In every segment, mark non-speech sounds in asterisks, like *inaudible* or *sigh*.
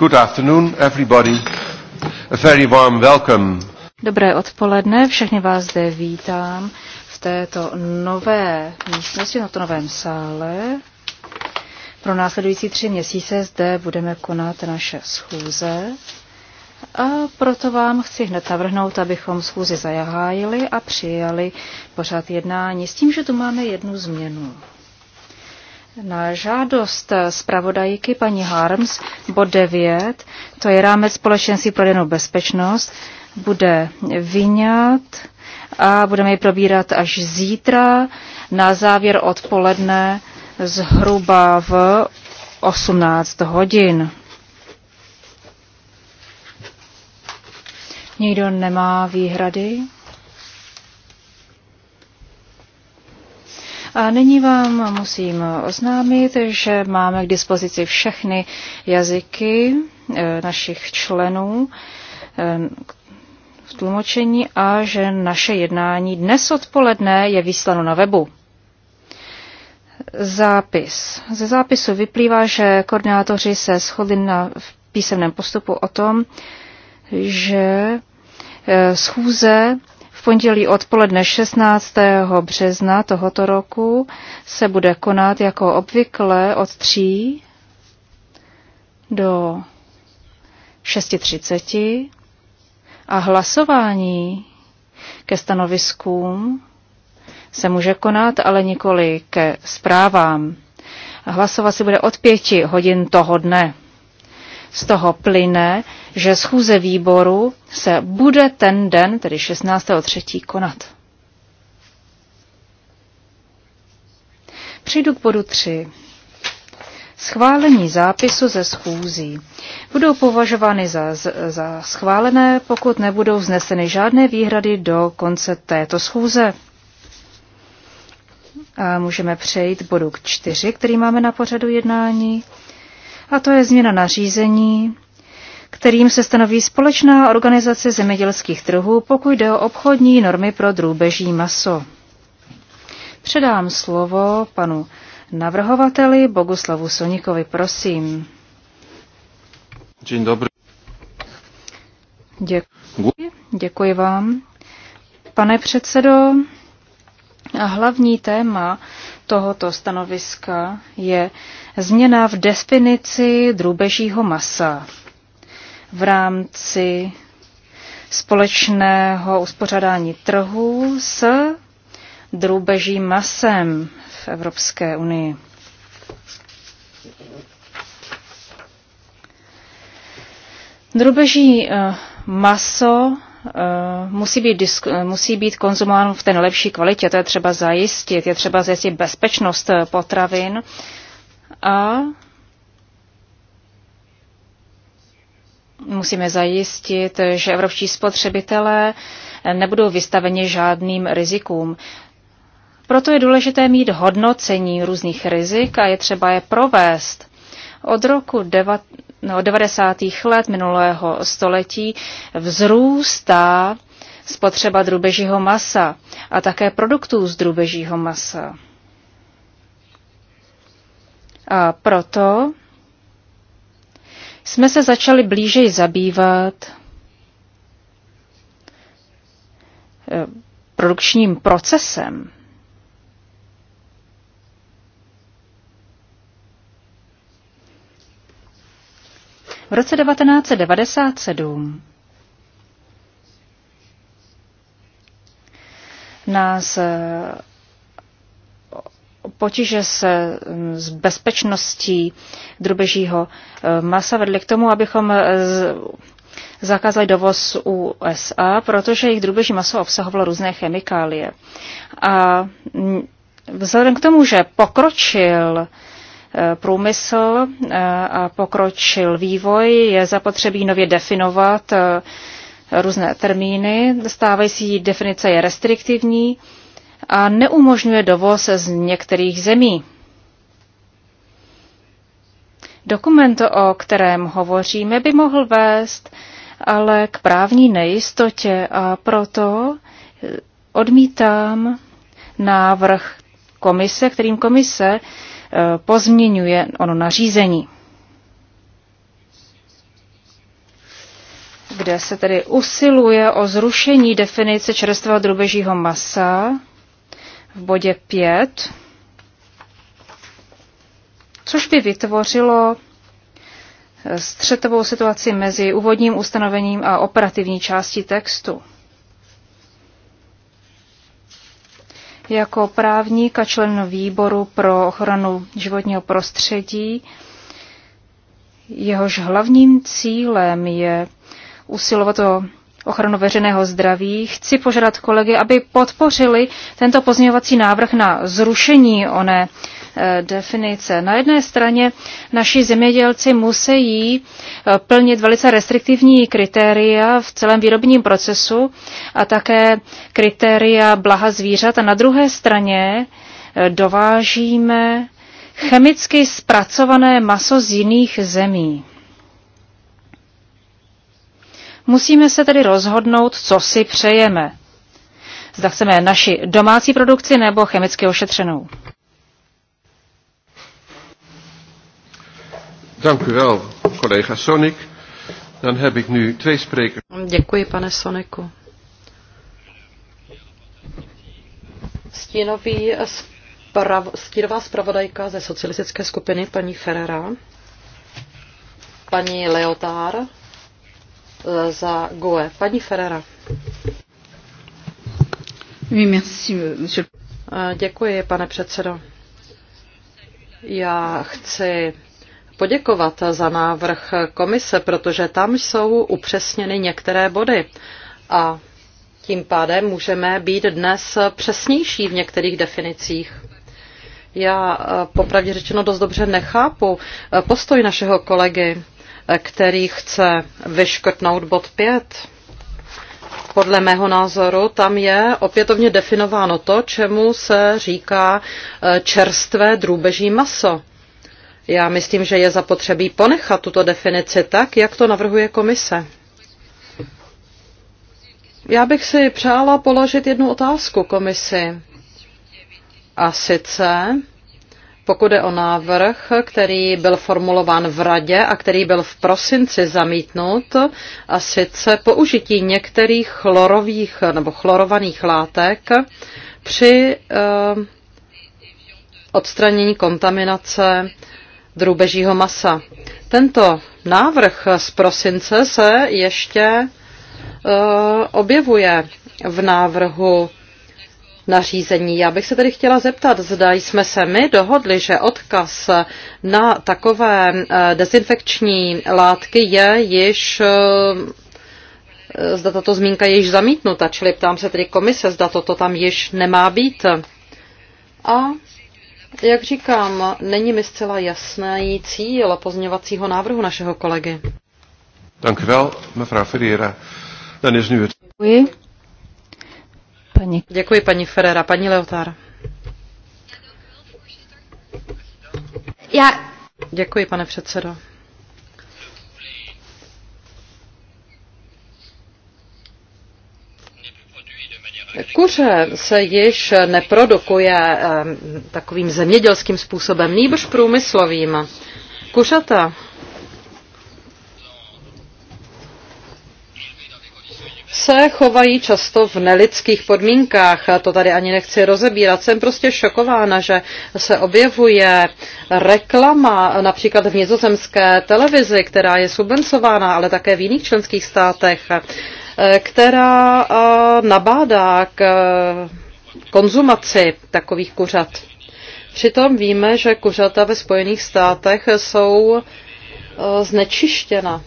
Good afternoon, everybody. A very warm welcome. Dobré odpoledne, všechny vás zde vítám v této nové místnosti, na no to novém sále. Pro následující tři měsíce zde budeme konat naše schůze. A proto vám chci hned navrhnout, abychom schůzi zahájili a přijali pořád jednání s tím, že tu máme jednu změnu. Na žádost zpravodajky paní Harms, bod 9, to je rámec společenství pro jednou bezpečnost, bude vyňat a budeme ji probírat až zítra na závěr odpoledne zhruba v 18 hodin. Nikdo nemá výhrady? A nyní vám musím oznámit, že máme k dispozici všechny jazyky eh, našich členů eh, v tlumočení a že naše jednání dnes odpoledne je vysláno na webu. Zápis. Ze zápisu vyplývá, že koordinátoři se shodli na písemném postupu o tom, že eh, schůze v pondělí odpoledne 16. března tohoto roku se bude konat jako obvykle od 3 do 6.30 a hlasování ke stanoviskům se může konat, ale nikoli ke zprávám. Hlasovat se bude od pěti hodin toho dne. Z toho plyne, že schůze výboru se bude ten den, tedy 16.3. konat. Přijdu k bodu 3. Schválení zápisu ze schůzí budou považovány za, za schválené, pokud nebudou vzneseny žádné výhrady do konce této schůze. A můžeme přejít k bodu 4, který máme na pořadu jednání a to je změna nařízení, kterým se stanoví společná organizace zemědělských trhů, pokud jde o obchodní normy pro drůbeží maso. Předám slovo panu navrhovateli Boguslavu Sonikovi, prosím. Dzień dobry. Děkuji. Děkuji vám. Pane předsedo, a hlavní téma tohoto stanoviska je změna v definici drůbežího masa v rámci společného uspořádání trhu s drůbežím masem v Evropské unii. Drubeží eh, maso eh, musí být, eh, musí být konzumováno v té nejlepší kvalitě, to je třeba zajistit. Je třeba zajistit bezpečnost potravin a musíme zajistit, že evropští spotřebitelé nebudou vystaveni žádným rizikům. Proto je důležité mít hodnocení různých rizik a je třeba je provést. Od roku no, 90. let minulého století vzrůstá spotřeba drubežího masa a také produktů z drubežího masa. A proto jsme se začali blíže zabývat eh, produkčním procesem. V roce 1997 nás eh, potíže se mm, s bezpečností drubežího eh, masa vedly k tomu, abychom eh, zakázali dovoz USA, protože jejich drubeží maso obsahovalo různé chemikálie. A mm, vzhledem k tomu, že pokročil eh, průmysl a pokročil vývoj, je zapotřebí nově definovat různé termíny. Stávající definice je restriktivní a neumožňuje dovoz z některých zemí. Dokument, o kterém hovoříme, by mohl vést ale k právní nejistotě a proto odmítám návrh komise, kterým komise eh, pozměňuje ono nařízení. kde se tedy usiluje o zrušení definice čerstvého drubežího masa v bodě 5, což by vytvořilo střetovou situaci mezi úvodním ustanovením a operativní částí textu. Jako právník a člen výboru pro ochranu životního prostředí, jehož hlavním cílem je usilovat o ochranu veřejného zdraví, chci požádat kolegy, aby podpořili tento pozměňovací návrh na zrušení oné e, definice. Na jedné straně naši zemědělci musí e, plnit velice restriktivní kritéria v celém výrobním procesu a také kritéria blaha zvířat. A na druhé straně e, dovážíme chemicky zpracované maso z jiných zemí. Musíme se tedy rozhodnout, co si přejeme. Zda chceme naši domácí produkci nebo chemicky ošetřenou. Dan Děkuji, pane Soniku. Stínový sprav, stínová zpravodajka ze socialistické skupiny, paní Ferrera, paní Leotár Eh, za GOE. Paní Ferrera. Eh, děkuji, pane předsedo. Já chci poděkovat za návrh komise, protože tam jsou upřesněny některé body. A tím pádem můžeme být dnes přesnější v některých definicích. Já eh, popravdě řečeno dost dobře nechápu postoj našeho kolegy který chce vyškrtnout bod 5. Podle mého názoru tam je opětovně definováno to, čemu se říká eh, čerstvé drůbeží maso. Já myslím, že je zapotřebí ponechat tuto definici tak, jak to navrhuje komise. Já bych si přála položit jednu otázku komisi. A sice, pokud je o návrh, který byl formulován v radě a který byl v prosinci zamítnut, a sice použití některých chlorových nebo chlorovaných látek při eh, odstranění kontaminace drůbežího masa. Tento návrh z prosince se ještě eh, objevuje v návrhu nařízení. Já bych se tedy chtěla zeptat, zda jsme se my dohodli, že odkaz na takové eh, dezinfekční látky je již eh, zda tato zmínka je již zamítnuta, čili ptám se tedy komise, zda toto tam již nemá být. A jak říkám, není mi zcela jasný cíl pozměňovacího návrhu našeho kolegy. Děkuji paní. Děkuji, paní Ferrera. Paní Leotár. Já... Děkuji, pane předsedo. Kuře se již neprodukuje eh, takovým zemědělským způsobem, nýbrž průmyslovým. Kuřata se chovají často v nelidských podmínkách. To tady ani nechci rozebírat. Jsem prostě šokována, že se objevuje reklama například v nizozemské televizi, která je subvencována, ale také v jiných členských státech, eh, která eh, nabádá k eh, konzumaci takových kuřat. Přitom víme, že kuřata ve Spojených státech jsou znečištěna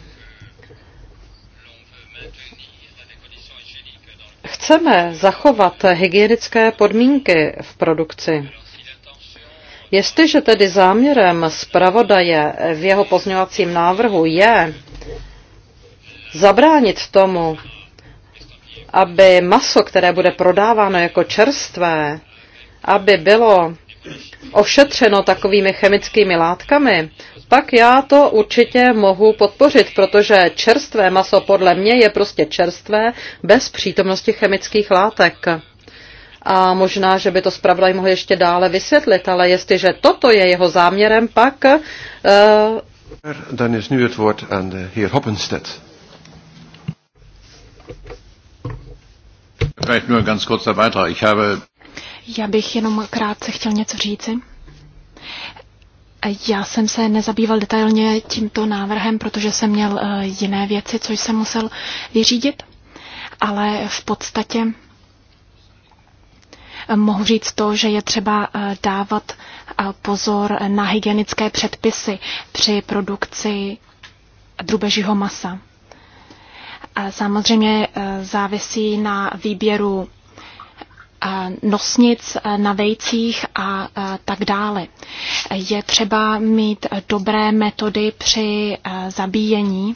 chceme zachovat hygienické podmínky v produkci, jestliže tedy záměrem zpravodaje v jeho pozňovacím návrhu je zabránit tomu, aby maso, které bude prodáváno jako čerstvé, aby bylo ošetřeno takovými chemickými látkami, pak já to určitě mohu podpořit, protože čerstvé maso podle mě je prostě čerstvé bez přítomnosti chemických látek. A možná, že by to zpravodaj mohl ještě dále vysvětlit, ale jestliže toto je jeho záměrem, pak... Uh... Dan is nu het woord aan de heer Hoppenstedt. Vielleicht nur ein ganz kurzer Beitrag. Ich habe já bych jenom krátce chtěl něco říci. Já jsem se nezabýval detailně tímto návrhem, protože jsem měl eh, jiné věci, což jsem musel vyřídit, ale v podstatě eh, mohu říct to, že je třeba eh, dávat pozor na hygienické předpisy při produkci drubežího masa. Samozřejmě závisí na výběru nosnic e, na vejcích a e, tak dále. Je třeba mít dobré metody při e, zabíjení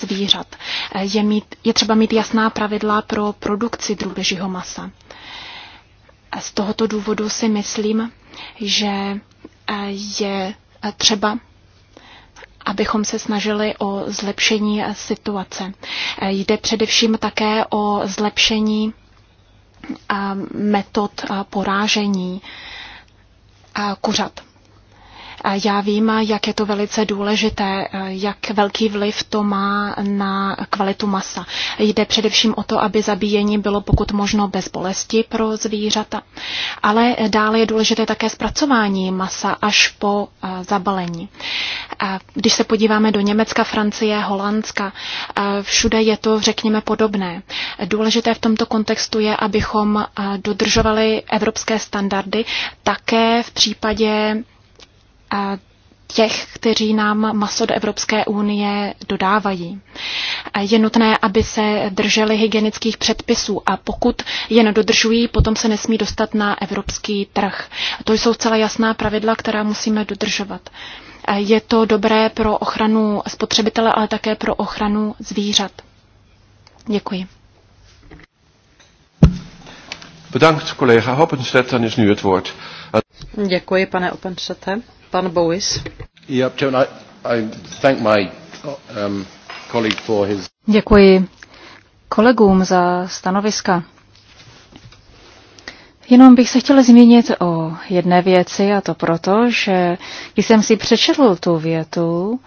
zvířat. Je, mít, je třeba mít jasná pravidla pro produkci drůbežího masa. Z tohoto důvodu si myslím, že je třeba abychom se snažili o zlepšení situace. Jde především také o zlepšení metod porážení kuřat. Já vím, jak je to velice důležité, jak velký vliv to má na kvalitu masa. Jde především o to, aby zabíjení bylo pokud možno bez bolesti pro zvířata. Ale dále je důležité také zpracování masa až po eh, zabalení. Když se podíváme do Německa, Francie, Holandska, eh, všude je to, řekněme, podobné. Důležité v tomto kontextu je, abychom eh, dodržovali evropské standardy také v případě těch, kteří nám maso do Evropské unie dodávají. Je nutné, aby se drželi hygienických předpisů a pokud je nedodržují, potom se nesmí dostat na evropský trh. To jsou zcela jasná pravidla, která musíme dodržovat. Je to dobré pro ochranu spotřebitele, ale také pro ochranu zvířat. Děkuji. Bedankt, kolega Hoppenstedt. Dan is nu het woord. Děkuji, pane Oppenstedte. Pan Bowis. Um, Děkuji kolegům za stanoviska. Jenom bych se chtěla zmínit o jedné věci a to proto, že když jsem si přečetl tu větu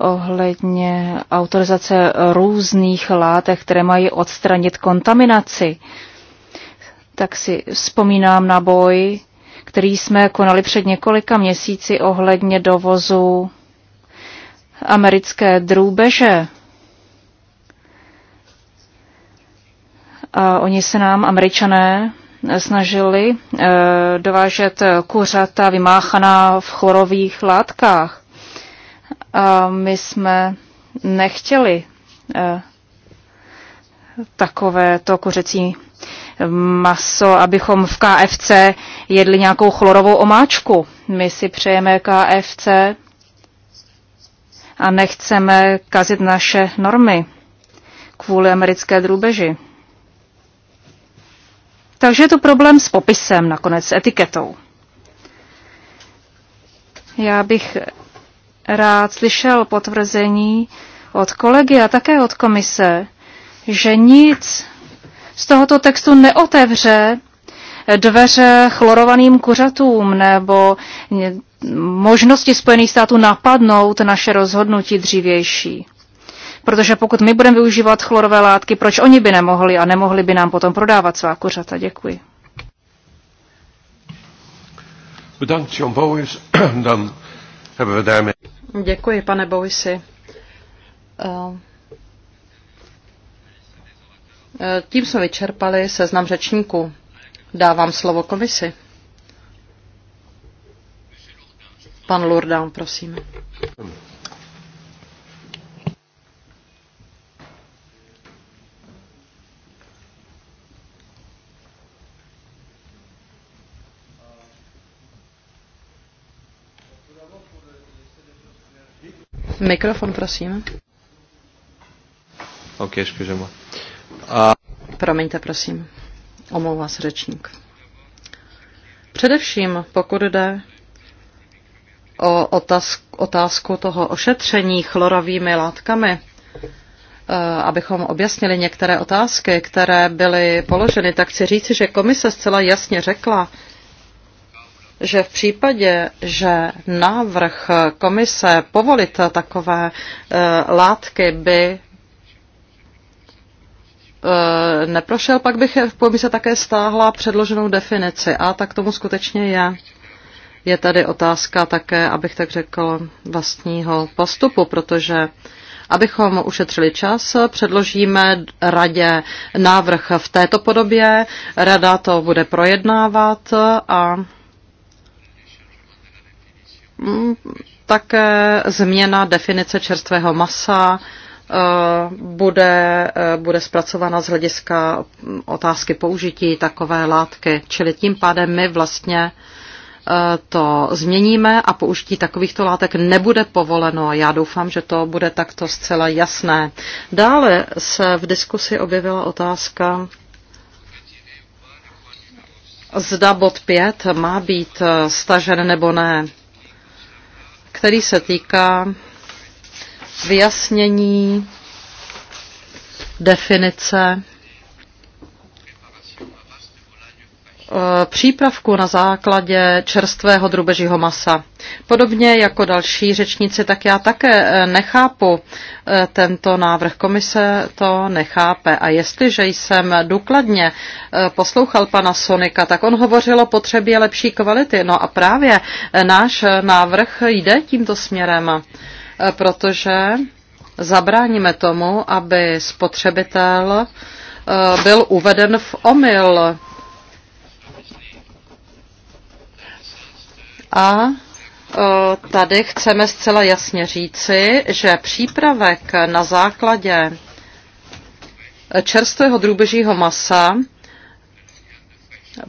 ohledně autorizace různých látek, které mají odstranit kontaminaci, tak si vzpomínám na boj který jsme konali před několika měsíci ohledně dovozu americké drůbeže. A oni se nám, američané, snažili e, dovážet kuřata vymáchaná v chorových látkách. A my jsme nechtěli e, takovéto kuřecí maso, abychom v KFC jedli nějakou chlorovou omáčku. My si přejeme KFC a nechceme kazit naše normy kvůli americké drůbeži. Takže je to problém s popisem, nakonec s etiketou. Já bych rád slyšel potvrzení od kolegy a také od komise, že nic z tohoto textu neotevře dveře chlorovaným kuřatům nebo možnosti Spojených států napadnout naše rozhodnutí dřívější. Protože pokud my budeme využívat chlorové látky, proč oni by nemohli a nemohli by nám potom prodávat svá kuřata? Děkuji. *clears throat* Děkuji, pane Bowisi. Eh, Eh, tím jsme vyčerpali seznam řečníků. Dávám slovo komisi. Pan Lourdan, prosím. Mikrofon, prosím. Ok, excusez-moi a... Promiňte, prosím. Omlouvá se řečník. Především, pokud jde o otázku, otázku toho ošetření chlorovými látkami, eh, abychom objasnili některé otázky, které byly položeny, tak chci říci, že komise zcela jasně řekla, že v případě, že návrh komise povolit takové eh, látky by Eh, neprošel, pak bych v eh, komise také stáhla předloženou definici. A tak tomu skutečně je. Je tady otázka také, abych tak řekl, vlastního postupu, protože Abychom ušetřili čas, předložíme radě návrh v této podobě, rada to bude projednávat a mm, také změna definice čerstvého masa, Eh, bude, eh, bude zpracována z hlediska otázky použití takové látky. Čili tím pádem my vlastně eh, to změníme a použití takovýchto látek nebude povoleno. Já doufám, že to bude takto zcela jasné. Dále se v diskusi objevila otázka, zda bod 5 má být stažen nebo ne, který se týká vyjasnění definice e, přípravku na základě čerstvého drubežího masa. Podobně jako další řečníci, tak já také e, nechápu e, tento návrh komise, to nechápe. A jestliže jsem důkladně poslouchal pana Sonika, tak on hovořil o potřebě lepší kvality. No a právě náš návrh jde tímto směrem protože zabráníme tomu, aby spotřebitel eh, byl uveden v omyl. A eh, tady chceme zcela jasně říci, že přípravek na základě čerstvého drůbežího masa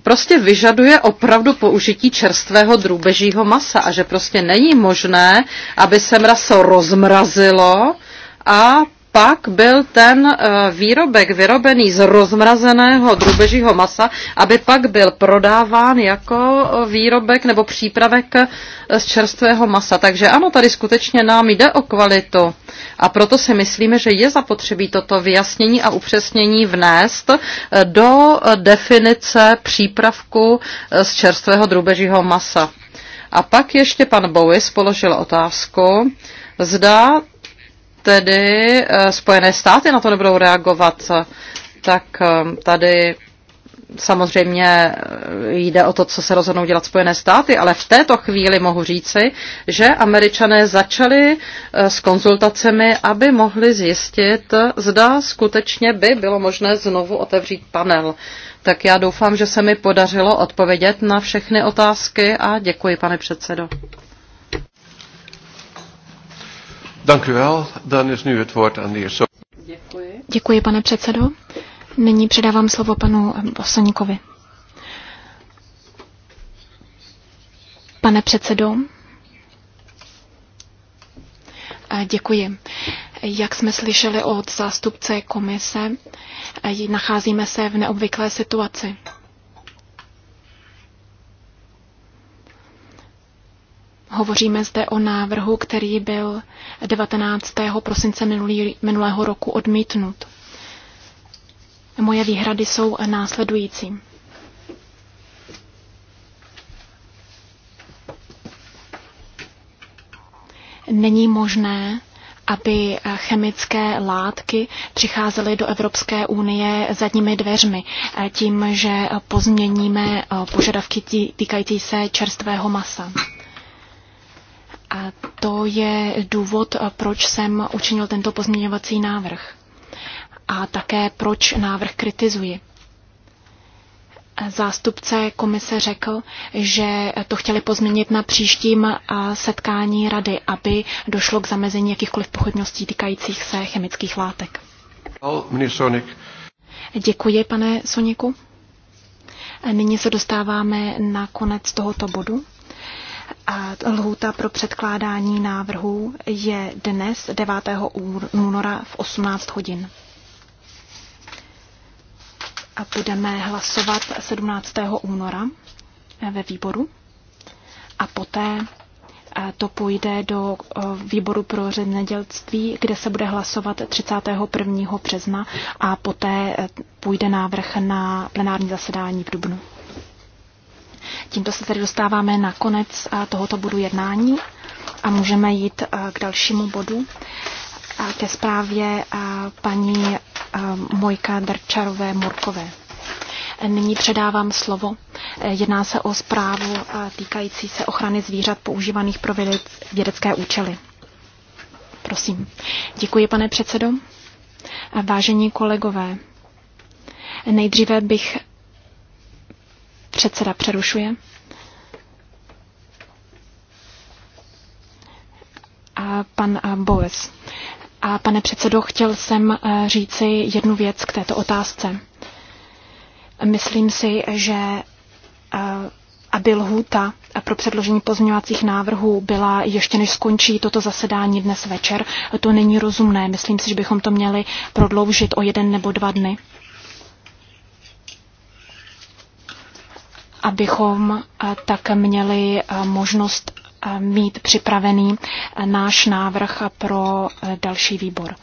prostě vyžaduje opravdu použití čerstvého drůbežího masa a že prostě není možné, aby se mraso rozmrazilo a pak byl ten eh, výrobek vyrobený z rozmrazeného drubežího masa, aby pak byl prodáván jako eh, výrobek nebo přípravek eh, z čerstvého masa. Takže ano, tady skutečně nám jde o kvalitu. A proto si myslíme, že je zapotřebí toto vyjasnění a upřesnění vnést do definice přípravku z čerstvého drubežího masa. A pak ještě pan Bowis položil otázku, zda tedy eh, Spojené státy na to nebudou reagovat, tak eh, tady samozřejmě jde o to, co se rozhodnou dělat Spojené státy, ale v této chvíli mohu říci, že američané začali eh, s konzultacemi, aby mohli zjistit, zda skutečně by bylo možné znovu otevřít panel. Tak já doufám, že se mi podařilo odpovědět na všechny otázky a děkuji, pane předsedo. Dank u wel. Dan is nu het woord aan de heer Děkuji. Děkuji, pane předsedo. Nyní předávám slovo panu Bosaníkovi. Eh, pane předsedo, eh, děkuji. Jak jsme slyšeli od zástupce komise, eh, nacházíme se v neobvyklé situaci. Hovoříme zde o návrhu, který byl 19. prosince minulý, minulého roku odmítnut. Moje výhrady jsou následující. Není možné, aby chemické látky přicházely do Evropské unie zadními dveřmi, tím, že pozměníme požadavky týkající se čerstvého masa. A to je důvod, proč jsem učinil tento pozměňovací návrh. A také proč návrh kritizuji. Zástupce komise řekl, že to chtěli pozměnit na příštím setkání rady, aby došlo k zamezení jakýchkoliv pochybností týkajících se chemických látek. Děkuji, pane Soniku. Nyní se dostáváme na konec tohoto bodu. Lhůta pro předkládání návrhů je dnes 9. února v 18 hodin. A budeme hlasovat 17. února eh, ve výboru a poté eh, to půjde do eh, výboru pro zemědělství, kde se bude hlasovat 31. března a poté půjde návrh na plenární zasedání v Dubnu. Tímto se tedy dostáváme na konec tohoto bodu jednání a můžeme jít k dalšímu bodu, ke zprávě paní Mojka Drčarové Murkové. Nyní předávám slovo. Jedná se o zprávu týkající se ochrany zvířat používaných pro vědecké účely. Prosím. Děkuji, pane předsedo. Vážení kolegové, nejdříve bych Předseda přerušuje. A pan eh, Boes. A pane předsedo, chtěl jsem eh, říci jednu věc k této otázce. Myslím si, že eh, aby lhůta pro předložení pozměňovacích návrhů byla ještě než skončí toto zasedání dnes večer, to není rozumné. Myslím si, že bychom to měli prodloužit o jeden nebo dva dny. abychom eh, tak měli eh, možnost eh, mít připravený náš návrh pro další výbor.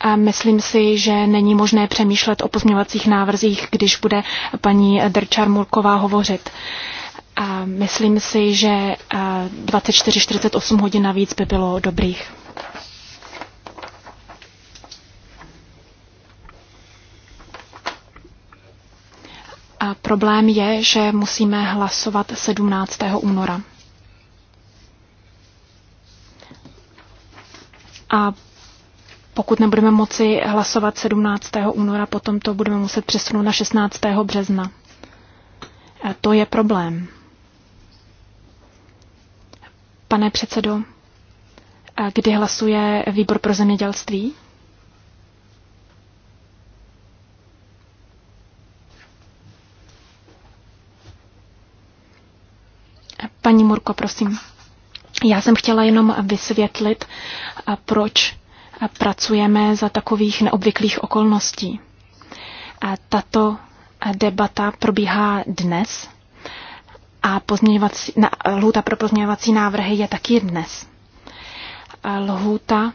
A myslím si, že není možné přemýšlet o pozměňovacích návrzích, když bude paní Drčar Mulková hovořit. A myslím si, že 24-48 hodin navíc by bylo dobrých. A problém je, že musíme hlasovat 17. února. A pokud nebudeme moci hlasovat 17. února, potom to budeme muset přesunout na 16. března. A to je problém. Pane předsedo, kdy hlasuje výbor pro zemědělství? Paní Murko, prosím. Já jsem chtěla jenom vysvětlit, proč pracujeme za takových neobvyklých okolností. Tato debata probíhá dnes a pozměňovací, na, lhůta pro pozměňovací návrhy je taky dnes. Lhůta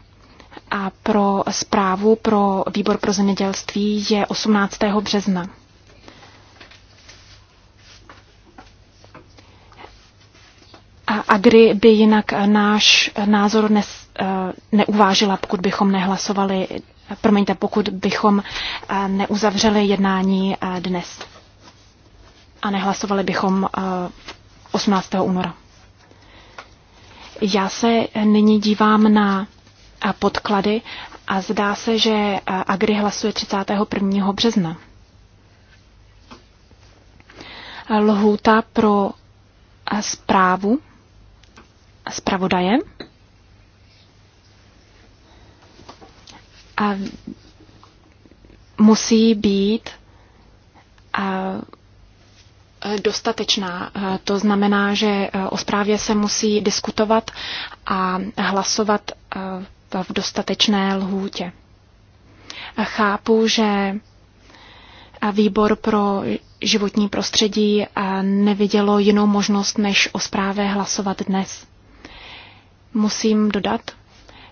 a pro zprávu pro výbor pro zemědělství je 18. března. a Agri by jinak eh, náš eh, názor ne, eh, neuvážila, pokud bychom nehlasovali, promiňte, pokud bychom neuzavřeli jednání dnes a nehlasovali bychom 18. února. Já se nyní dívám na podklady a zdá se, že Agri hlasuje 31. března. Lhůta pro zprávu zpravodajem. A musí být e, dostatečná. E, to znamená, že e, o zprávě se musí diskutovat a hlasovat v dostatečné lhůtě. Chápu, že výbor pro životní prostředí nevidělo jinou možnost, než o zprávě hlasovat dnes musím dodat,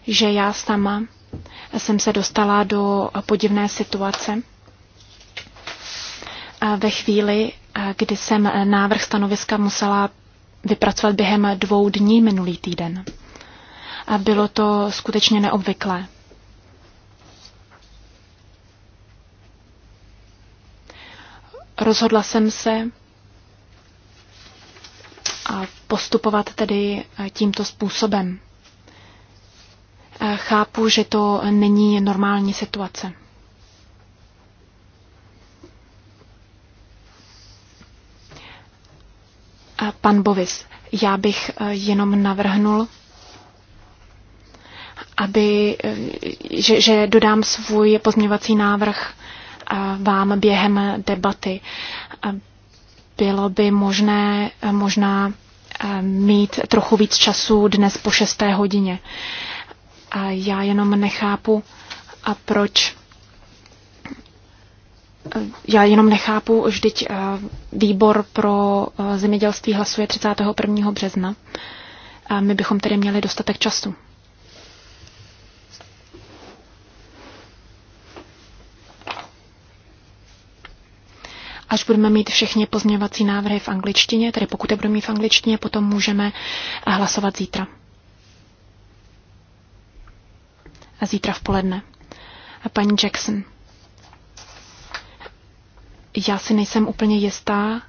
že já sama jsem se dostala do podivné situace ve chvíli, kdy jsem návrh stanoviska musela vypracovat během dvou dní minulý týden. A bylo to skutečně neobvyklé. Rozhodla jsem se, postupovat tedy eh, tímto způsobem. Eh, chápu, že to není normální situace. Eh, pan Bovis, já bych jenom navrhnul, aby, že, že dodám svůj pozměňovací návrh vám během debaty. Bylo by možné možná Eh, mít trochu víc času dnes po šesté hodině. A já jenom nechápu, a proč eh, já jenom nechápu, vždyť eh, výbor pro zemědělství hlasuje 31. března. A my bychom tedy měli dostatek času. Až budeme mít všechny pozměňovací návrhy v angličtině, tedy pokud je budeme mít v angličtině, potom můžeme hlasovat zítra. A zítra v poledne. A paní Jackson. Já si nejsem úplně jistá,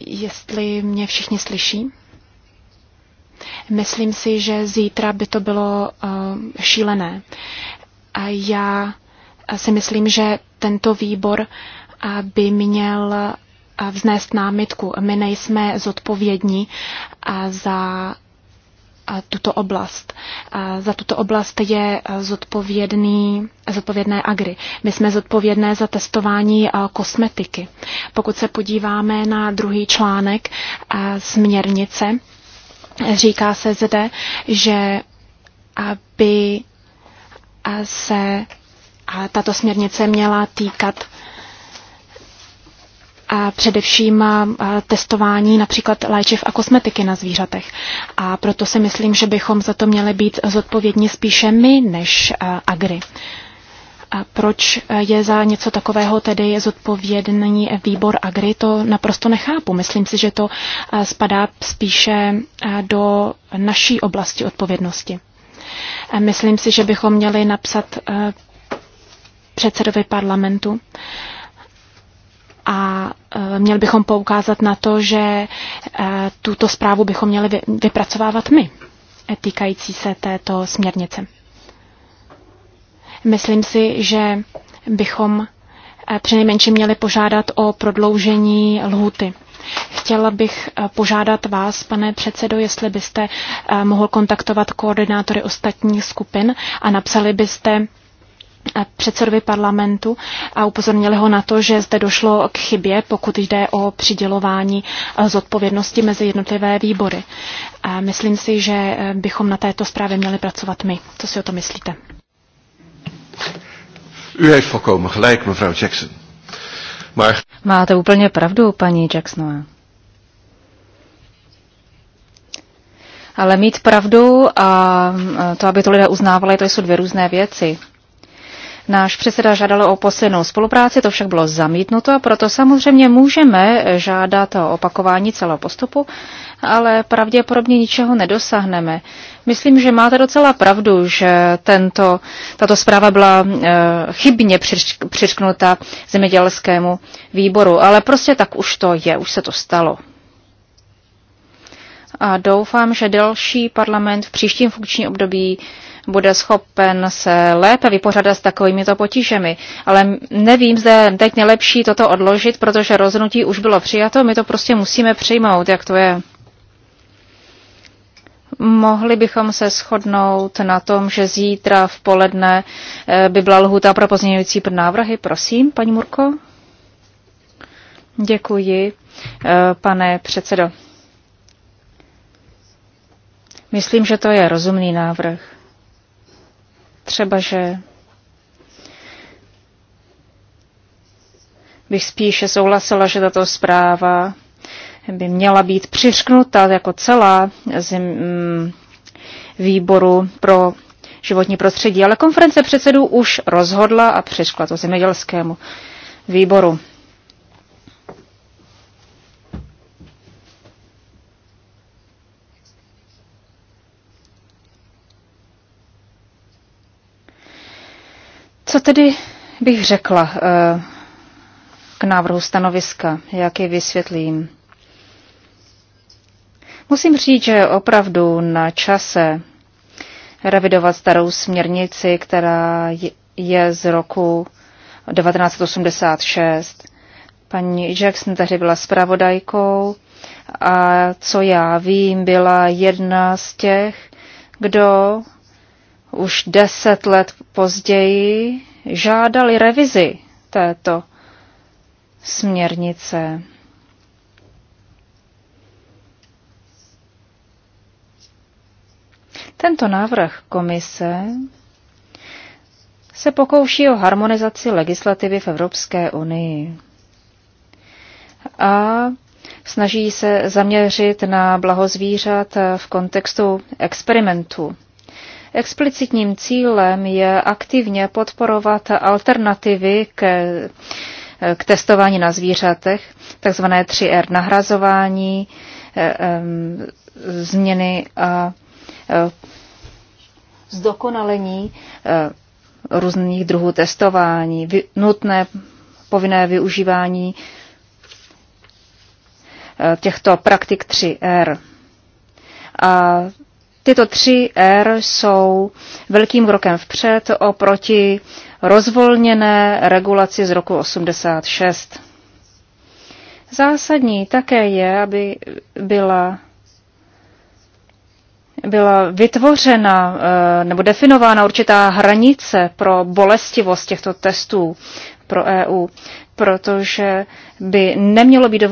jestli mě všichni slyší. Myslím si, že zítra by to bylo uh, šílené. A já si myslím, že tento výbor by měl eh, vznést námitku. My nejsme zodpovědní eh, za eh, tuto oblast. Za tuto oblast je zodpovědný, zodpovědné agry. My jsme zodpovědné za testování kosmetiky. Pokud se podíváme na druhý článek směrnice, říká se zde, že aby se tato směrnice měla týkat především testování například léčiv a kosmetiky na zvířatech. A proto si myslím, že bychom za to měli být zodpovědní spíše my než agri. A proč e, je za něco takového tedy zodpovědný výbor Agri, to naprosto nechápu. Myslím si, že to e, spadá spíše e, do naší oblasti odpovědnosti. Myslím si, že bychom měli napsat předsedovi parlamentu, a e, měli bychom poukázat na to, že e, tuto zprávu bychom měli vypracovávat my, e, týkající se této směrnice. Myslím si, že bychom přinejmenším měli požádat o prodloužení lhuty. Chtěla bych požádat vás, pane předsedo, jestli byste mohl kontaktovat koordinátory ostatních skupin a napsali byste předsedovi parlamentu a upozornili ho na to, že zde došlo k chybě, pokud jde o přidělování eh, zodpovědnosti mezi jednotlivé výbory. A myslím si, že eh, bychom na této zprávě měli pracovat my. Co si o to myslíte? U heeft volkomen gelijk, mevrouw Jackson. Maar... Máte úplně pravdu, paní Jacksonová. Ale mít pravdu a eh, to, aby to lidé uznávali, to jsou dvě různé věci. Náš předseda žádal o posilnou spolupráci, to však bylo zamítnuto, proto samozřejmě můžeme žádat o opakování celého postupu, ale pravděpodobně ničeho nedosáhneme. Myslím, že máte docela pravdu, že tento, tato zpráva byla e, chybně přišknuta zemědělskému výboru, ale prostě tak už to je, už se to stalo. A doufám, že další parlament v příštím funkčním období bude schopen se lépe vypořádat s takovýmito potížemi. Ale nevím, zde teď nejlepší toto odložit, protože rozhodnutí už bylo přijato, my to prostě musíme přijmout, jak to je. Mohli bychom se shodnout na tom, že zítra v poledne eh, by byla lhuta pro pozměňující návrhy. Prosím, paní Murko. Děkuji, eh, pane předsedo. Myslím, že to je rozumný návrh. Třeba, že bych spíše souhlasila, že tato zpráva by měla být přiřknuta jako celá z mm, výboru pro životní prostředí, ale konference předsedů už rozhodla a přiřkla to zemědělskému výboru. Co tedy bych řekla eh, k návrhu stanoviska, jak je vysvětlím? Musím říct, že opravdu na čase revidovat starou směrnici, která je z roku 1986. Paní Jackson tehdy byla zpravodajkou a co já vím, byla jedna z těch, kdo už deset let později žádali revizi této směrnice. Tento návrh komise se pokouší o harmonizaci legislativy v Evropské unii a snaží se zaměřit na blaho zvířat v kontextu experimentu. Explicitním cílem je aktivně podporovat alternativy ke, k testování na zvířatech, takzvané 3R nahrazování, eh, změny a eh, zdokonalení eh, různých druhů testování, nutné povinné využívání těchto praktik 3R. A Tyto tři R jsou velkým krokem vpřed oproti rozvolněné regulaci z roku 86. Zásadní také je, aby byla byla vytvořena eh, nebo definována určitá hranice pro bolestivost těchto testů pro EU protože by nemělo být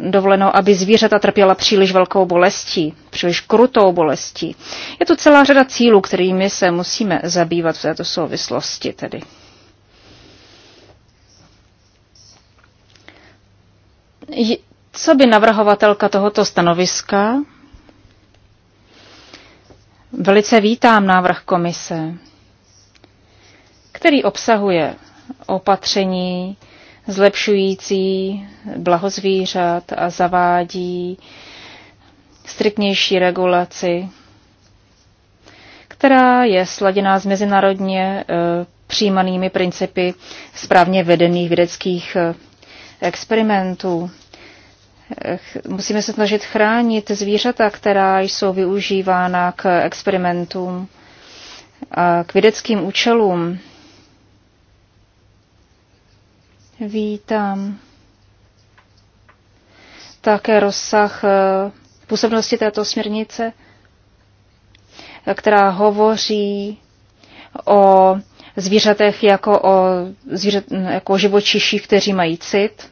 dovoleno, aby zvířata trpěla příliš velkou bolestí, příliš krutou bolestí. Je to celá řada cílů, kterými se musíme zabývat v této souvislosti tedy. Co by navrhovatelka tohoto stanoviska? Velice vítám návrh komise, který obsahuje opatření, zlepšující blaho zvířat a zavádí striktnější regulaci, která je sladěná s mezinárodně e, přijímanými principy správně vedených vědeckých e, experimentů. E, musíme se snažit chránit zvířata, která jsou využívána k experimentům, a k vědeckým účelům. Vítám také rozsah eh, působnosti této směrnice, která hovoří o zvířatech jako o, zvířat, jako o živočiších, kteří mají cit.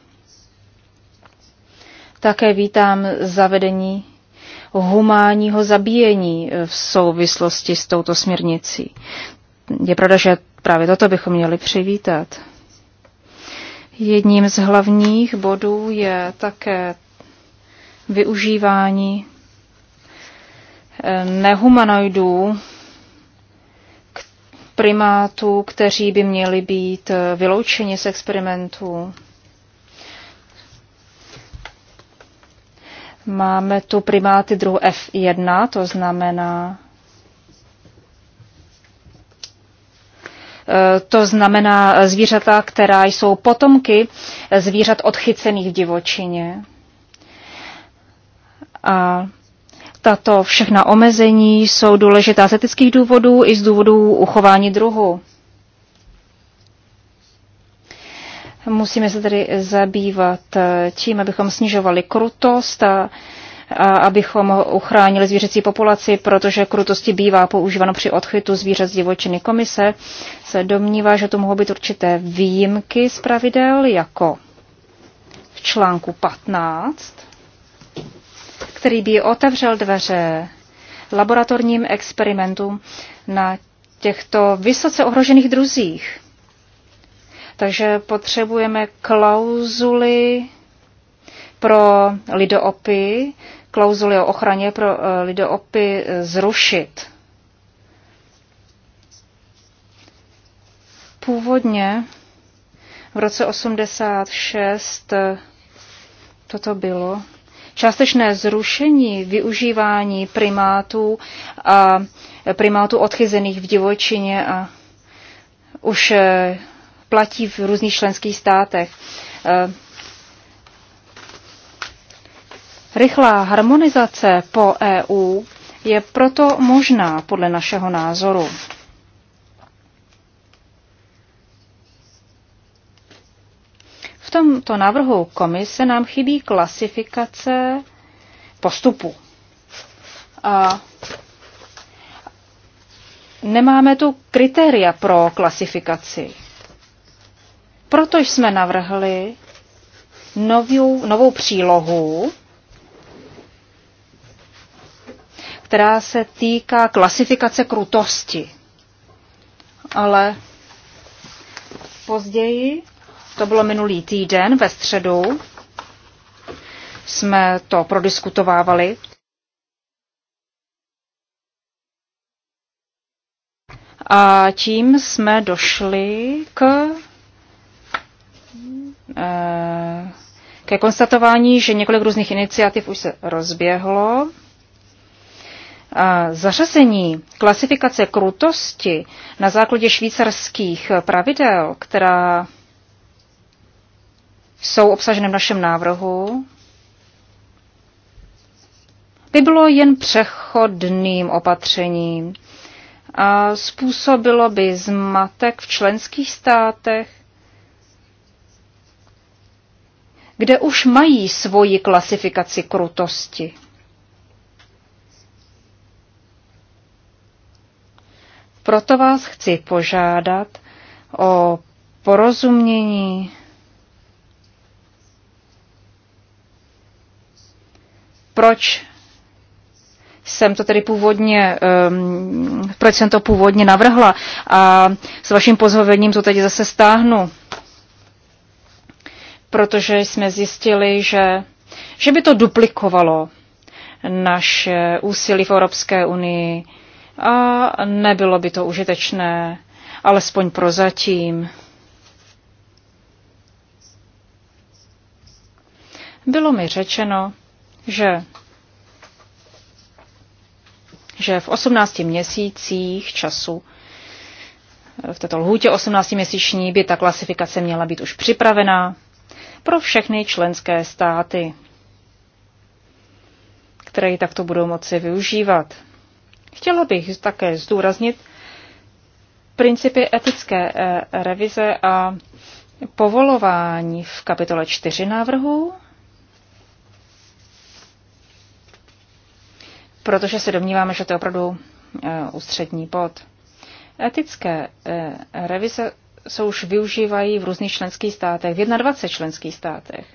Také vítám zavedení humánního zabíjení eh, v souvislosti s touto směrnicí. Je pravda, že právě toto bychom měli přivítat. Jedním z hlavních bodů je také využívání eh, nehumanoidů primátů, kteří by měli být eh, vyloučeni z experimentů. Máme tu primáty druhu F1, to znamená to znamená zvířata, která jsou potomky zvířat odchycených v divočině. A tato všechna omezení jsou důležitá z etických důvodů i z důvodů uchování druhu. Musíme se tedy zabývat tím, abychom snižovali krutost a a abychom uchránili zvířecí populaci, protože krutosti bývá používáno při odchytu zvířat z divočiny. Komise se domnívá, že to mohou být určité výjimky z pravidel, jako v článku 15, který by otevřel dveře laboratorním experimentům na těchto vysoce ohrožených druzích. Takže potřebujeme klauzuly pro lidoopy, klauzuly o ochraně pro eh, lidoopy eh, zrušit. Původně v roce 86 eh, toto bylo. Částečné zrušení využívání primátů a primátů odchyzených v divočině a už platí v různých členských státech. Rychlá harmonizace po EU je proto možná podle našeho názoru. V tomto návrhu komise nám chybí klasifikace postupu. A nemáme tu kritéria pro klasifikaci. Proto jsme navrhli novou, novou přílohu, která se týká klasifikace krutosti. Ale později, to bylo minulý týden ve středu, jsme to prodiskutovávali. A tím jsme došli k eh, ke konstatování, že několik různých iniciativ už se rozběhlo zařazení klasifikace krutosti na základě švýcarských pravidel, která jsou obsažené v našem návrhu, by bylo jen přechodným opatřením a způsobilo by zmatek v členských státech, kde už mají svoji klasifikaci krutosti. Proto vás chci požádat o porozumění proč jsem to tedy původně, um, proč jsem to původně navrhla a s vaším pozvovením to teď zase stáhnu. Protože jsme zjistili, že, že by to duplikovalo naše úsilí v Evropské unii a nebylo by to užitečné, alespoň prozatím. Bylo mi řečeno, že že v 18 měsících času, v této lhůtě 18 měsíční by ta klasifikace měla být už připravená pro všechny členské státy, které ji takto budou moci využívat. Chtěla bych také zdůraznit principy etické eh, revize a povolování v kapitole 4 návrhu, protože se domníváme, že to je opravdu eh, ústřední bod. Etické eh, revize se už využívají v různých členských státech, v 21 členských státech.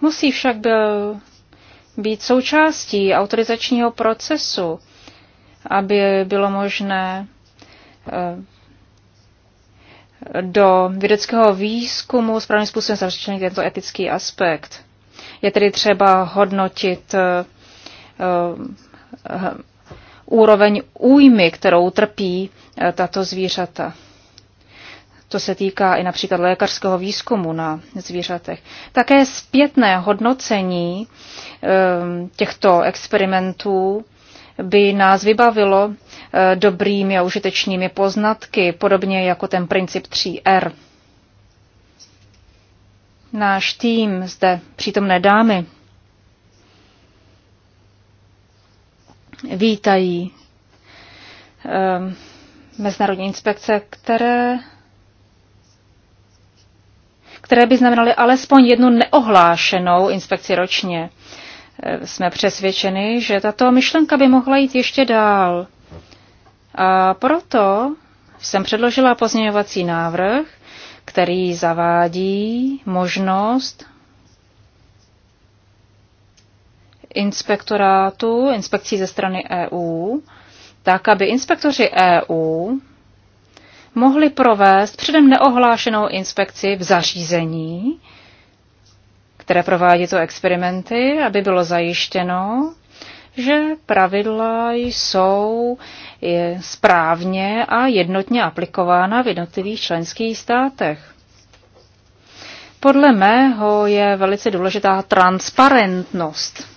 Musí však byl být součástí autorizačního procesu, aby bylo možné eh, do vědeckého výzkumu správným způsobem začlenit tento etický aspekt. Je tedy třeba hodnotit eh, eh, úroveň újmy, kterou trpí tato zvířata. To se týká i například lékařského výzkumu na zvířatech. Také zpětné hodnocení ehm, těchto experimentů by nás vybavilo eh, dobrými a užitečnými poznatky, podobně jako ten princip 3R. Náš tým zde přítomné dámy vítají ehm, Mezinárodní inspekce, které které by znamenaly alespoň jednu neohlášenou inspekci ročně. E, jsme přesvědčeni, že tato myšlenka by mohla jít ještě dál. A proto jsem předložila pozměňovací návrh, který zavádí možnost inspektorátu, inspekcí ze strany EU, tak aby inspektoři EU mohli provést předem neohlášenou inspekci v zařízení, které provádí to experimenty, aby bylo zajištěno, že pravidla jsou správně a jednotně aplikována v jednotlivých členských státech. Podle mého je velice důležitá transparentnost.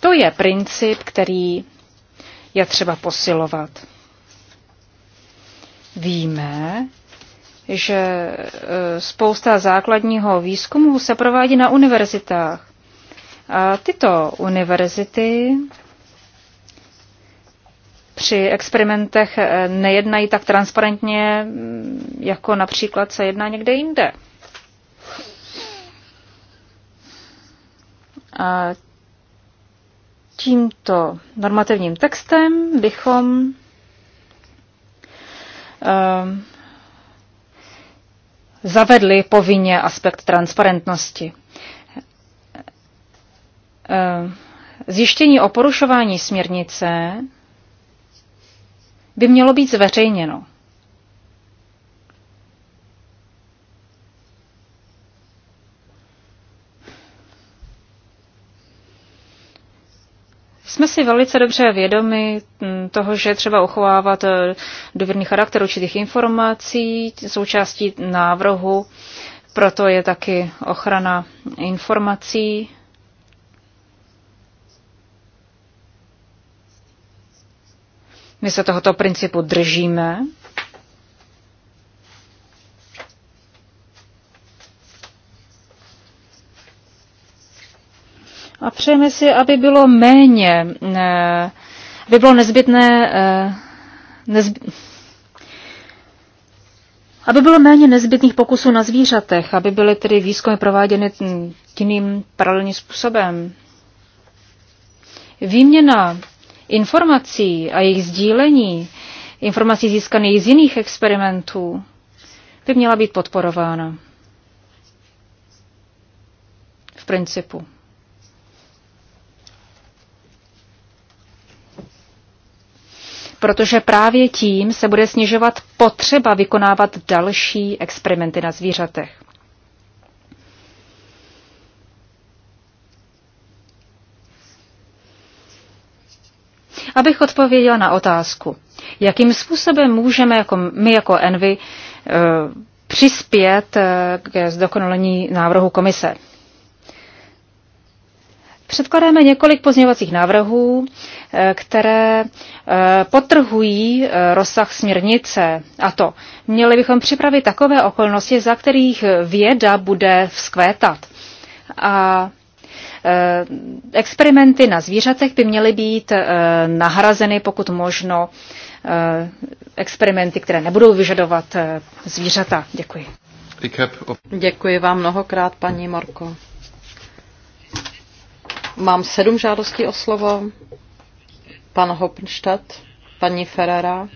To je princip, který je třeba posilovat. Víme, že e, spousta základního výzkumu se provádí na univerzitách. A tyto univerzity při experimentech e, nejednají tak transparentně, jako například se jedná někde jinde. A tímto normativním textem bychom Ehm, zavedli povinně aspekt transparentnosti. Ehm, zjištění o porušování směrnice by mělo být zveřejněno. Jsme si velice dobře vědomi mm, toho, že třeba uchovávat eh, důvěrný charakter určitých informací, součástí návrhu, proto je taky ochrana informací. My se tohoto principu držíme A přejeme si, aby bylo méně, eh, aby bylo nezbytné, eh, nezby, aby bylo méně nezbytných pokusů na zvířatech, aby byly tedy výzkumy prováděny jiným paralelním způsobem. Výměna informací a jejich sdílení, informací získaných z jiných experimentů, by měla být podporována. V principu. protože právě tím se bude snižovat potřeba vykonávat další experimenty na zvířatech. Abych odpověděla na otázku, jakým způsobem můžeme jako my jako Envy eh, přispět eh, k zdokonalení návrhu komise. Předkládáme několik pozměňovacích návrhů, eh, které eh, potrhují eh, rozsah směrnice. A to měli bychom připravit takové okolnosti, za kterých věda bude vzkvétat. A experimenty na zvířatech by měly být nahrazeny pokud možno experimenty, které nebudou vyžadovat zvířata. Děkuji. Děkuji vám mnohokrát, paní Morko. Mám sedm žádostí o slovo. Pan Hopnstadt, paní Ferrara,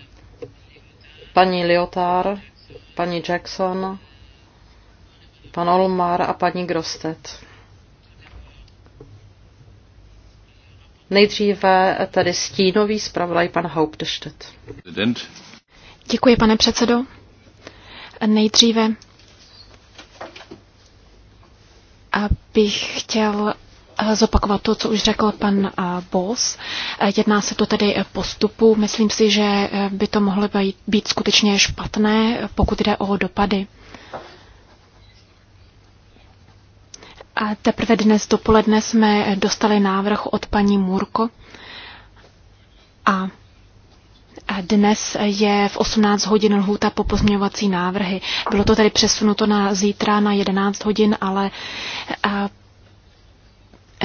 paní Liotár, paní Jackson, pan Olmar a paní Grostet. Nejdříve tedy stínový zpravodaj pan Hauptstedt. Děkuji, pane předsedo. Nejdříve bych chtěl Eh, zopakovat to, co už řekl pan eh, Bos. Eh, jedná se to tedy postupu. Myslím si, že by to mohlo být, být skutečně špatné, pokud jde o dopady. A teprve dnes dopoledne jsme dostali návrh od paní Murko a dnes je v 18 hodin lhůta po pozměňovací návrhy. Bylo to tedy přesunuto na zítra na 11 hodin, ale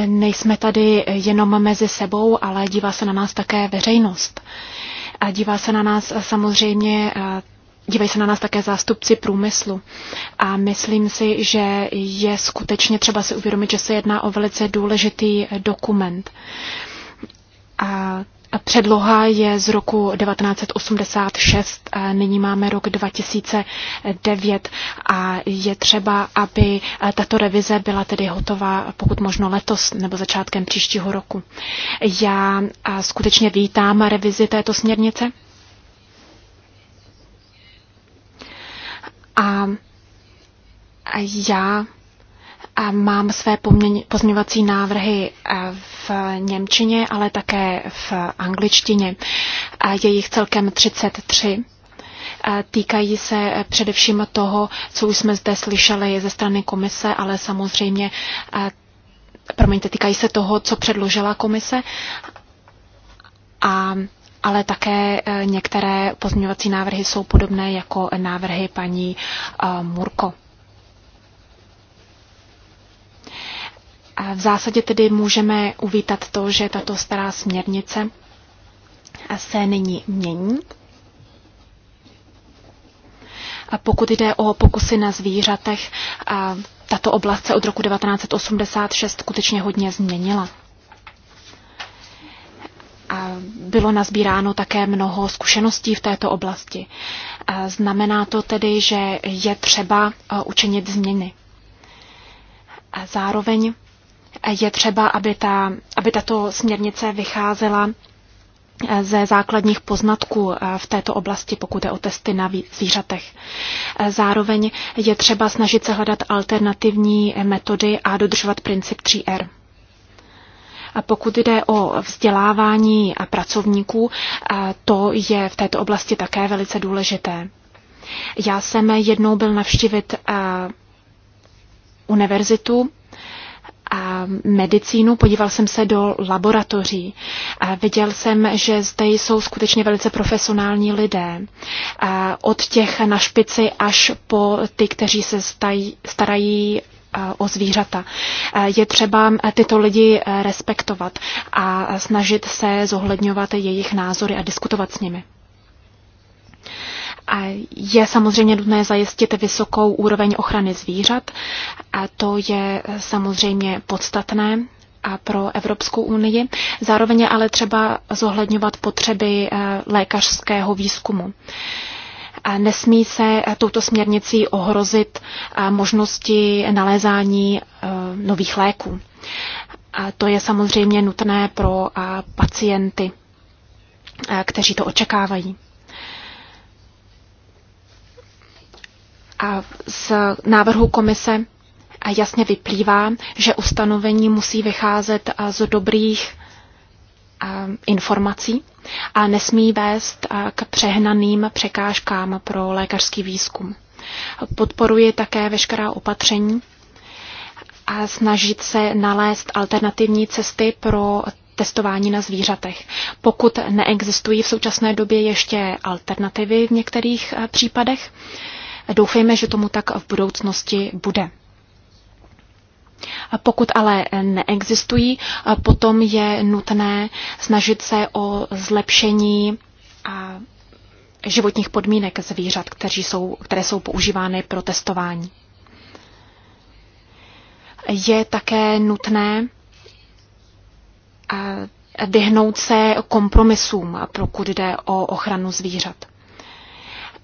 nejsme tady jenom mezi sebou, ale dívá se na nás také veřejnost. A dívá se na nás samozřejmě Dívají se na nás také zástupci průmyslu a myslím si, že je skutečně třeba si uvědomit, že se jedná o velice důležitý dokument. A Předloha je z roku 1986, nyní máme rok 2009 a je třeba, aby tato revize byla tedy hotová pokud možno letos nebo začátkem příštího roku. Já skutečně vítám revizi této směrnice. A já a mám své pozměňovací návrhy eh, v Němčině, ale také v angličtině. A je jich celkem 33 týkají se eh, především toho, co už jsme zde slyšeli ze strany komise, ale samozřejmě, eh, promiňte, týkají se toho, co předložila komise, a, ale také některé pozměňovací návrhy jsou podobné jako návrhy paní Murko. V zásadě tedy můžeme uvítat to, že tato stará směrnice se nyní mění. A pokud jde o pokusy na zvířatech, a tato oblast se od roku 1986 skutečně hodně změnila. A bylo nazbíráno také mnoho zkušeností v této oblasti. A znamená to tedy, že je třeba učinit změny. A zároveň je třeba, aby, ta, aby tato směrnice vycházela eh, ze základních poznatků eh, v této oblasti, pokud je o testy na zvířatech. Eh, zároveň je třeba snažit se hledat alternativní metody a dodržovat princip 3R. A pokud jde o vzdělávání a pracovníků, to je v této oblasti také velice důležité. Já jsem jednou byl navštívit univerzitu a medicínu, podíval jsem se do laboratoří. Viděl jsem, že zde jsou skutečně velice profesionální lidé. Od těch na špici až po ty, kteří se starají o zvířata. Je třeba tyto lidi e, respektovat a snažit se zohledňovat jejich názory a diskutovat s nimi. Je samozřejmě nutné zajistit vysokou úroveň ochrany zvířat a to je eh, samozřejmě podstatné a pro Evropskou unii. Zároveň je ale třeba zohledňovat potřeby eh, lékařského výzkumu. A nesmí se eh, touto směrnicí ohrozit možnosti nalézání nových léků. A to je samozřejmě nutné pro pacienty, kteří to očekávají. A z návrhu komise jasně vyplývá, že ustanovení musí vycházet z dobrých informací a nesmí vést k přehnaným překážkám pro lékařský výzkum. Podporuji také veškerá opatření a snažit se nalézt alternativní cesty pro testování na zvířatech. Pokud neexistují v současné době ještě alternativy v některých případech, Doufejme, že tomu tak v budoucnosti bude. Pokud ale neexistují, potom je nutné snažit se o zlepšení životních podmínek zvířat, kteří jsou, které jsou používány pro testování. Je také nutné vyhnout se kompromisům, pokud jde o ochranu zvířat.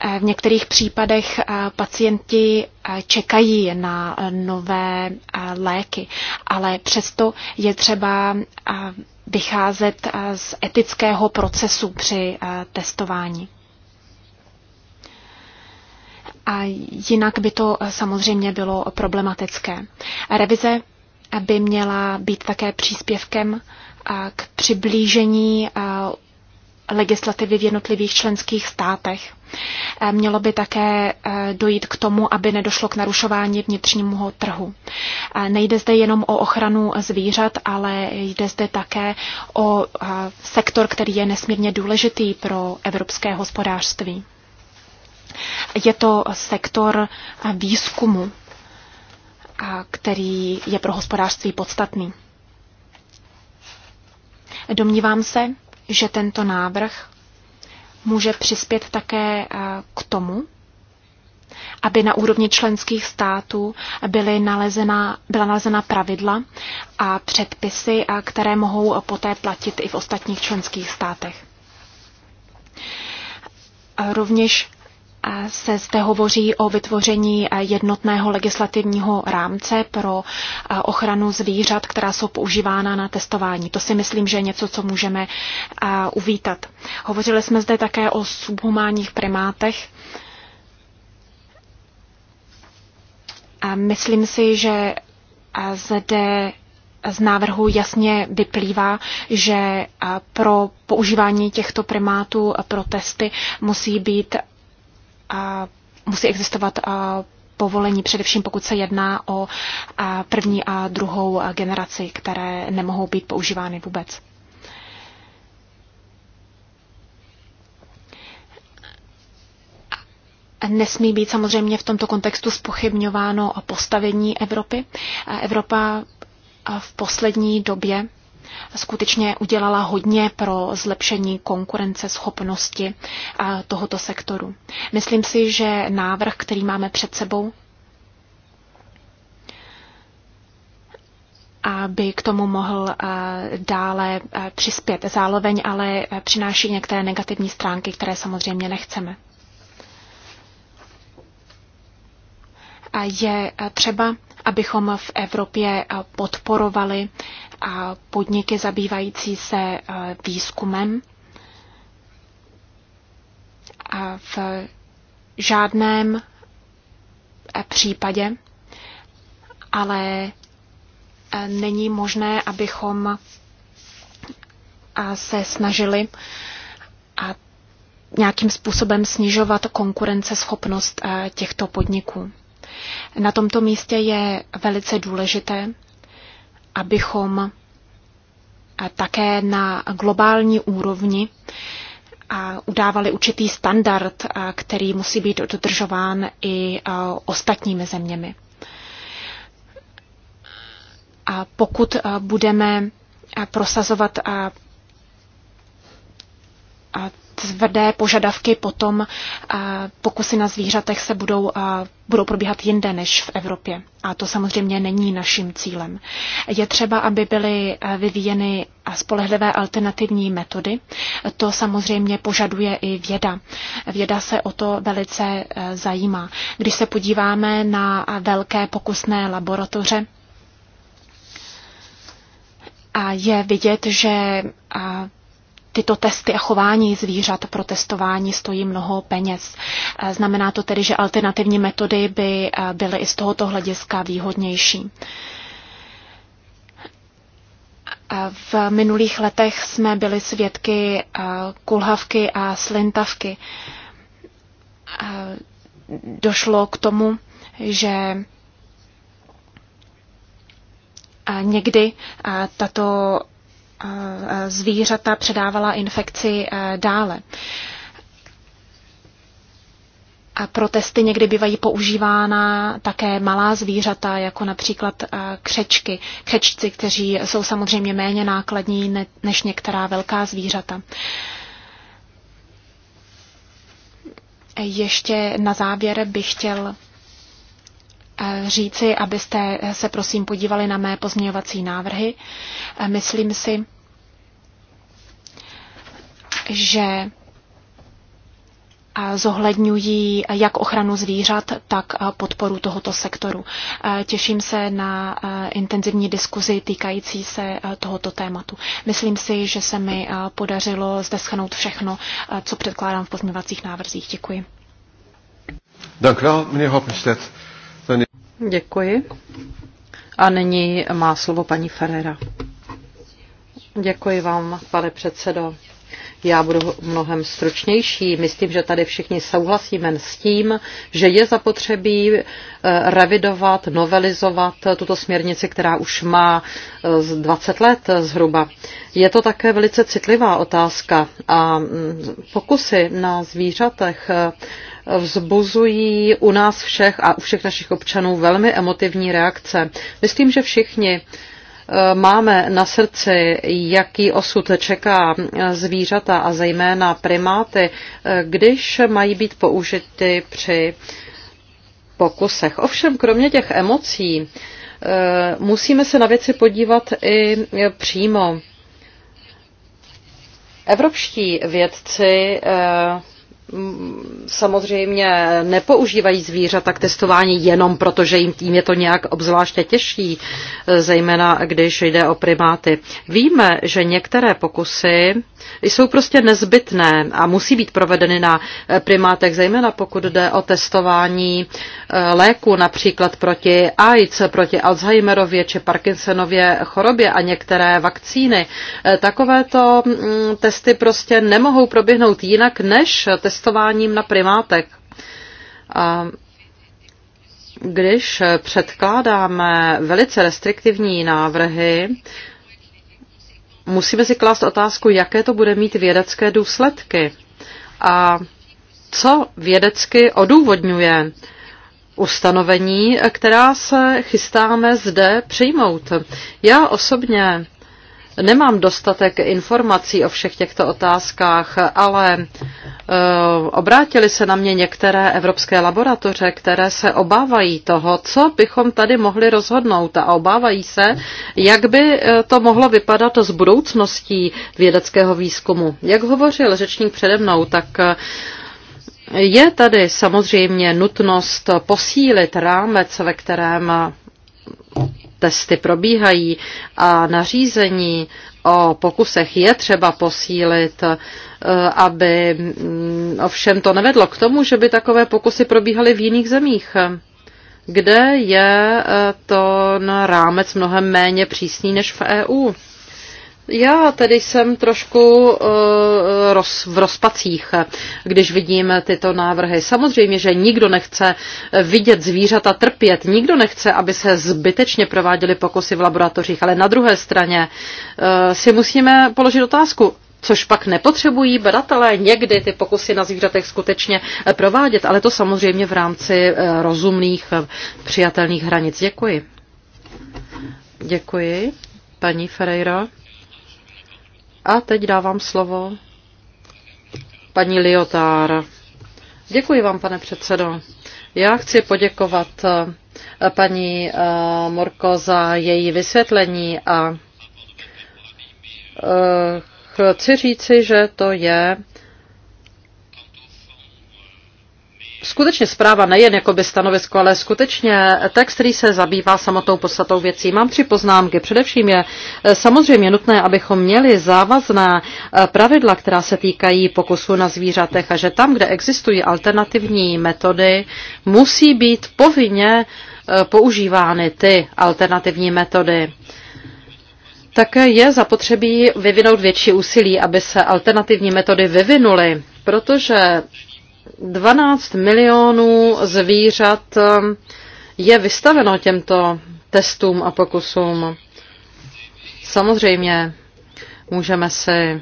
Eh, v některých případech eh, pacienti eh, čekají na nové léky, ale přesto je třeba vycházet z etického procesu při testování. A jinak by to samozřejmě bylo problematické. Revize by měla být také příspěvkem k přiblížení legislativy v jednotlivých členských státech. Eh, mělo by také eh, dojít k tomu, aby nedošlo k narušování vnitřního trhu. Eh, nejde zde jenom o ochranu zvířat, ale jde zde také o sektor, který je nesmírně důležitý pro evropské hospodářství. Je to sektor výzkumu, který je pro hospodářství podstatný. Domnívám se, že tento návrh může přispět také eh, k tomu, aby na úrovni členských států byly nalezena, byla nalezena pravidla a předpisy, eh, které mohou eh, poté platit i v ostatních členských státech. rovněž se zde hovoří o vytvoření eh, jednotného legislativního rámce pro eh, ochranu zvířat, která jsou používána na testování. To si myslím, že je něco, co můžeme eh, uvítat. Hovořili jsme zde také o subhumánních primátech. A myslím si, že zde z návrhu jasně vyplývá, že pro používání těchto primátů pro testy musí být a musí existovat a povolení, především pokud se jedná o a první a druhou generaci, které nemohou být používány vůbec. Nesmí být samozřejmě v tomto kontextu spochybňováno postavení Evropy. Evropa v poslední době skutečně udělala hodně pro zlepšení konkurenceschopnosti tohoto sektoru. Myslím si, že návrh, který máme před sebou, aby k tomu mohl dále přispět. záloveň, ale přináší některé negativní stránky, které samozřejmě nechceme. A je třeba abychom v Evropě eh, podporovali eh, podniky zabývající se eh, výzkumem. A v žádném případě, ale není možné, abychom se snažili a nějakým způsobem snižovat konkurenceschopnost těchto podniků. Na tomto místě je velice důležité, abychom také na globální úrovni a udávali určitý standard, který musí být dodržován i ostatními zeměmi. A pokud budeme prosazovat tvrdé požadavky potom pokusy na zvířatech se budou, budou probíhat jinde než v Evropě. A to samozřejmě není naším cílem. Je třeba, aby byly vyvíjeny spolehlivé alternativní metody. To samozřejmě požaduje i věda. Věda se o to velice e, zajímá. Když se podíváme na velké pokusné laboratoře, a je vidět, že tyto testy a chování zvířat pro testování stojí mnoho peněz. Eh, znamená to tedy, že alternativní metody by eh, byly i z tohoto hlediska výhodnější. Eh, v minulých letech jsme byli svědky kulhavky a slintavky. Došlo k tomu, že někdy tato Eh, zvířata předávala infekci eh, dále. A pro testy někdy bývají používána také malá zvířata, jako například eh, křečky. Křečci, kteří jsou samozřejmě méně nákladní než některá velká zvířata. Ještě na závěr bych chtěl říci, abyste se prosím podívali na mé pozměňovací návrhy. Myslím si, že zohledňují jak ochranu zvířat, tak podporu tohoto sektoru. Těším se na intenzivní diskuzi týkající se tohoto tématu. Myslím si, že se mi podařilo zde schnout všechno, co předkládám v pozměvacích návrzích. Děkuji. Děkuji. A nyní má slovo paní Ferrera. Děkuji vám, pane předsedo. Já budu mnohem stručnější. Myslím, že tady všichni souhlasíme s tím, že je zapotřebí eh, revidovat, novelizovat tuto směrnici, která už má 20 eh, let eh, zhruba. Je to také velice citlivá otázka a mm, pokusy na zvířatech vzbuzují u nás všech a u všech našich občanů velmi emotivní reakce. Myslím, že všichni máme na srdci, jaký osud čeká zvířata a zejména primáty, když mají být použity při pokusech. Ovšem, kromě těch emocí, eh, musíme se na věci podívat i přímo. Evropští vědci eh, samozřejmě nepoužívají zvířata k testování jenom proto, že jim tím je to nějak obzvláště těžší, eh, zejména když jde o primáty. Víme, že některé pokusy jsou prostě nezbytné a musí být provedeny na eh, primátech, zejména pokud jde o testování eh, léku například proti AIDS, proti Alzheimerově či Parkinsonově chorobě a některé vakcíny. Eh, takovéto mm, testy prostě nemohou proběhnout jinak než testováním na primátech. Když předkládáme velice restriktivní návrhy, musíme si klást otázku, jaké to bude mít vědecké důsledky a co vědecky odůvodňuje ustanovení, která se chystáme zde přijmout. Já osobně Nemám dostatek informací o všech těchto otázkách, ale e, obrátili se na mě některé evropské laboratoře, které se obávají toho, co bychom tady mohli rozhodnout a obávají se, jak by e, to mohlo vypadat s budoucností vědeckého výzkumu. Jak hovořil řečník přede mnou, tak e, je tady samozřejmě nutnost posílit rámec, ve kterém testy probíhají a nařízení o pokusech je třeba posílit, eh, aby mm, ovšem to nevedlo k tomu, že by takové pokusy probíhaly v jiných zemích, kde je eh, to na rámec mnohem méně přísný než v EU. Já tedy jsem trošku uh, roz, v rozpacích, když vidím tyto návrhy. Samozřejmě, že nikdo nechce vidět zvířata trpět, nikdo nechce, aby se zbytečně prováděly pokusy v laboratořích, ale na druhé straně uh, si musíme položit otázku, což pak nepotřebují badatelé někdy ty pokusy na zvířatech skutečně provádět, ale to samozřejmě v rámci eh, rozumných přijatelných hranic. Děkuji. Děkuji, paní Ferreira. A teď dávám slovo paní Liotár. Děkuji vám, pane předsedo. Já chci poděkovat eh, paní eh, Morko za její vysvětlení a eh, chci říci, že to je skutečně zpráva nejen jako by stanovisko, ale skutečně text, který se zabývá samotnou podstatou věcí. Mám tři poznámky. Především je eh, samozřejmě nutné, abychom měli závazná eh, pravidla, která se týkají pokusu na zvířatech a že tam, kde existují alternativní metody, musí být povinně eh, používány ty alternativní metody. Také je zapotřebí vyvinout větší úsilí, aby se alternativní metody vyvinuly, protože 12 milionů zvířat um, je vystaveno těmto testům a pokusům. Samozřejmě můžeme si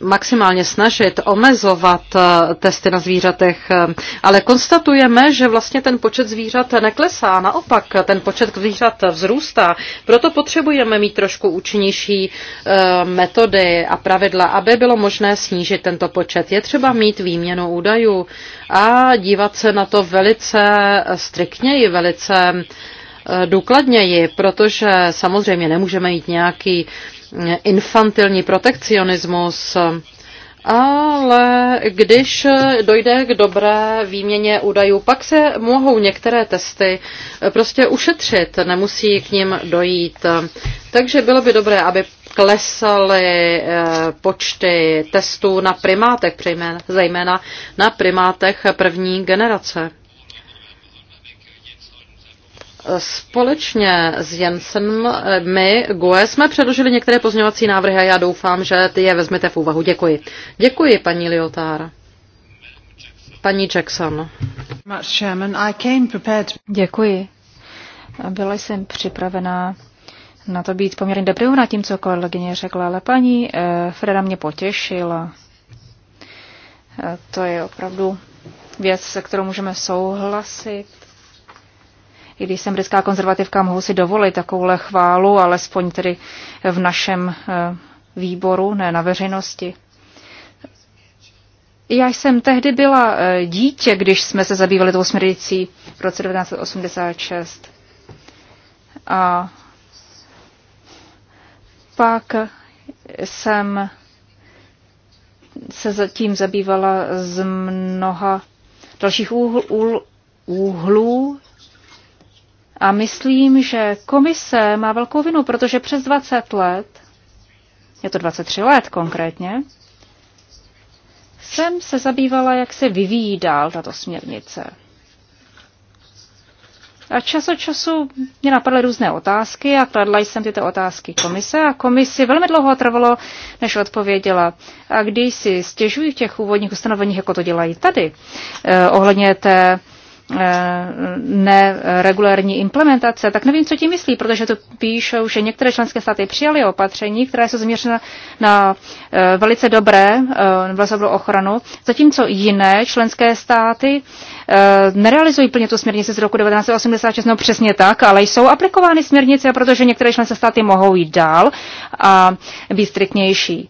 maximálně snažit omezovat eh, testy na zvířatech, eh, ale konstatujeme, že vlastně ten počet zvířat neklesá, naopak ten počet zvířat vzrůstá. Proto potřebujeme mít trošku účinnější eh, metody a pravidla, aby bylo možné snížit tento počet. Je třeba mít výměnu údajů a dívat se na to velice striktněji, velice důkladněji, protože samozřejmě nemůžeme mít nějaký uh, infantilní protekcionismus, ale když dojde k dobré výměně údajů, pak se mohou některé testy prostě ušetřit, nemusí k ním dojít. Takže bylo by dobré, aby klesaly eh, počty testů na primátech, zejména na primátech první generace. Společně s Jensem eh, my, GUE, jsme předložili některé pozměňovací návrhy a já doufám, že ty je vezmete v úvahu. Děkuji. Děkuji, paní Liotár. Paní Jackson. Děkuji. Byla jsem připravená na to být poměrně deprivná tím, co kolegyně řekla, ale paní eh, Freda mě potěšila. Eh, to je opravdu věc, se kterou můžeme souhlasit i když jsem britská konzervativka, mohu si dovolit takovouhle chválu, alespoň tedy v našem eh, výboru, ne na veřejnosti. Já jsem tehdy byla eh, dítě, když jsme se zabývali tou směrnicí v roce 1986. A pak jsem se tím zabývala z mnoha dalších úhl, úhl, úhlů a myslím, že komise má velkou vinu, protože přes 20 let, je to 23 let konkrétně, jsem se zabývala, jak se vyvíjí dál tato směrnice. A čas od času mě napadly různé otázky a kladla jsem tyto otázky komise a komisi velmi dlouho trvalo, než odpověděla. A když si stěžují v těch úvodních ustanoveních, jako to dělají tady, eh, ohledně té Eh, neregulární implementace, tak nevím, co tím myslí, protože to píšou, že některé členské státy přijaly opatření, které jsou zaměřena na eh, velice dobré eh, vlezovou ochranu, zatímco jiné členské státy nerealizují plně tu směrnici z roku 1986, no přesně tak, ale jsou aplikovány směrnice, protože některé členské státy mohou jít dál a být striktnější.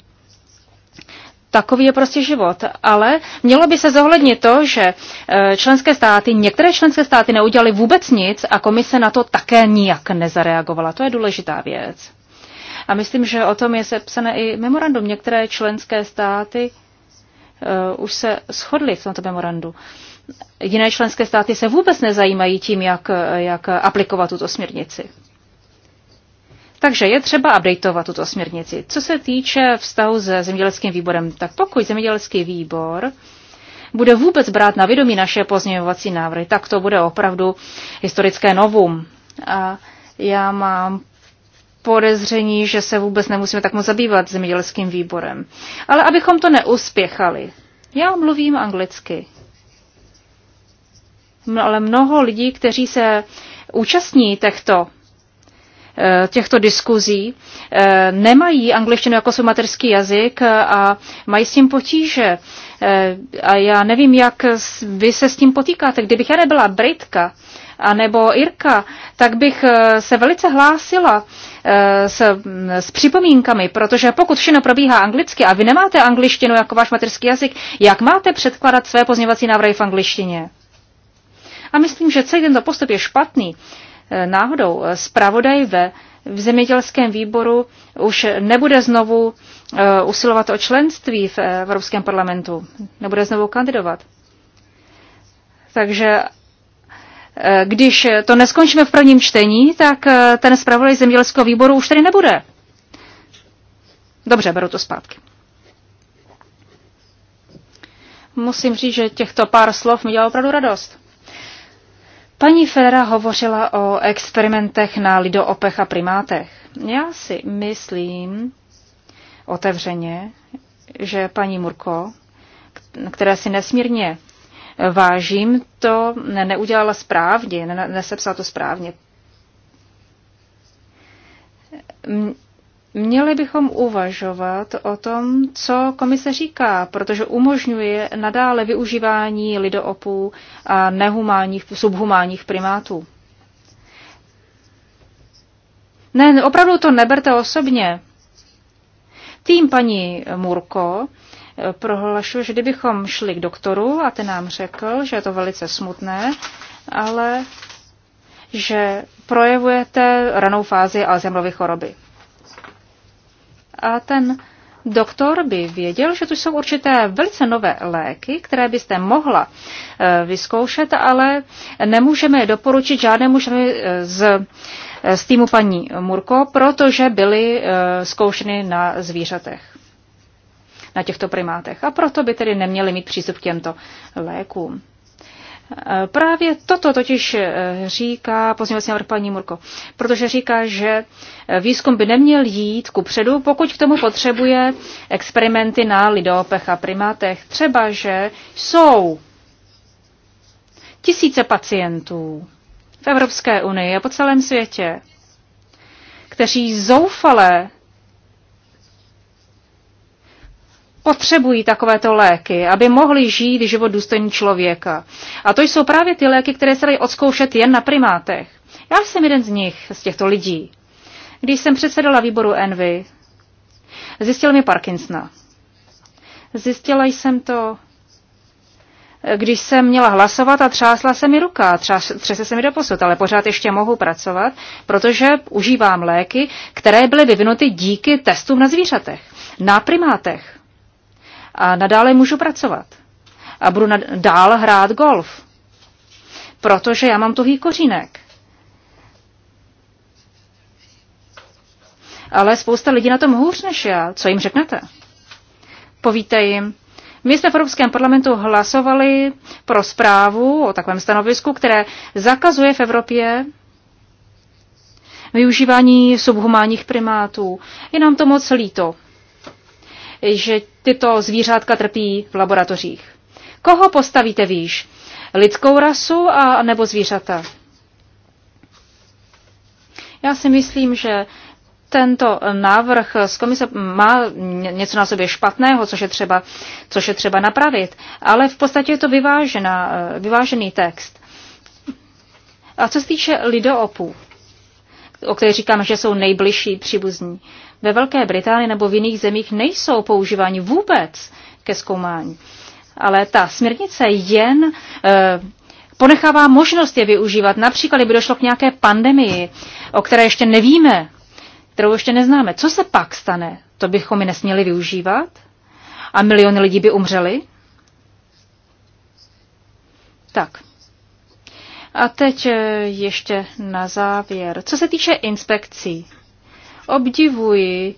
Takový je prostě život. Ale mělo by se zohlednit to, že e, členské státy, některé členské státy neudělali vůbec nic a komise na to také nijak nezareagovala. To je důležitá věc. A myslím, že o tom je sepsané i memorandum. Některé členské státy uh, už se shodly v tomto memorandu. Jiné členské státy se vůbec nezajímají tím, jak, jak aplikovat tuto směrnici. Takže je třeba updateovat tuto směrnici. Co se týče vztahu se zemědělským výborem, tak pokud zemědělský výbor bude vůbec brát na vědomí naše pozměňovací návrhy, tak to bude opravdu historické novum. A já mám podezření, že se vůbec nemusíme tak moc zabývat zemědělským výborem. Ale abychom to neuspěchali. Já mluvím anglicky. Ale mnoho lidí, kteří se účastní těchto Eh, těchto diskuzí eh, nemají angličtinu jako svůj materský jazyk a mají s tím potíže. Eh, a já nevím, jak vy se s tím potýkáte. Kdybych já nebyla Britka, a nebo Irka, tak bych se velice hlásila s, s připomínkami, protože pokud všechno probíhá anglicky a vy nemáte angličtinu jako váš materský jazyk, jak máte předkladat své pozměňovací návrhy v angličtině? A myslím, že celý tento postup je špatný náhodou zpravodaj ve v zemědělském výboru už nebude znovu eh, usilovat o členství eh, v Evropském parlamentu, nebude znovu kandidovat. Takže eh, když to neskončíme v prvním čtení, tak ten zpravodaj zemědělského výboru už tady nebude. Dobře, beru to zpátky. Musím říct, že těchto pár slov mi dělá opravdu radost. Paní Ferra hovořila o experimentech na lidoopech a primátech. Já si myslím otevřeně, že paní Murko, které si nesmírně vážím, to neudělala správně, nesepsala to správně Měli bychom uvažovat o tom, co komise říká, protože umožňuje nadále využívání lidoopů a nehumánních, subhumánních primátů. Ne, opravdu to neberte osobně. Tým paní Murko eh, prohlašuje, že kdybychom šli k doktoru a ten nám řekl, že je to velice smutné, ale že projevujete ranou fázi Alzheimerovy choroby. A ten doktor by věděl, že tu jsou určité velice nové léky, které byste mohla eh, vyzkoušet, ale nemůžeme je doporučit žádnému z, eh, z týmu paní Murko, protože byly eh, zkoušeny na zvířatech na těchto primátech a proto by tedy neměli mít přístup k těmto lékům. Eh, právě toto totiž eh, říká pozměňovací návrh paní Murko, protože říká, že eh, výzkum by neměl jít ku předu, pokud k tomu potřebuje experimenty na lidopech a primátech. Třeba, že jsou tisíce pacientů v Evropské unii a po celém světě, kteří zoufale potřebují takovéto léky, aby mohli žít život důstojný člověka. A to jsou právě ty léky, které se dají odzkoušet jen na primátech. Já jsem jeden z nich, z těchto lidí. Když jsem předsedala výboru Envy, zjistil mi Parkinsona. Zjistila jsem to, když jsem měla hlasovat a třásla se mi ruka, třese se mi do posud, ale pořád ještě mohu pracovat, protože užívám léky, které byly vyvinuty díky testům na zvířatech, na primátech a nadále můžu pracovat. A budu dál hrát golf, protože já mám tuhý kořínek. Ale spousta lidí na tom hůř než já. Co jim řeknete? Povíte jim, my jsme v Evropském parlamentu hlasovali pro zprávu o takovém stanovisku, které zakazuje v Evropě využívání subhumánních primátů. Je nám to moc líto že tyto zvířátka trpí v laboratořích. Koho postavíte výš? Lidskou rasu a nebo zvířata? Já si myslím, že tento návrh z komise má něco na sobě špatného, což je třeba, což je třeba napravit, ale v podstatě je to vyvážená, vyvážený text. A co se týče lidoopů, o kterých říkám, že jsou nejbližší příbuzní, ve Velké Británii nebo v jiných zemích nejsou používáni vůbec ke zkoumání. Ale ta směrnice jen e, ponechává možnost je využívat. Například, kdyby došlo k nějaké pandemii, o které ještě nevíme, kterou ještě neznáme. Co se pak stane? To bychom ji nesměli využívat? A miliony lidí by umřeli? Tak. A teď eh, ještě na závěr. Co se týče inspekcí, obdivuji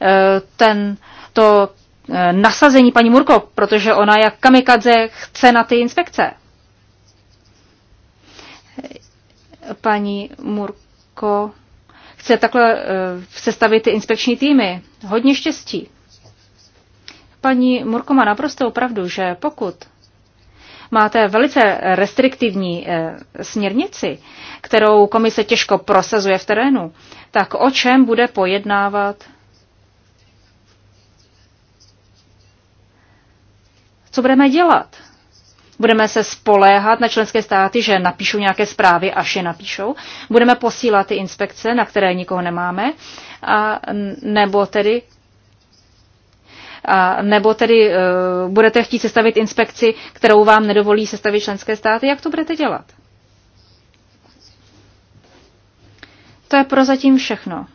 eh, ten, to eh, nasazení paní Murko, protože ona jak kamikadze chce na ty inspekce. Paní Murko chce takhle eh, sestavit ty inspekční týmy. Hodně štěstí. Paní Murko má naprosto opravdu, že pokud máte velice restriktivní eh, směrnici, kterou komise těžko prosazuje v terénu, tak o čem bude pojednávat? Co budeme dělat? Budeme se spoléhat na členské státy, že napíšou nějaké zprávy, až je napíšou. Budeme posílat ty inspekce, na které nikoho nemáme, a, nebo tedy a nebo tedy uh, budete chtít sestavit inspekci, kterou vám nedovolí sestavit členské státy, jak to budete dělat? To je prozatím všechno.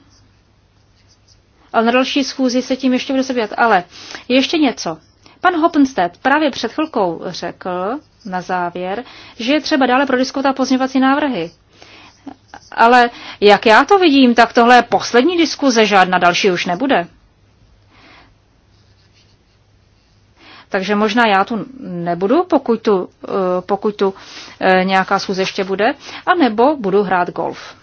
Ale na další schůzi se tím ještě budu zabývat. Ale ještě něco. Pan Hoppenstedt právě před chvilkou řekl na závěr, že je třeba dále prodiskutovat pozměňovací návrhy. Ale jak já to vidím, tak tohle je poslední diskuze, žádná další už nebude. Takže možná já tu nebudu, pokud tu, eh, pokud tu eh, nějaká schůze ještě bude, anebo budu hrát golf.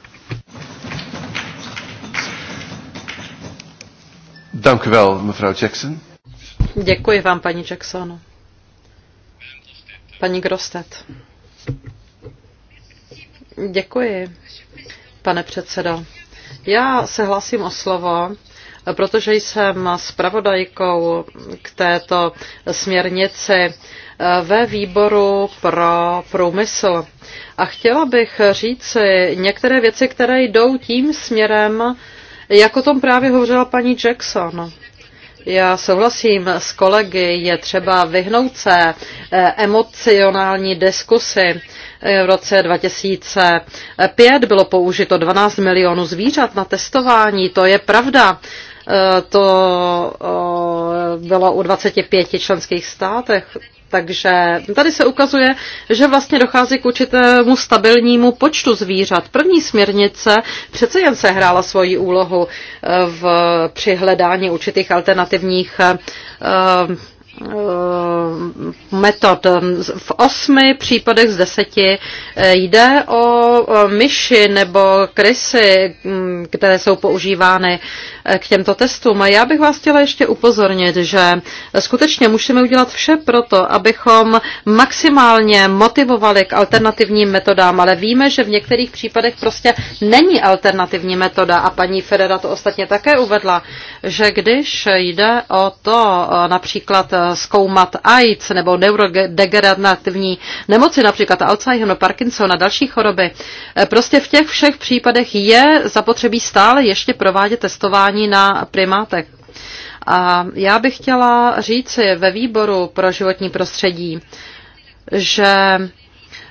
Dank mevrouw Jackson. Děkuji vám, paní Jackson. Paní Grostet. Děkuji, pane předsedo. Já se hlasím o slovo Protože jsem zpravodajkou k této směrnici eh, ve výboru pro průmysl. A chtěla bych říci některé věci, které jdou tím směrem, jak o tom právě hovořila paní Jackson. Já souhlasím s kolegy, je třeba vyhnout se eh, emocionální diskusy. V roce 2005 bylo použito 12 milionů zvířat na testování, to je pravda. Eh, to eh, bylo u 25 členských státech. Takže tady se ukazuje, že vlastně dochází k určitému stabilnímu počtu zvířat. První směrnice přece jen sehrála svoji úlohu eh, v přihledání určitých alternativních Eh, metod. V osmi případech z deseti eh, jde o eh, myši nebo krysy, hm, které jsou používány k těmto testům. A já bych vás chtěla ještě upozornit, že skutečně musíme udělat vše proto, abychom maximálně motivovali k alternativním metodám, ale víme, že v některých případech prostě není alternativní metoda a paní Federa to ostatně také uvedla, že když jde o to například zkoumat AIDS nebo neurodegenerativní nemoci, například Alzheimer, Parkinson a další choroby. Eh, prostě v těch všech případech je zapotřebí stále ještě provádět testování na primátech. A já bych chtěla říci ve výboru pro životní prostředí, že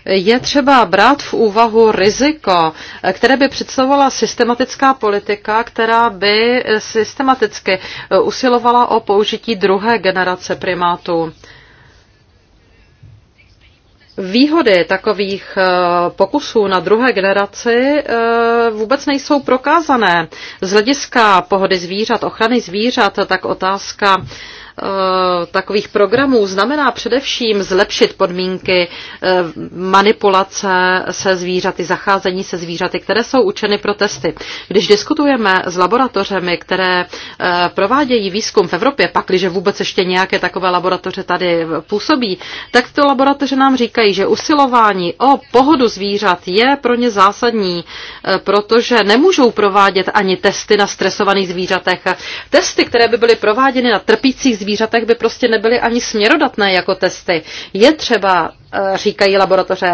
je třeba brát v úvahu riziko, které by představovala systematická politika, která by systematicky usilovala o použití druhé generace primátů. Výhody takových eh, pokusů na druhé generaci eh, vůbec nejsou prokázané. Z hlediska pohody zvířat, ochrany zvířat, tak otázka Eh, takových programů znamená především zlepšit podmínky eh, manipulace se zvířaty, zacházení se zvířaty, které jsou učeny pro testy. Když diskutujeme s laboratořemi, které eh, provádějí výzkum v Evropě, pakliže vůbec ještě nějaké takové laboratoře tady působí, tak ty laboratoře nám říkají, že usilování o pohodu zvířat je pro ně zásadní, protože nemůžou provádět ani testy na stresovaných zvířatech. Testy, které by byly prováděny na trpících zvířatech, zvířatech by prostě nebyly ani směrodatné jako testy. Je třeba, eh, říkají laboratoře,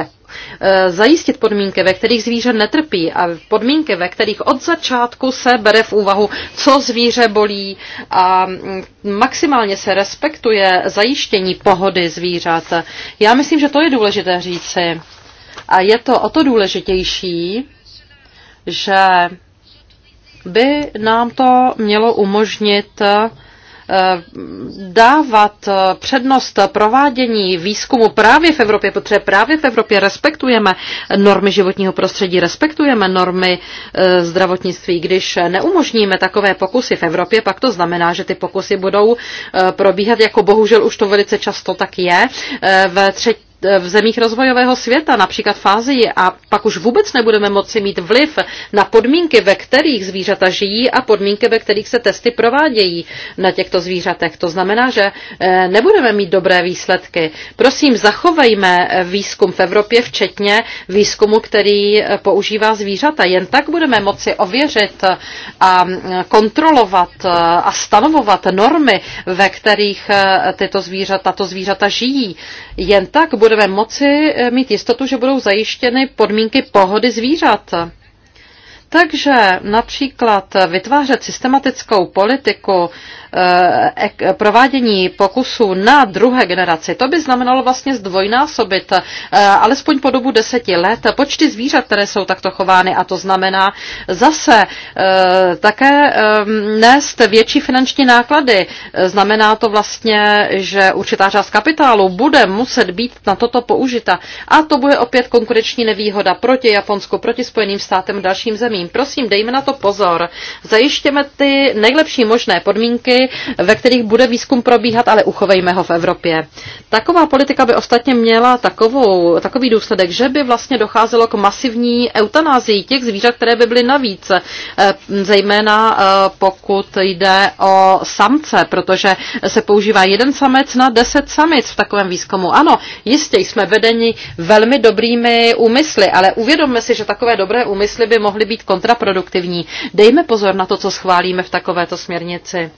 eh, zajistit podmínky, ve kterých zvíře netrpí a podmínky, ve kterých od začátku se bere v úvahu, co zvíře bolí a mm, maximálně se respektuje zajištění pohody zvířat. Já myslím, že to je důležité říci. A je to o to důležitější, že by nám to mělo umožnit Eh, dávat eh, přednost provádění výzkumu právě v Evropě, protože právě v Evropě respektujeme normy životního prostředí, respektujeme normy eh, zdravotnictví. Když neumožníme takové pokusy v Evropě, pak to znamená, že ty pokusy budou probíhat, jako bohužel už to velice často tak je, ve třetí v zemích rozvojového světa, například v Ázii, a pak už vůbec nebudeme moci mít vliv na podmínky, ve kterých zvířata žijí a podmínky, ve kterých se testy provádějí na těchto zvířatech. To znamená, že eh, nebudeme mít dobré výsledky. Prosím, zachovejme výzkum v Evropě, včetně výzkumu, který eh, používá zvířata. Jen tak budeme moci ověřit eh, a kontrolovat a stanovovat normy, ve kterých tyto zvířata, tato zvířata žijí. Jen tak budeme budeme moci eh, mít jistotu, že budou zajištěny podmínky pohody zvířat. Takže například vytvářet systematickou politiku Eh, provádění pokusů na druhé generaci, to by znamenalo vlastně zdvojnásobit eh, alespoň po dobu deseti let počty zvířat, které jsou takto chovány a to znamená zase eh, také nést větší finanční náklady. Znamená to vlastně, že určitá část kapitálu bude muset být na toto použita a to bude opět konkurenční nevýhoda proti Japonsku, proti Spojeným státem a dalším zemím. Prosím, dejme na to pozor. Zajištěme ty nejlepší možné podmínky ve kterých bude výzkum probíhat, ale uchovejme ho v Evropě. Taková politika by ostatně měla takovou, takový důsledek, že by vlastně docházelo k masivní eutanázii těch zvířat, které by byly navíc, eh, zejména eh, pokud jde o samce, protože se používá jeden samec na deset samic v takovém výzkumu. Ano, jistě jsme vedeni velmi dobrými úmysly, ale uvědomme si, že takové dobré úmysly by mohly být kontraproduktivní. Dejme pozor na to, co schválíme v takovéto směrnici.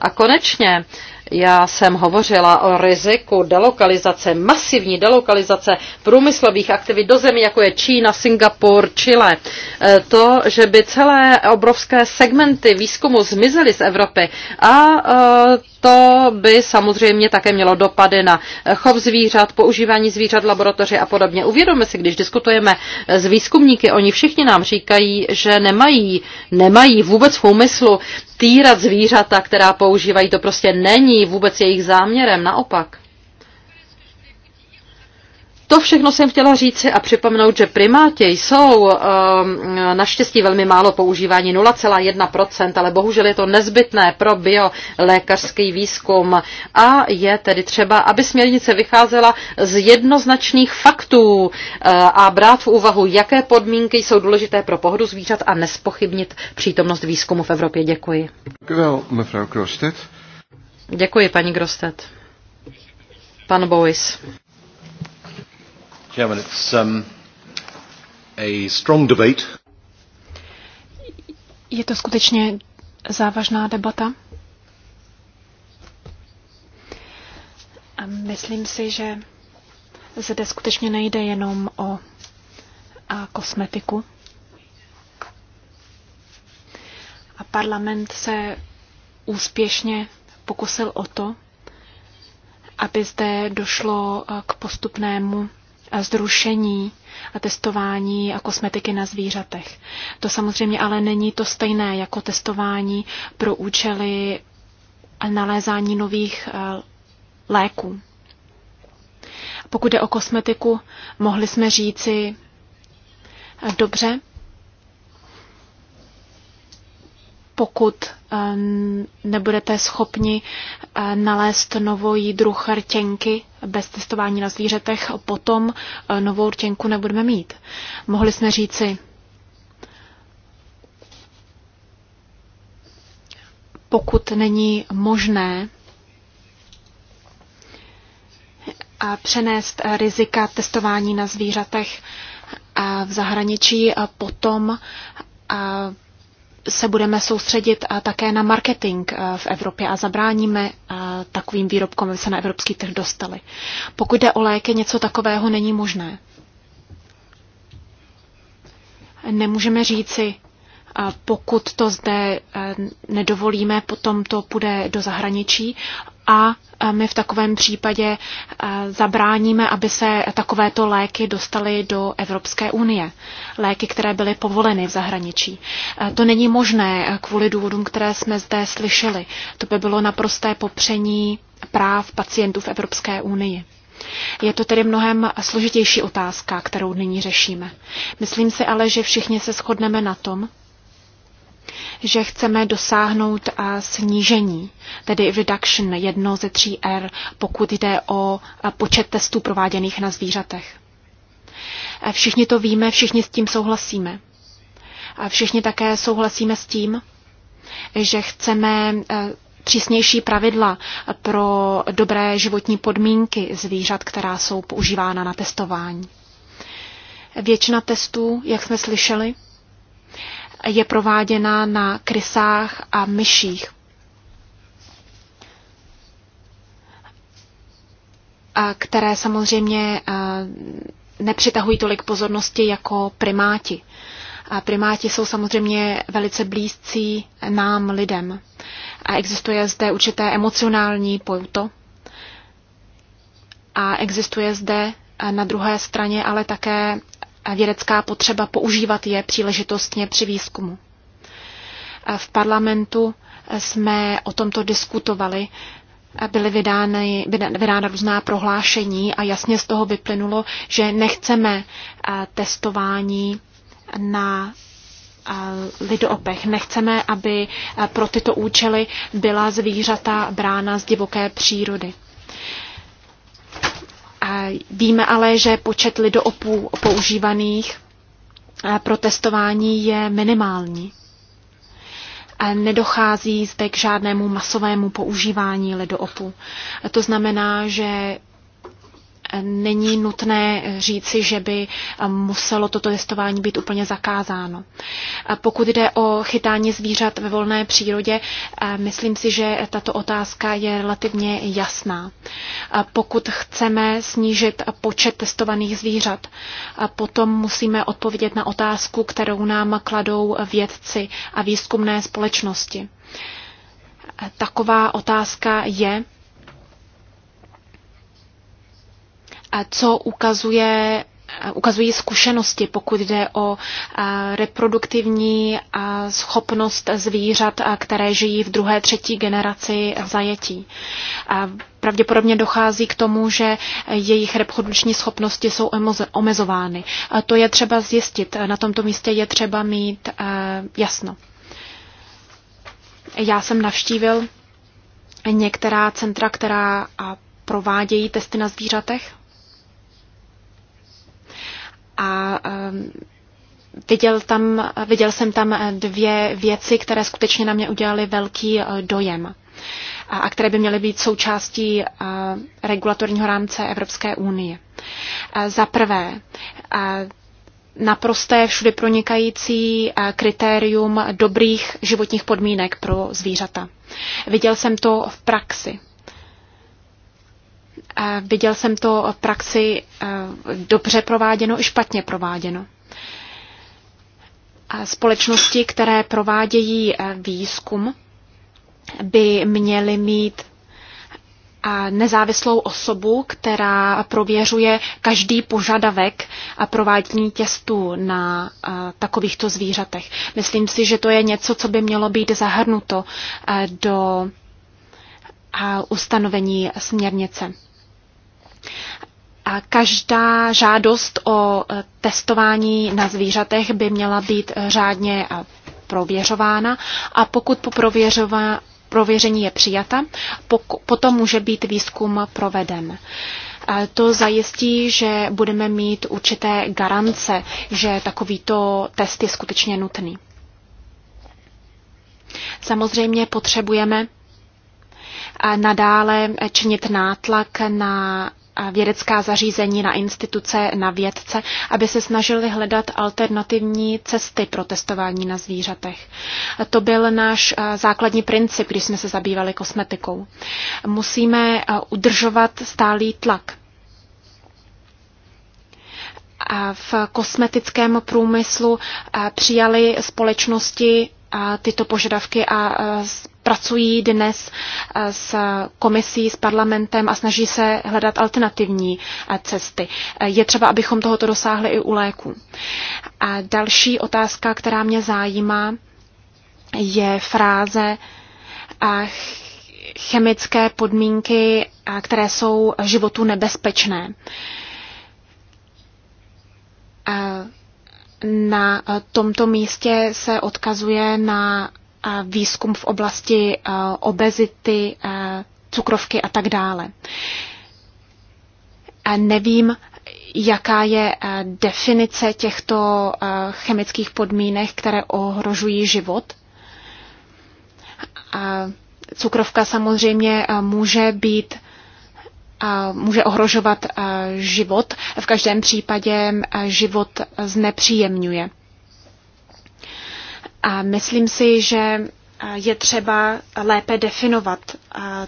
A konečně já jsem hovořila o riziku delokalizace, masivní delokalizace průmyslových aktivit do zemí, jako je Čína, Singapur, Chile. E, to, že by celé obrovské segmenty výzkumu zmizely z Evropy a e, to by samozřejmě také mělo dopady na chov zvířat, používání zvířat v laboratoři a podobně. Uvědomme si, když diskutujeme s výzkumníky, oni všichni nám říkají, že nemají, nemají vůbec v úmyslu týrat zvířata, která používají. To prostě není vůbec jejich záměrem, naopak. To všechno jsem chtěla říci a připomenout, že primáti jsou um, naštěstí velmi málo používání 0,1%, ale bohužel je to nezbytné pro biolékařský výzkum a je tedy třeba, aby směrnice vycházela z jednoznačných faktů uh, a brát v úvahu, jaké podmínky jsou důležité pro pohodu zvířat a nespochybnit přítomnost výzkumu v Evropě. Děkuji. Děkuji, paní Grostet. Pan Bois. Chairman, it's um, a strong debate. Je to skutečně závažná debata. A myslím si, že zde skutečně nejde jenom o a kosmetiku. A parlament se úspěšně pokusil o to, aby zde došlo k postupnému zrušení a testování a kosmetiky na zvířatech. To samozřejmě ale není to stejné jako testování pro účely nalézání nových eh, léků. Pokud jde o kosmetiku, mohli jsme říci, eh, dobře, pokud eh, nebudete schopni eh, nalézt nový druh rtěnky bez testování na zvířatech, potom eh, novou rtěnku nebudeme mít. Mohli jsme říci, pokud není možné a přenést rizika testování na zvířatech a v zahraničí, a potom a se budeme soustředit eh, také na marketing eh, v Evropě a zabráníme eh, takovým výrobkům, aby se na evropský trh dostali. Pokud jde o léky, něco takového není možné. Nemůžeme říci, pokud to zde nedovolíme, potom to půjde do zahraničí a my v takovém případě zabráníme, aby se takovéto léky dostaly do Evropské unie. Léky, které byly povoleny v zahraničí. To není možné kvůli důvodům, které jsme zde slyšeli. To by bylo naprosté popření práv pacientů v Evropské unii. Je to tedy mnohem složitější otázka, kterou nyní řešíme. Myslím si ale, že všichni se shodneme na tom, že chceme dosáhnout eh, snížení, tedy reduction, jedno ze tří R, pokud jde o eh, počet testů prováděných na zvířatech. Eh, všichni to víme, všichni s tím souhlasíme. A Všichni také souhlasíme s tím, že chceme přísnější pravidla pro dobré životní podmínky zvířat, která jsou používána na testování. Většina testů, jak jsme slyšeli, je prováděna na krysách a myších. které samozřejmě nepřitahují tolik pozornosti jako primáti. A primáti jsou samozřejmě velice blízcí nám lidem. A existuje zde určité emocionální pouto. A existuje zde na druhé straně ale také vědecká potřeba používat je příležitostně při výzkumu. V parlamentu jsme o tomto diskutovali, byly vydány, vydána různá prohlášení a jasně z toho vyplynulo, že nechceme testování na lidopech. Nechceme, aby pro tyto účely byla zvířata brána z divoké přírody. Víme ale, že počet lidoopů používaných eh, pro testování je minimální. Nedochází zde k žádnému masovému používání ledoopu. To znamená, že není nutné říci, že by muselo toto testování být úplně zakázáno. Pokud jde o chytání zvířat ve volné přírodě, myslím si, že tato otázka je relativně jasná. Pokud chceme snížit počet testovaných zvířat, potom musíme odpovědět na otázku, kterou nám kladou vědci a výzkumné společnosti. Taková otázka je, co ukazuje ukazují zkušenosti, pokud jde o reproduktivní schopnost zvířat, které žijí v druhé, třetí generaci zajetí. Pravděpodobně dochází k tomu, že jejich reprodukční schopnosti jsou omezovány. To je třeba zjistit. Na tomto místě je třeba mít jasno. Já jsem navštívil některá centra, která provádějí testy na zvířatech a ehm, viděl, tam, viděl jsem tam dvě věci, které skutečně na mě udělaly velký eh, dojem a které by měly být součástí eh, regulatorního rámce Evropské unie. Eh, za prvé, naprosté všude pronikající kritérium dobrých životních podmínek pro zvířata. Viděl jsem to v praxi viděl jsem to v praxi e, dobře prováděno i špatně prováděno. Společnosti, které provádějí e, výzkum, by měly mít nezávislou osobu, která prověřuje každý požadavek a provádění testů na e, takovýchto zvířatech. Myslím si, že to je něco, co by mělo být zahrnuto do ustanovení směrnice. A každá žádost o eh, testování na zvířatech by měla být eh, řádně eh, prověřována a pokud po prověření je přijata, potom může být výzkum proveden. To zajistí, že budeme mít určité garance, že takovýto test je skutečně nutný. Samozřejmě potřebujeme nadále činit nátlak na vědecká zařízení, na instituce, na vědce, aby se snažili hledat alternativní cesty pro testování na zvířatech. To byl náš základní princip, když jsme se zabývali kosmetikou. Musíme udržovat stálý tlak. A v kosmetickém průmyslu přijali společnosti tyto požadavky a pracují dnes s komisí, s parlamentem a snaží se hledat alternativní cesty. Je třeba, abychom tohoto dosáhli i u léku. A další otázka, která mě zajímá, je fráze a chemické podmínky, které jsou životu nebezpečné. A na eh, tomto místě se odkazuje na eh, výzkum v oblasti eh, obezity, cukrovky a tak dále. Nevím, jaká je definice těchto chemických podmínek, které ohrožují život. Cukrovka samozřejmě může být může ohrožovat eh, život, v každém případě eh, život znepříjemňuje. A myslím si, že eh, je třeba lépe definovat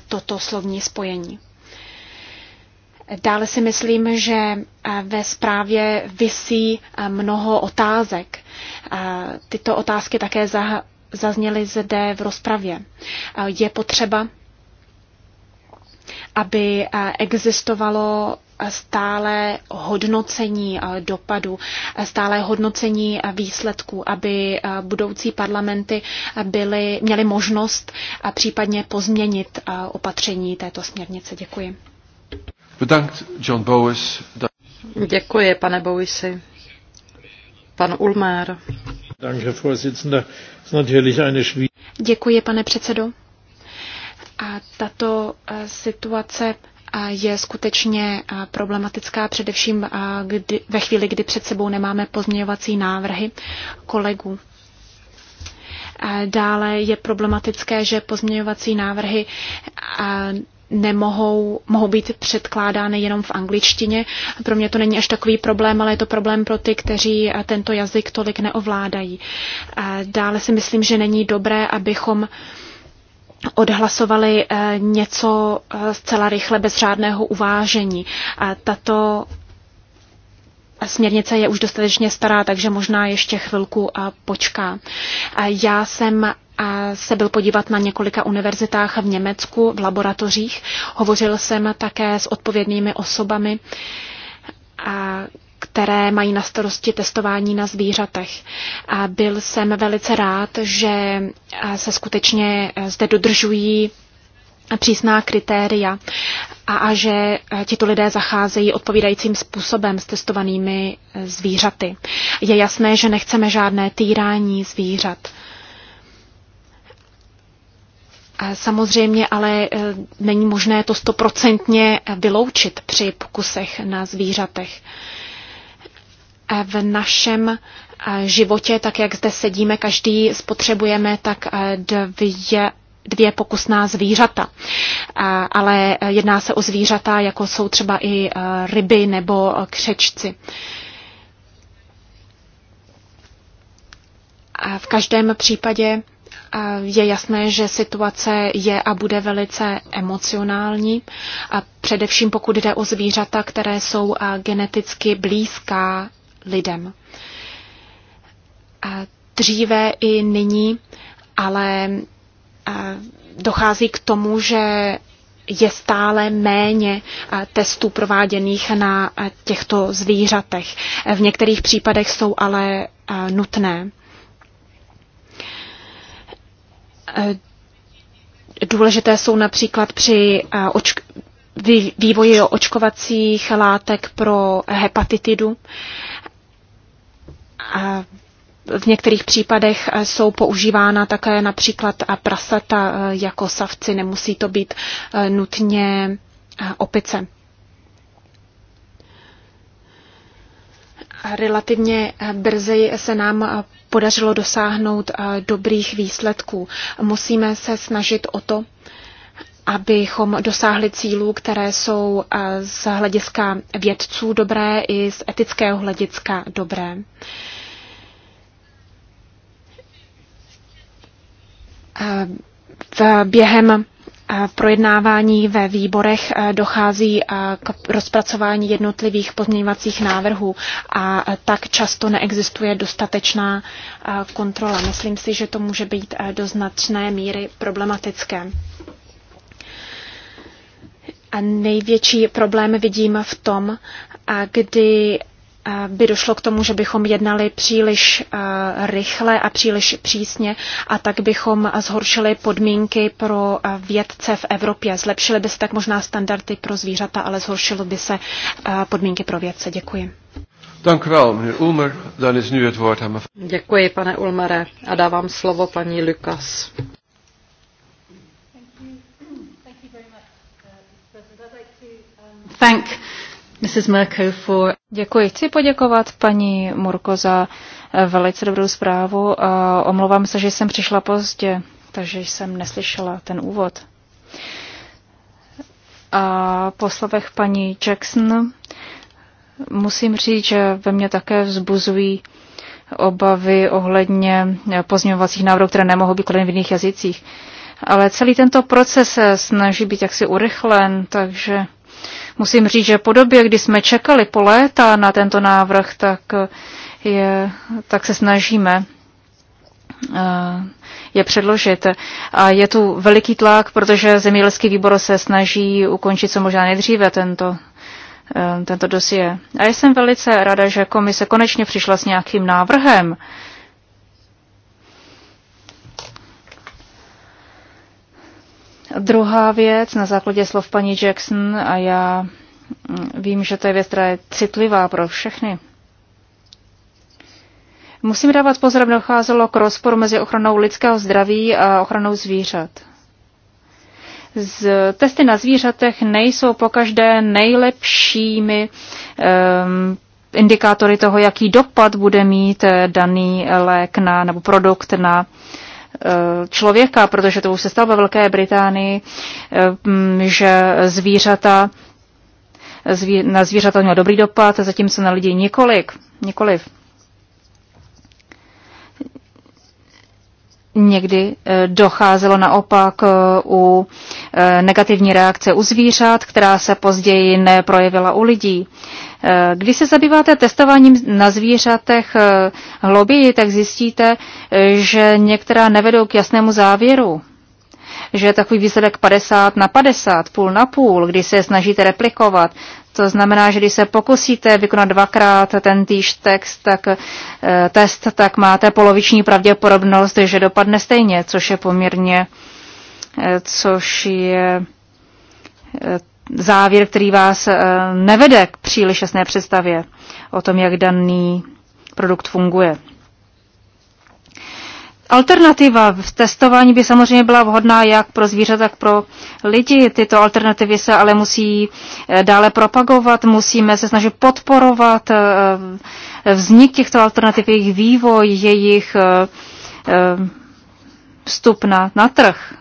toto slovní spojení. Dále si myslím, že ve zprávě visí mnoho otázek. Tyto otázky také zazněly zde v rozpravě. Je potřeba aby eh, existovalo eh, stále hodnocení eh, dopadu, stále hodnocení výsledků, aby budoucí parlamenty byly, měly možnost a případně pozměnit opatření této směrnice. Děkuji. Bowes. Děkuji, pane Bowisi. Pan Ulmer. Děkuji, pane předsedo. A tato eh, situace eh, je skutečně eh, problematická především kdy, ve chvíli, kdy před sebou nemáme pozměňovací návrhy kolegů. Dále je problematické, že pozměňovací návrhy nemohou, mohou být předkládány jenom v angličtině. Pro mě to není až takový problém, ale je to problém pro ty, kteří tento jazyk tolik neovládají. Dále si myslím, že není dobré, abychom odhlasovali eh, něco eh, zcela rychle bez řádného uvážení. Tato směrnice je už dostatečně stará, takže možná ještě chvilku eh, počká. Já jsem se byl podívat na několika univerzitách v Německu, v laboratořích. Hovořil jsem také s odpovědnými osobami, které mají na starosti testování na zvířatech. A byl jsem velice rád, že se skutečně zde dodržují přísná kritéria a, a že tito lidé zacházejí odpovídajícím způsobem s testovanými e, zvířaty. Je jasné, že nechceme žádné týrání zvířat. Samozřejmě ale e, není možné to stoprocentně vyloučit při pokusech na zvířatech v našem eh, životě, tak jak zde sedíme, každý spotřebujeme tak eh, dvě dvě pokusná zvířata. Eh, ale jedná se o zvířata, jako jsou třeba i ryby nebo křečci. V každém případě je jasné, že situace je a bude velice emocionální, a především pokud jde o zvířata, které jsou geneticky blízká lidem. Dříve i nyní, ale dochází k tomu, že je stále méně testů prováděných na těchto zvířatech. V některých případech jsou ale nutné. Důležité jsou například při vývoji očkovacích látek pro hepatitidu v některých případech eh, jsou používána také například eh, prasata eh, jako savci, nemusí to být nutně opice. Relativně brzy se nám podařilo dosáhnout dobrých výsledků. Musíme se snažit o to, abychom dosáhli cílů, které jsou eh, z hlediska vědců dobré i z etického hlediska dobré. Eh, v během eh, projednávání ve výborech dochází k rozpracování jednotlivých pozměňovacích návrhů a tak často neexistuje dostatečná kontrola. Myslím si, že to může být do značné míry problematické. A největší problém vidím v tom, a kdy by došlo k tomu, že bychom jednali příliš rychle a příliš přísně a tak bychom zhoršili podmínky pro vědce v Evropě. Zlepšily by se tak možná standardy pro zvířata, ale zhoršilo by se podmínky pro vědce. Děkuji. Děkuji, pane Ulmere. A dávám slovo paní Lukas. Děkuji. Chci poděkovat paní Murko za eh, velice dobrou zprávu. A omlouvám se, že jsem přišla pozdě, takže jsem neslyšela ten úvod. A po slovech paní Jackson musím říct, že ve mně také vzbuzují obavy ohledně eh, pozměňovacích návrhů, které nemohou být kladeny v jiných jazycích. Ale celý tento proces se eh, snaží být jaksi urychlen, takže Musím říct, že po době, kdy jsme čekali po léta na tento návrh, tak, je, tak se snažíme eh, je předložit. A je tu veliký tlak, protože zemědělský výbor se snaží ukončit co možná nejdříve tento, eh, tento dosie. A jsem velice ráda, že komise konečně přišla s nějakým návrhem, Druhá věc, na základě slov paní Jackson, a já mm, vím, že to je věc, která je citlivá pro všechny. Musím dávat pozor, aby docházelo k rozporu mezi ochranou lidského zdraví a ochranou zvířat. Z testy na zvířatech nejsou po každé nejlepšími um, indikátory toho, jaký dopad bude mít eh, daný lék na, nebo produkt na uh, Eh, člověka, protože to už se stalo ve Velké Británii, eh, mm, že zvířata na zvířata měl dobrý dopad, zatímco na lidi několik, nikoliv. Někdy eh, docházelo naopak u negativní reakce u zvířat, která se později neprojevila u lidí. Eh, když se zabýváte testováním na zvířatech eh, hlouběji, tak zjistíte, eh, že některá nevedou k jasnému závěru že je takový výsledek 50 na 50, půl na půl, když se snažíte replikovat. To znamená, že když se pokusíte vykonat dvakrát ten týž text, tak, test, tak máte poloviční pravděpodobnost, že dopadne stejně, což je poměrně, což je závěr, který vás eh, nevede k příliš jasné představě o tom, jak daný produkt funguje. Alternativa v testování by samozřejmě byla vhodná jak pro zvířata, tak pro lidi. Tyto alternativy se ale musí eh, dále propagovat, musíme se snažit podporovat eh, vznik těchto alternativ, jejich vývoj, jejich vstup na, na trh.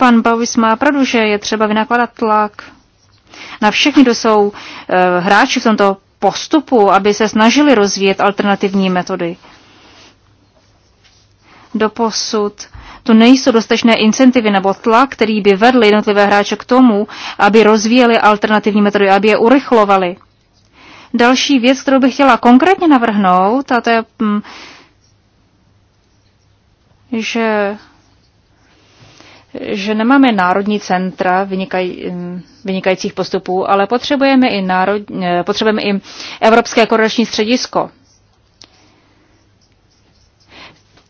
Pan Bavis má pravdu, že je třeba vynakladat tlak na všechny, kdo jsou eh, hráči v tomto postupu, aby se snažili rozvíjet alternativní metody. Doposud tu nejsou dostatečné incentivy nebo tlak, který by vedl jednotlivé hráče k tomu, aby rozvíjeli alternativní metody, aby je urychlovali. Další věc, kterou bych chtěla konkrétně navrhnout, a to je, mm, že že nemáme národní centra vynikaj, mm, vynikajících postupů, ale potřebujeme i, národ, eh, potřebujeme i Evropské koordinační středisko.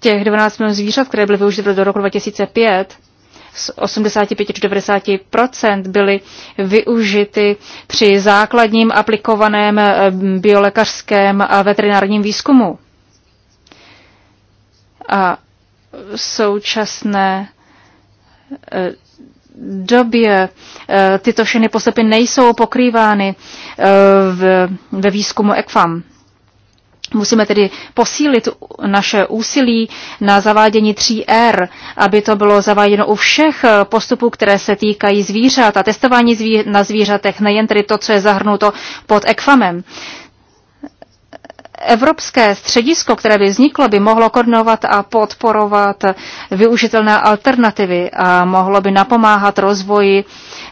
Těch 12 milionů zvířat, které byly využity do roku 2005, z 85 do 90 byly využity při základním aplikovaném eh, biolekařském a veterinárním výzkumu. A současné době eh, tyto všechny postupy nejsou pokrývány eh, ve výzkumu ECFAM. Musíme tedy posílit naše úsilí na zavádění 3R, aby to bylo zaváděno u všech eh, postupů, které se týkají zvířat a testování na zvířatech, nejen tedy to, co je zahrnuto pod ECFAMem. Evropské středisko, které by vzniklo, by mohlo koordinovat a podporovat využitelné alternativy a mohlo by napomáhat rozvoji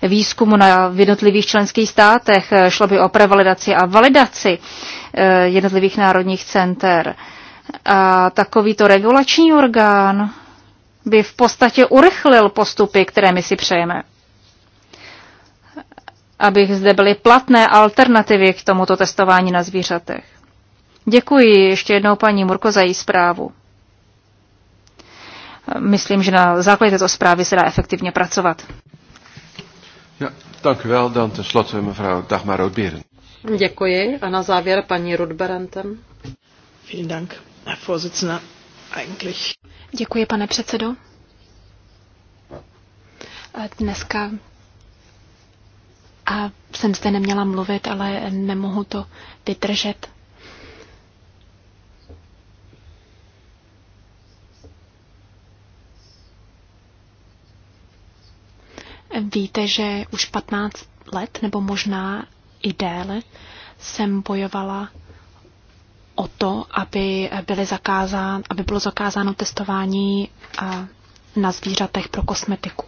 výzkumu na jednotlivých členských státech. Šlo by o prevalidaci a validaci eh, jednotlivých národních center. A takovýto regulační orgán by v podstatě urychlil postupy, které my si přejeme. Abych zde byly platné alternativy k tomuto testování na zvířatech. Děkuji ještě jednou paní Murko za její zprávu. Myslím, že na základě této zprávy se dá efektivně pracovat. Ja, dank wel. Dan tenslotte mevrouw Dagmar Rodberen. Děkuji. A na závěr paní Rodberentem. Vielen Dank, Herr Vorsitzender. Eigentlich. Děkuji, pane předsedo. Dneska a jsem zde neměla mluvit, ale nemohu to vydržet. Víte, že už 15 let, nebo možná i déle, jsem bojovala o to, aby, byly zakázán, aby bylo zakázáno testování na zvířatech pro kosmetiku.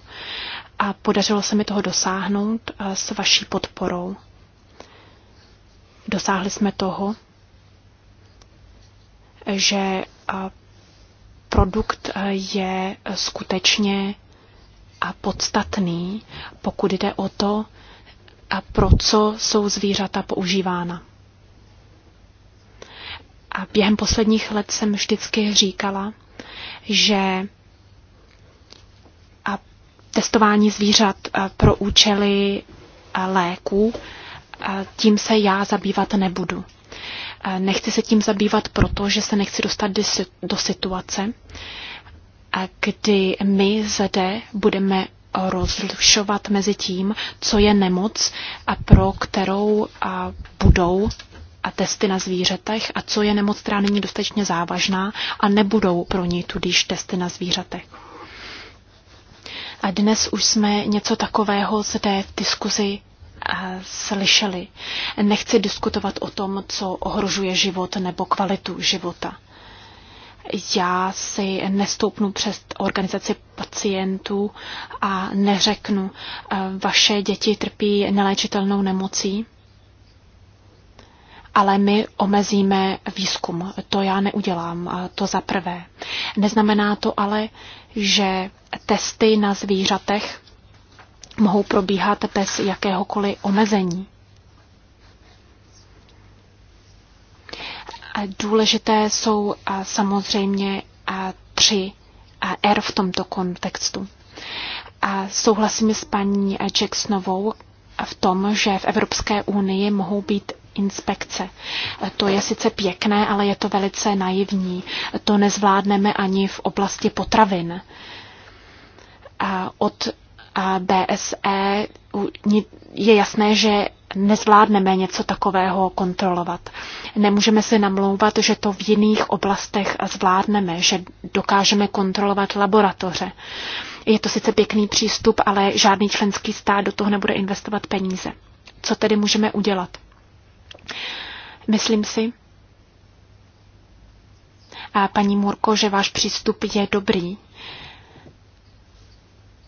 A podařilo se mi toho dosáhnout s vaší podporou. Dosáhli jsme toho, že produkt je skutečně a podstatný, pokud jde o to, a pro co jsou zvířata používána. A během posledních let jsem vždycky říkala, že a testování zvířat pro účely léků, tím se já zabývat nebudu. Nechci se tím zabývat proto, že se nechci dostat do situace, kdy my zde budeme rozlišovat mezi tím, co je nemoc a pro kterou a budou a testy na zvířatech a co je nemoc, která není dostatečně závažná a nebudou pro ní tudíž testy na zvířatech. A dnes už jsme něco takového zde v diskuzi slyšeli. Nechci diskutovat o tom, co ohrožuje život nebo kvalitu života já si nestoupnu přes organizaci pacientů a neřeknu, eh, vaše děti trpí neléčitelnou nemocí, ale my omezíme výzkum. To já neudělám, to za prvé. Neznamená to ale, že testy na zvířatech mohou probíhat bez jakéhokoliv omezení. Důležité jsou samozřejmě tři R v tomto kontextu. A souhlasím s paní Jacksonovou v tom, že v Evropské unii mohou být inspekce. To je sice pěkné, ale je to velice naivní. To nezvládneme ani v oblasti potravin. A od BSE, je jasné, že nezvládneme něco takového kontrolovat. Nemůžeme se namlouvat, že to v jiných oblastech zvládneme, že dokážeme kontrolovat laboratoře. Je to sice pěkný přístup, ale žádný členský stát do toho nebude investovat peníze. Co tedy můžeme udělat? Myslím si, a paní Murko, že váš přístup je dobrý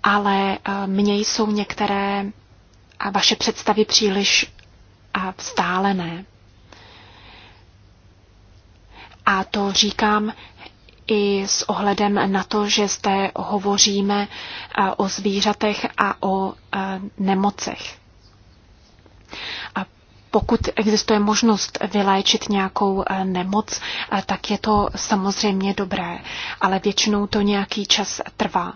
ale eh, mně jsou některé vaše představy příliš vzdálené. A to říkám i s ohledem na to, že zde hovoříme eh, o zvířatech a o eh, nemocech. A pokud existuje možnost vyléčit nějakou nemoc, tak je to samozřejmě dobré, ale většinou to nějaký čas trvá.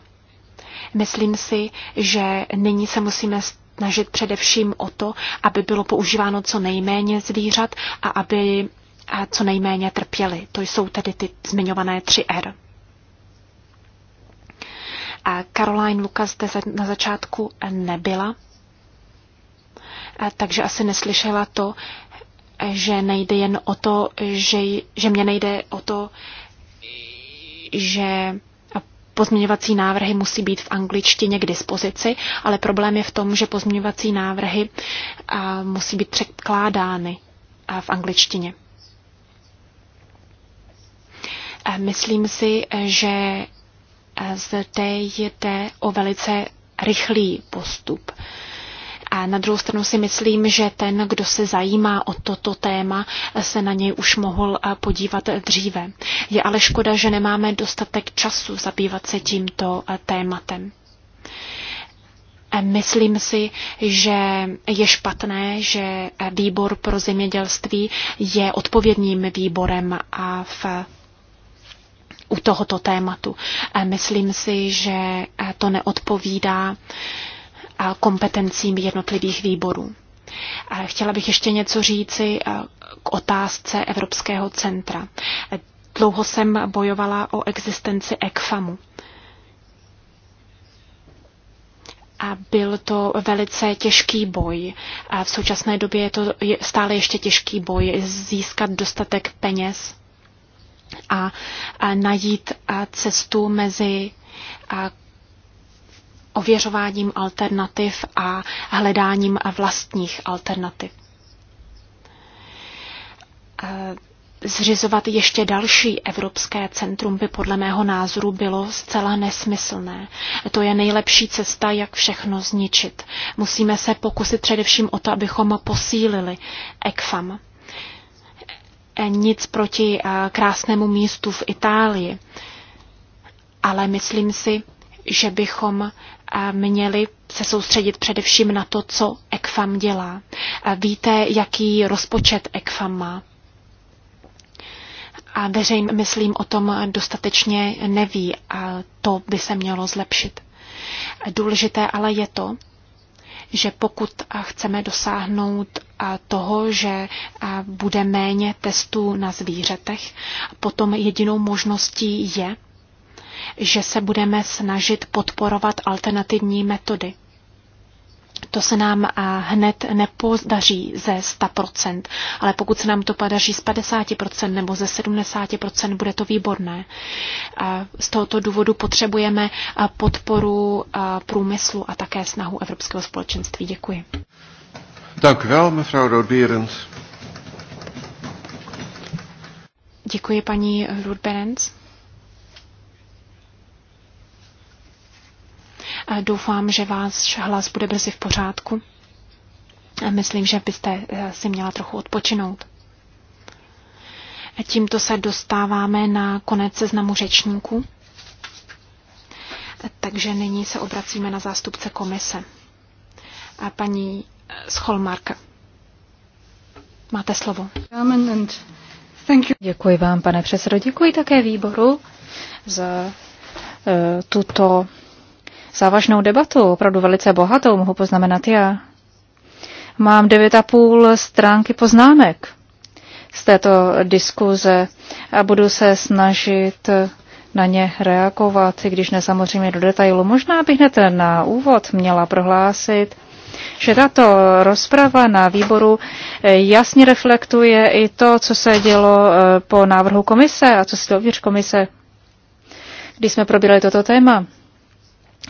Myslím si, že nyní se musíme snažit především o to, aby bylo používáno co nejméně zvířat a aby co nejméně trpěli. To jsou tedy ty zmiňované tři r A Caroline Lucas zde na začátku nebyla, takže asi neslyšela to, že nejde jen o to, že, že mě nejde o to, že Pozměňovací návrhy musí být v angličtině k dispozici, ale problém je v tom, že pozměňovací návrhy musí být překládány v angličtině. Myslím si, že zde jde o velice rychlý postup. A na druhou stranu si myslím, že ten, kdo se zajímá o toto téma, se na něj už mohl eh, podívat dříve. Je ale škoda, že nemáme dostatek času zabývat se tímto eh, tématem. Eh, myslím si, že je špatné, že výbor pro zemědělství je odpovědným výborem a v u tohoto tématu. Myslím si, že to neodpovídá a kompetencím jednotlivých výborů. Chtěla bych ještě něco říci eh, k otázce Evropského centra. Dlouho jsem bojovala o existenci ECFAMu. A byl to velice těžký boj. A v současné době je to stále ještě těžký boj získat dostatek peněz a, a najít a cestu mezi a ověřováním alternativ a hledáním vlastních alternativ. Eh, zřizovat ještě další Evropské centrum by podle mého názoru bylo zcela nesmyslné. To je nejlepší cesta, jak všechno zničit. Musíme se pokusit především o to, abychom posílili ECFAM. Eh, nic proti eh, krásnému místu v Itálii, ale myslím si, že bychom měli se soustředit především na to, co ECFAM dělá. Víte, jaký rozpočet ECFAM má? A veřejně, myslím, o tom dostatečně neví a to by se mělo zlepšit. Důležité ale je to, že pokud chceme dosáhnout toho, že bude méně testů na zvířatech, potom jedinou možností je, že se budeme snažit podporovat alternativní metody. To se nám eh, hned nepodaří ze 100%, ale pokud se nám to podaří z 50% nebo ze 70%, bude to výborné. Eh, z tohoto důvodu potřebujeme eh, podporu průmyslu a také snahu Evropského společenství. Děkuji. Tak vel, mevrouw Děkuji, paní Rudberens. Doufám, že váš hlas bude brzy v pořádku. Myslím, že byste eh, si měla trochu odpočinout. Tímto se dostáváme na konec seznamu řečníků. Takže nyní se obracíme na zástupce komise. A paní eh, Scholmark, máte slovo. Děkuji vám, pane předsedo. Děkuji také výboru za eh, tuto závažnou debatu, opravdu velice bohatou, mohu poznamenat já. Mám 9,5 stránky poznámek z této diskuze a budu se snažit na ně reagovat, i když ne samozřejmě do detailu. Možná bych hned na úvod měla prohlásit, že tato rozprava na výboru eh, jasně reflektuje i to, co se dělo eh, po návrhu komise a co se dělo komise, když jsme probírali toto téma.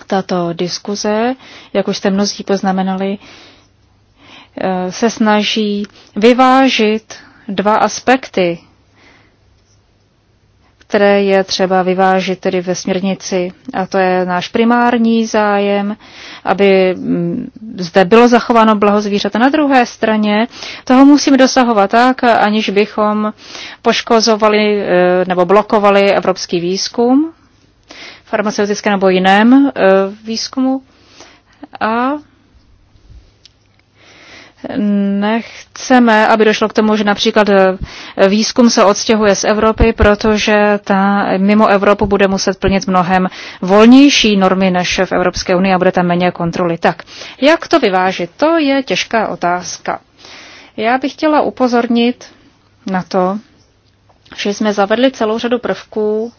Tato diskuze, jak už jste mnozí poznamenali, eh, se snaží vyvážit dva aspekty, které je třeba vyvážit tedy ve směrnici. A to je náš primární zájem, aby mm, zde bylo zachováno blaho zvířat. A na druhé straně toho musíme dosahovat tak, aniž bychom poškozovali eh, nebo blokovali evropský výzkum farmaceutickém nebo jiném e, výzkumu. A nechceme, aby došlo k tomu, že například e, výzkum se odstěhuje z Evropy, protože ta mimo Evropu bude muset plnit mnohem volnější normy než v Evropské unii a bude tam méně kontroly. Tak, jak to vyvážit? To je těžká otázka. Já bych chtěla upozornit na to, že jsme zavedli celou řadu prvků,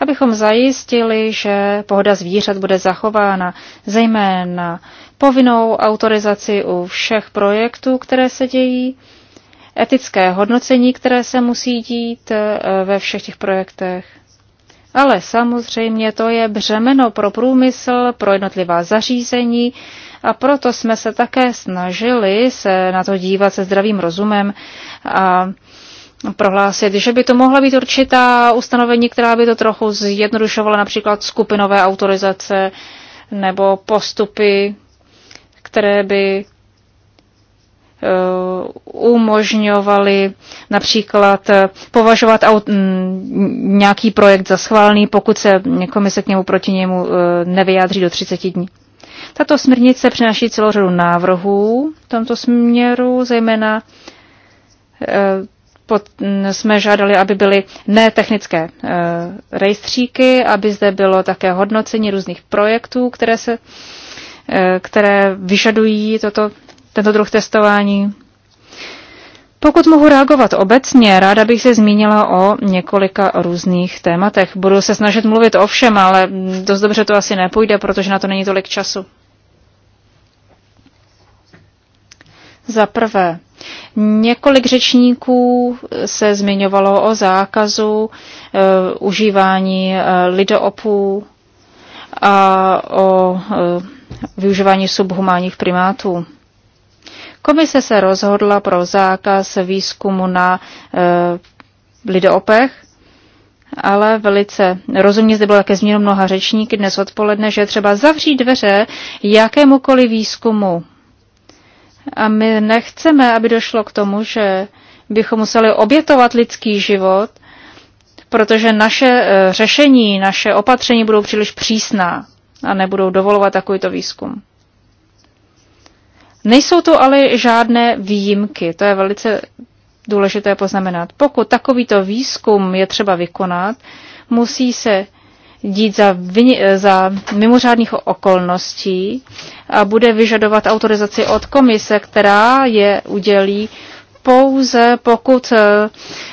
abychom zajistili, že pohoda zvířat bude zachována, zejména povinnou autorizaci u všech projektů, které se dějí, etické hodnocení, které se musí dít eh, ve všech těch projektech. Ale samozřejmě to je břemeno pro průmysl, pro jednotlivá zařízení a proto jsme se také snažili se na to dívat se zdravým rozumem a prohlásit, že by to mohla být určitá ustanovení, která by to trochu zjednodušovala, například skupinové autorizace nebo postupy, které by eh, umožňovaly například eh, považovat mm, nějaký projekt za schválný, pokud se komise k němu proti němu eh, nevyjádří do 30 dní. Tato směrnice přináší celou řadu návrhů v tomto směru, zejména pod, jsme žádali, aby byly netechnické e, eh, rejstříky, aby zde bylo také hodnocení různých projektů, které, se, e, které vyžadují toto, tento druh testování. Pokud mohu reagovat obecně, ráda bych se zmínila o několika různých tématech. Budu se snažit mluvit o všem, ale dost dobře to asi nepůjde, protože na to není tolik času. Za prvé, několik řečníků se zmiňovalo o zákazu e, užívání e, lidoopů a o e, využívání subhumánních primátů. Komise se rozhodla pro zákaz výzkumu na e, lidoopech, ale velice rozumně zde bylo také zmíněno mnoha řečníky dnes odpoledne, že třeba zavřít dveře jakémukoliv výzkumu a my nechceme, aby došlo k tomu, že bychom museli obětovat lidský život, protože naše eh, řešení, naše opatření budou příliš přísná a nebudou dovolovat takovýto výzkum. Nejsou tu ale žádné výjimky, to je velice důležité poznamenat. Pokud takovýto výzkum je třeba vykonat, musí se dít za, eh, za mimořádných okolností a bude vyžadovat autorizaci od komise, která je udělí pouze pokud eh,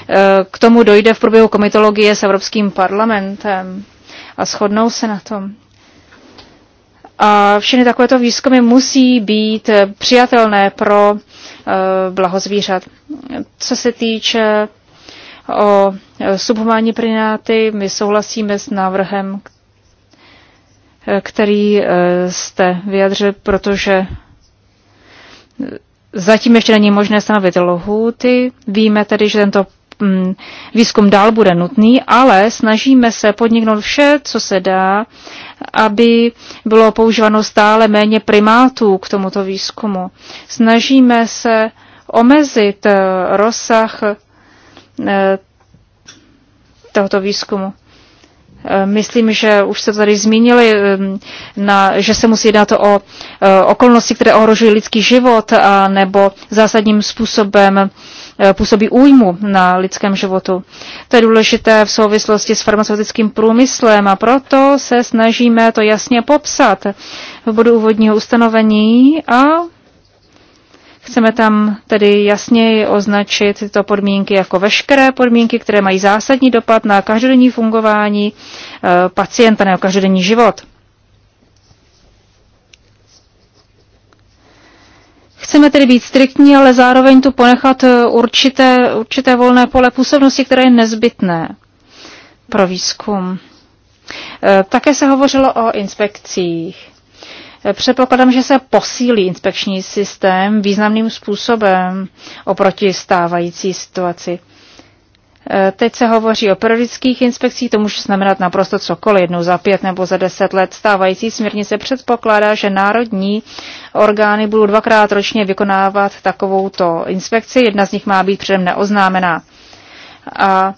eh, k tomu dojde v průběhu komitologie s Evropským parlamentem a shodnou se na tom. A všechny takovéto výzkumy musí být přijatelné pro blahozvířat. Co se týče o e, subhumánní prináty. My souhlasíme s návrhem, e, který e, jste vyjadřili, protože zatím ještě není možné stanovit lhůty. Víme tedy, že tento mm, výzkum dál bude nutný, ale snažíme se podniknout vše, co se dá, aby bylo používáno stále méně primátů k tomuto výzkumu. Snažíme se omezit rozsah Eh, tohoto výzkumu. Eh, myslím, že už se tady zmínili, eh, na, že se musí jednat o okolnosti, které ohrožují lidský život a nebo zásadním způsobem působí újmu na lidském životu. To je důležité v souvislosti s farmaceutickým průmyslem a proto se snažíme to jasně popsat v bodu úvodního ustanovení a Chceme tam tedy jasněji označit tyto podmínky jako veškeré podmínky, které mají zásadní dopad na každodenní fungování eh, pacienta nebo každodenní život. Chceme tedy být striktní, ale zároveň tu ponechat eh, určité, určité volné pole působnosti, které je nezbytné pro výzkum. Eh, také se hovořilo o inspekcích. Předpokládám, že se posílí inspekční systém významným způsobem oproti stávající situaci. E, teď se hovoří o periodických inspekcích, to může znamenat naprosto cokoliv, jednou za pět nebo za deset let. Stávající směrnice předpokládá, že národní orgány budou dvakrát ročně vykonávat takovouto inspekci, jedna z nich má být předem neoznámená. A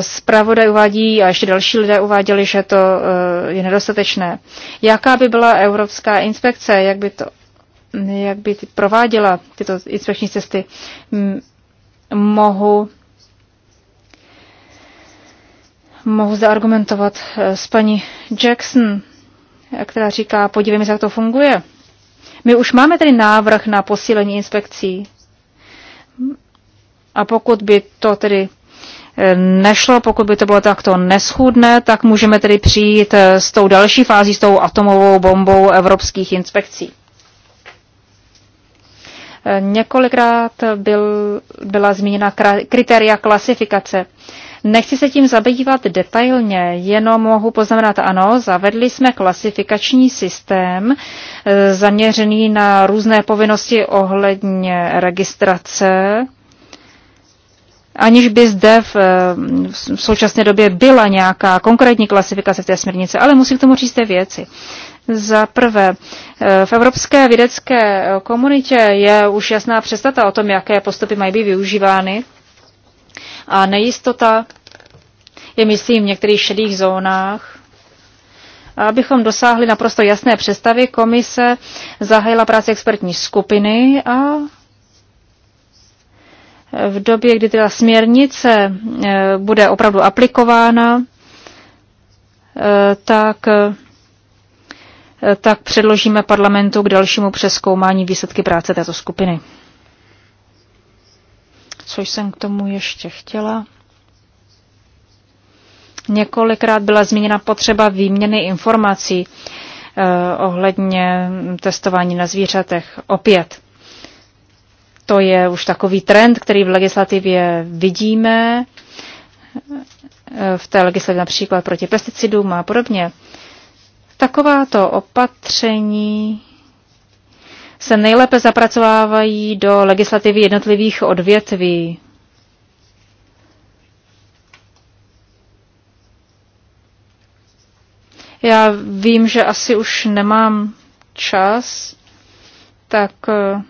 Zpravodaj uvádí a ještě další lidé uváděli, že to eh, je nedostatečné. Jaká by byla Evropská inspekce, jak by to jak by prováděla tyto inspekční cesty, mohu, mohu zde argumentovat eh, s paní Jackson, která říká, podívejme se, jak to funguje. My už máme tedy návrh na posílení inspekcí. A pokud by to tedy nešlo, pokud by to bylo takto neschůdné, tak můžeme tedy přijít eh, s tou další fází, s tou atomovou bombou evropských inspekcí. Eh, několikrát byl, byla zmíněna kritéria klasifikace. Nechci se tím zabývat detailně, jenom mohu poznamenat ano, zavedli jsme klasifikační systém eh, zaměřený na různé povinnosti ohledně registrace aniž by zde v, eh, v současné době byla nějaká konkrétní klasifikace v té směrnice, ale musí k tomu říct té věci. Za prvé, eh, v evropské vědecké eh, komunitě je už jasná předstata o tom, jaké postupy mají být využívány a nejistota je, myslím, v některých šedých zónách. A abychom dosáhli naprosto jasné představy, komise zahájila práci expertní skupiny a v době, kdy ta směrnice eh, bude opravdu aplikována, eh, tak, eh, tak předložíme parlamentu k dalšímu přeskoumání výsledky práce této skupiny. Což jsem k tomu ještě chtěla. Několikrát byla zmíněna potřeba výměny informací ohledně testování na zvířatech. Opět to je už takový trend, který v legislativě vidíme, eh, v té legislativě například proti pesticidům a podobně. Takováto opatření se nejlépe zapracovávají do legislativy jednotlivých odvětví. Já vím, že asi už nemám čas, tak eh,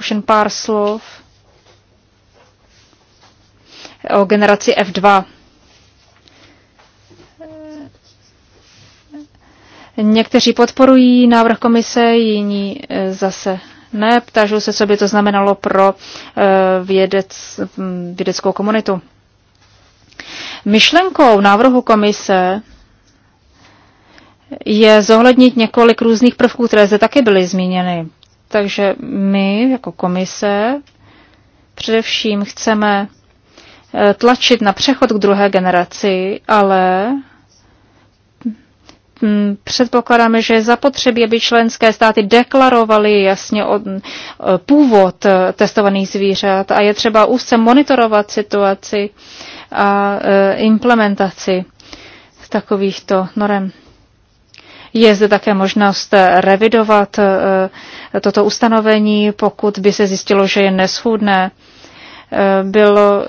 už jen pár slov o generaci F2. Někteří podporují návrh komise, jiní eh, zase ne. Ptážu se, co by to znamenalo pro eh, vědec, hm, vědeckou komunitu. Myšlenkou návrhu komise je zohlednit několik různých prvků, které zde také byly zmíněny. Takže my jako komise především chceme eh, tlačit na přechod k druhé generaci, ale mm, předpokládáme, že je zapotřebí, aby členské státy deklarovaly jasně od, eh, původ eh, testovaných zvířat a je třeba úzce monitorovat situaci a implementaci takovýchto norem. Je zde také možnost revidovat eh, toto ustanovení, pokud by se zjistilo, že je neschůdné. Eh, bylo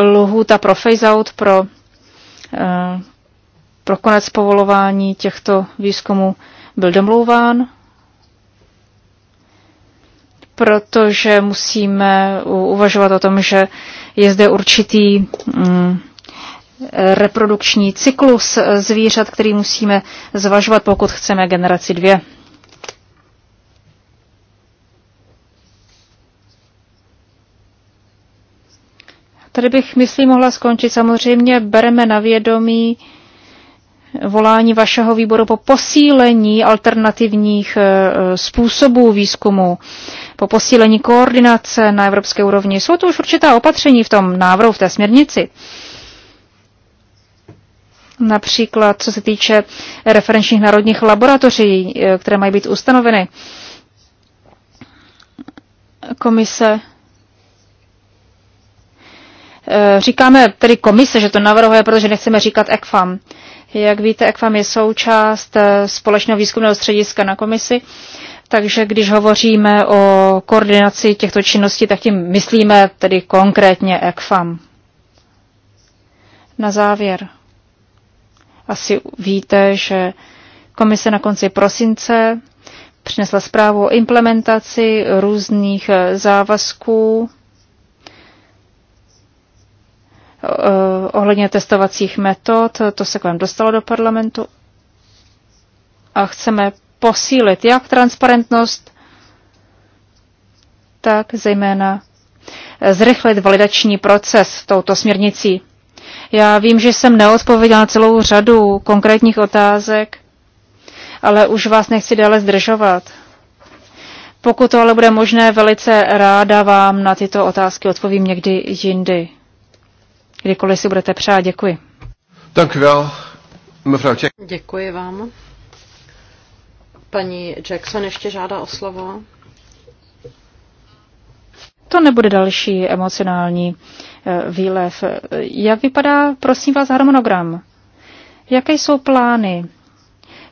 lhůta pro phase-out, pro, eh, pro konec povolování těchto výzkumů byl domlouván, protože musíme uvažovat o tom, že je zde určitý mm, reprodukční cyklus zvířat, který musíme zvažovat, pokud chceme generaci dvě. Tady bych, myslím, mohla skončit. Samozřejmě bereme na vědomí volání vašeho výboru po posílení alternativních e, způsobů výzkumu, po posílení koordinace na evropské úrovni. Jsou to už určitá opatření v tom návrhu, v té směrnici například co se týče referenčních národních laboratoří, eh, které mají být ustanoveny. Komise eh, Říkáme tedy komise, že to navrhuje, protože nechceme říkat ECFAM. Jak víte, ECFAM je součást eh, společného výzkumného střediska na komisi, takže když hovoříme o koordinaci těchto činností, tak tím myslíme tedy konkrétně ECFAM. Na závěr. Asi víte, že komise na konci prosince přinesla zprávu o implementaci různých eh, závazků eh, ohledně testovacích metod. To se k vám dostalo do parlamentu. A chceme posílit jak transparentnost, tak zejména zrychlit validační proces touto směrnicí. Já vím, že jsem neodpověděla na celou řadu konkrétních otázek, ale už vás nechci dále zdržovat. Pokud to ale bude možné, velice ráda vám na tyto otázky odpovím někdy jindy. Kdykoliv si budete přát. Děkuji. Děkuji vám. Paní Jackson ještě žádá o slovo to nebude další emocionální eh, výlev. Jak vypadá, prosím vás, harmonogram? Jaké jsou plány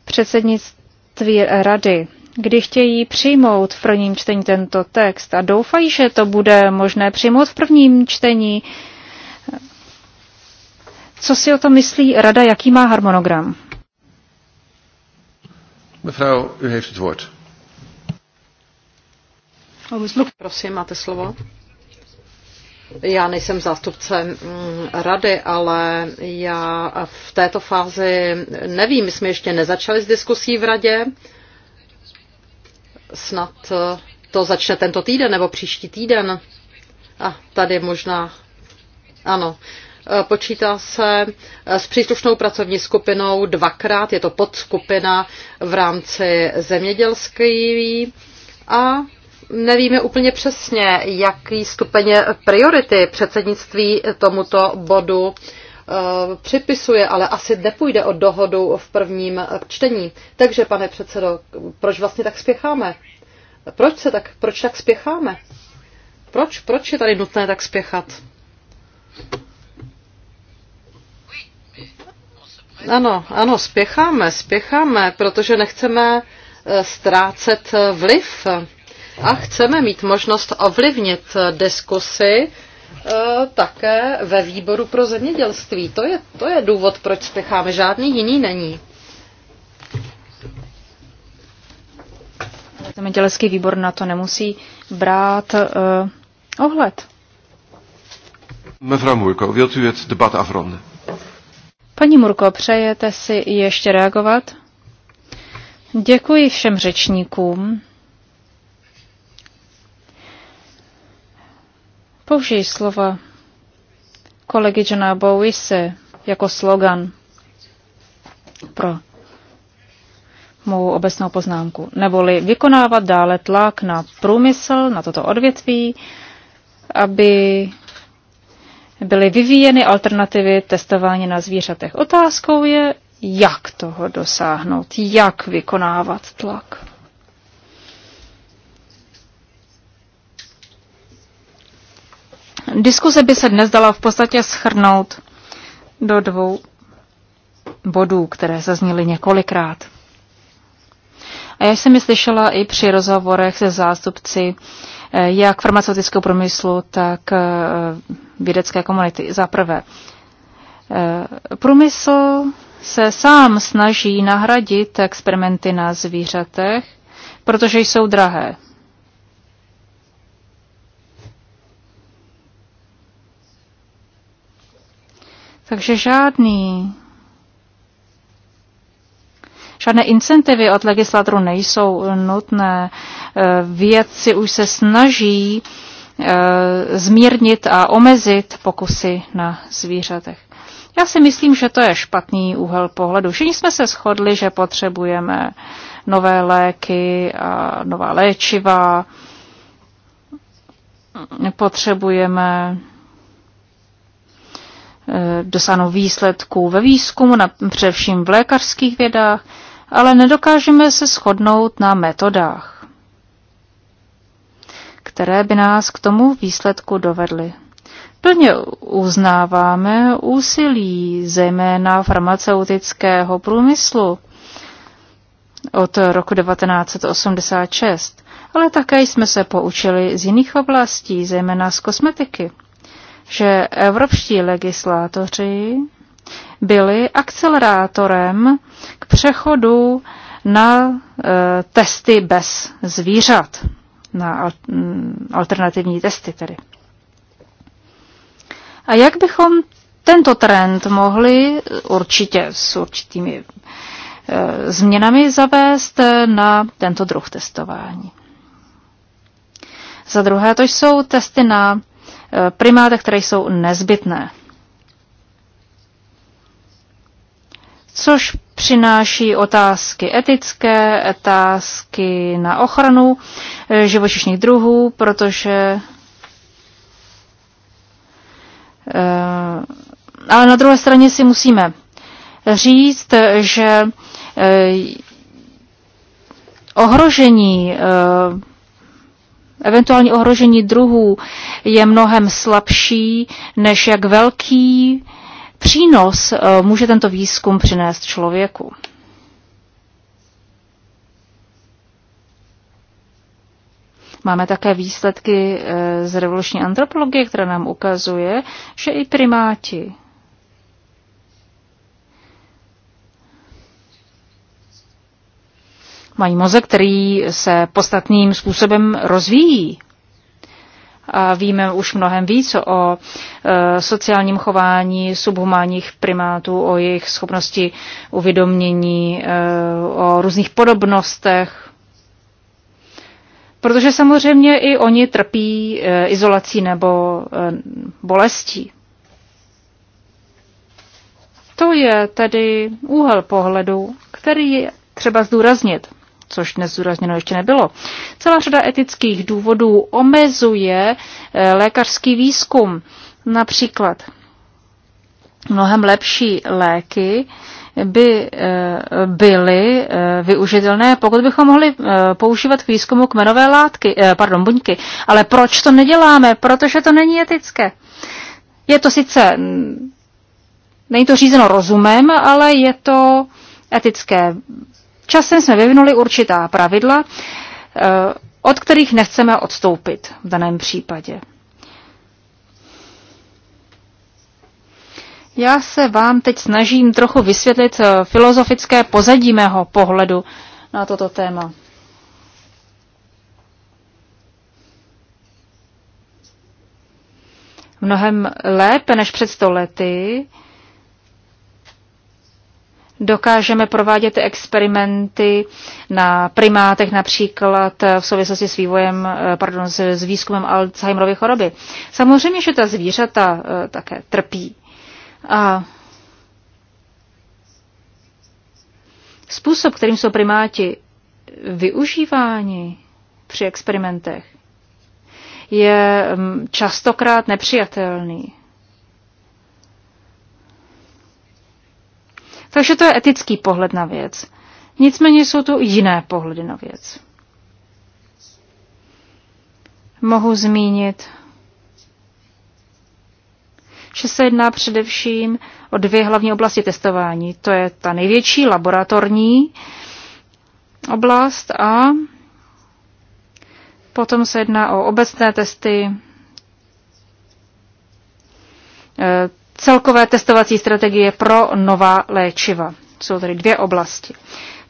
předsednictví rady, kdy chtějí přijmout v prvním čtení tento text a doufají, že to bude možné přijmout v prvním čtení? Co si o tom myslí rada, jaký má harmonogram? Mevrouw, u heeft het woord. Prosím, máte slovo. Já nejsem zástupcem mm, rady, ale já v této fázi nevím, my jsme ještě nezačali s diskusí v radě. Snad eh, to začne tento týden nebo příští týden. A tady možná, ano, eh, počítá se eh, s příslušnou pracovní skupinou dvakrát, je to podskupina v rámci zemědělské a nevíme úplně přesně, jaký stupeň priority předsednictví tomuto bodu eh, připisuje, ale asi nepůjde o dohodu v prvním čtení. Takže, pane předsedo, proč vlastně tak spěcháme? Proč se tak, proč tak spěcháme? Proč, proč je tady nutné tak spěchat? Ano, ano, spěcháme, spěcháme, protože nechceme eh, ztrácet vliv a chceme mít možnost ovlivnit diskusy eh, také ve výboru pro zemědělství. To je, to je důvod, proč spěcháme. Žádný jiný není. Zemědělský výbor na to nemusí brát uh, ohled. Mevrouw Murko, wilt u debat Paní Murko, přejete si ještě reagovat? Děkuji všem řečníkům Použij slova kolegy Johna Bowise jako slogan pro mou obecnou poznámku, neboli vykonávat dále tlak na průmysl, na toto odvětví, aby byly vyvíjeny alternativy testování na zvířatech. Otázkou je, jak toho dosáhnout, jak vykonávat tlak. Diskuze by se dnes dala v podstatě schrnout do dvou bodů, které zazněly několikrát. A já jsem ji slyšela i při rozhovorech se zástupci eh, jak farmaceutického průmyslu, tak eh, vědecké komunity. Za prvé, eh, průmysl se sám snaží nahradit experimenty na zvířatech, protože jsou drahé. Takže žádný, žádné incentivy od legislatoru nejsou nutné. Eh, vědci už se snaží eh, zmírnit a omezit pokusy na zvířatech. Já si myslím, že to je špatný úhel pohledu. Všichni jsme se shodli, že potřebujeme nové léky a nová léčiva, potřebujeme Eh, dosáhnou výsledků ve výzkumu, na, především v lékařských vědách, ale nedokážeme se shodnout na metodách, které by nás k tomu výsledku dovedly. Plně uznáváme úsilí zejména farmaceutického průmyslu od roku 1986, ale také jsme se poučili z jiných oblastí, zejména z kosmetiky že evropští legislátoři byli akcelerátorem k přechodu na e, testy bez zvířat, na al, mm, alternativní testy tedy. A jak bychom tento trend mohli určitě s určitými e, změnami zavést na tento druh testování? Za druhé, to jsou testy na primáta, které jsou nezbytné. Což přináší otázky etické, otázky na ochranu eh, živočišných druhů, protože eh, ale na druhé straně si musíme říct, že eh, ohrožení eventuální ohrožení druhů je mnohem slabší, než jak velký přínos eh, může tento výzkum přinést člověku. Máme také výsledky eh, z revoluční antropologie, která nám ukazuje, že i primáti Mají mozek, který se podstatným způsobem rozvíjí. A víme už mnohem víc o e, sociálním chování subhumánních primátů, o jejich schopnosti uvědomění, e, o různých podobnostech. Protože samozřejmě i oni trpí e, izolací nebo e, bolestí. To je tedy úhel pohledu, který je třeba zdůraznit což dnes zúrazněno ještě nebylo. Celá řada etických důvodů omezuje eh, lékařský výzkum. Například mnohem lepší léky by eh, byly eh, využitelné, pokud bychom mohli používat k výzkumu kmenové látky, pardon, buňky. Ale proč to neděláme? Protože to není etické. Je to sice, mm, není to řízeno rozumem, ale je to etické. Časem jsme vyvinuli určitá pravidla, eh, od kterých nechceme odstoupit v daném případě. Já se vám teď snažím trochu vysvětlit eh, filozofické pozadí mého pohledu na toto téma. Mnohem lépe než před stolety lety dokážeme provádět experimenty na primátech například v souvislosti s vývojem, eh, pardon, s výzkumem Alzheimerovy choroby. Samozřejmě, že ta zvířata eh, také trpí. A způsob, kterým jsou primáti využíváni při experimentech, je mm, častokrát nepřijatelný. Takže to je etický pohled na věc. Nicméně jsou tu jiné pohledy na věc. Mohu zmínit, že se jedná především o dvě hlavní oblasti testování. To je ta největší laboratorní oblast a potom se jedná o obecné testy eh, celkové testovací strategie pro nová léčiva. Jsou tady dvě oblasti.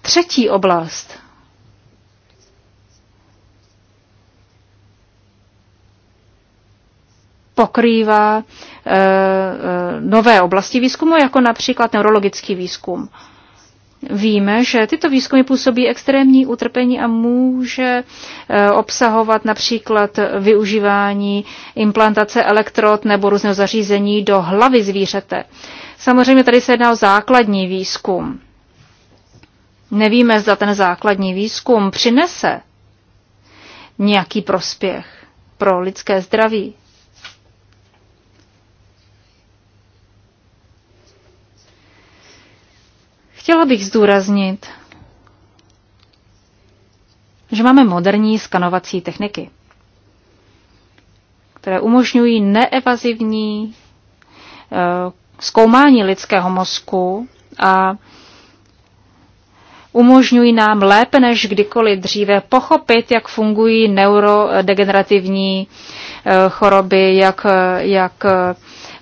Třetí oblast pokrývá e, nové oblasti výzkumu, jako například neurologický výzkum. E, Víme, že tyto výzkumy působí extrémní utrpení a může eh, obsahovat například využívání implantace elektrod nebo různého zařízení do hlavy zvířete. Samozřejmě tady se jedná o základní výzkum. Nevíme, zda ten základní výzkum přinese nějaký prospěch pro lidské zdraví. Chtěla bych zdůraznit, že máme moderní skanovací techniky, které umožňují neevazivní eh, zkoumání lidského mozku a umožňují nám lépe než kdykoliv dříve pochopit, jak fungují neurodegenerativní eh, choroby, jak, jak eh,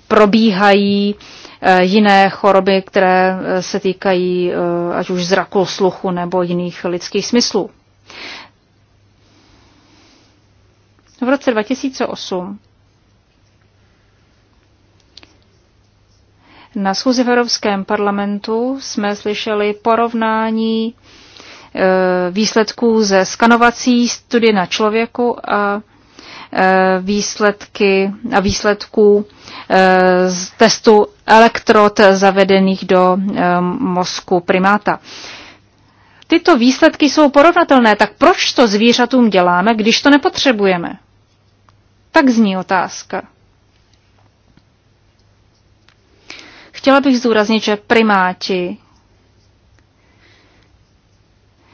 probíhají Eh, jiné choroby, které eh, se týkají eh, ať už zraku, sluchu nebo jiných lidských smyslů. V roce 2008 na schůzi v Evropském parlamentu jsme slyšeli porovnání výsledků ze skanovací studie na člověku a Eh, výsledky a výsledků eh, z testu elektrod zavedených do eh, mozku primáta. Tyto výsledky jsou porovnatelné, tak proč to zvířatům děláme, když to nepotřebujeme? Tak zní otázka. Chtěla bych zdůraznit, že primáti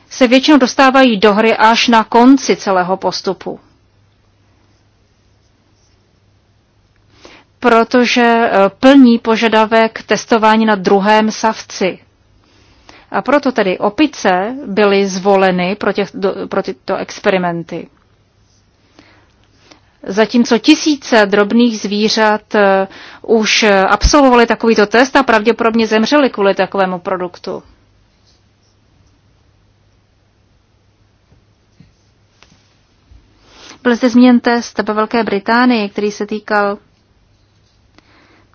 se většinou dostávají do hry až na konci celého postupu. protože eh, plní požadavek testování na druhém savci. A proto tedy opice byly zvoleny pro, těch, do, pro tyto experimenty. Zatímco tisíce drobných zvířat eh, už eh, absolvovali takovýto test a pravděpodobně zemřeli kvůli takovému produktu. Byl zde změněn test ve Velké Británii, který se týkal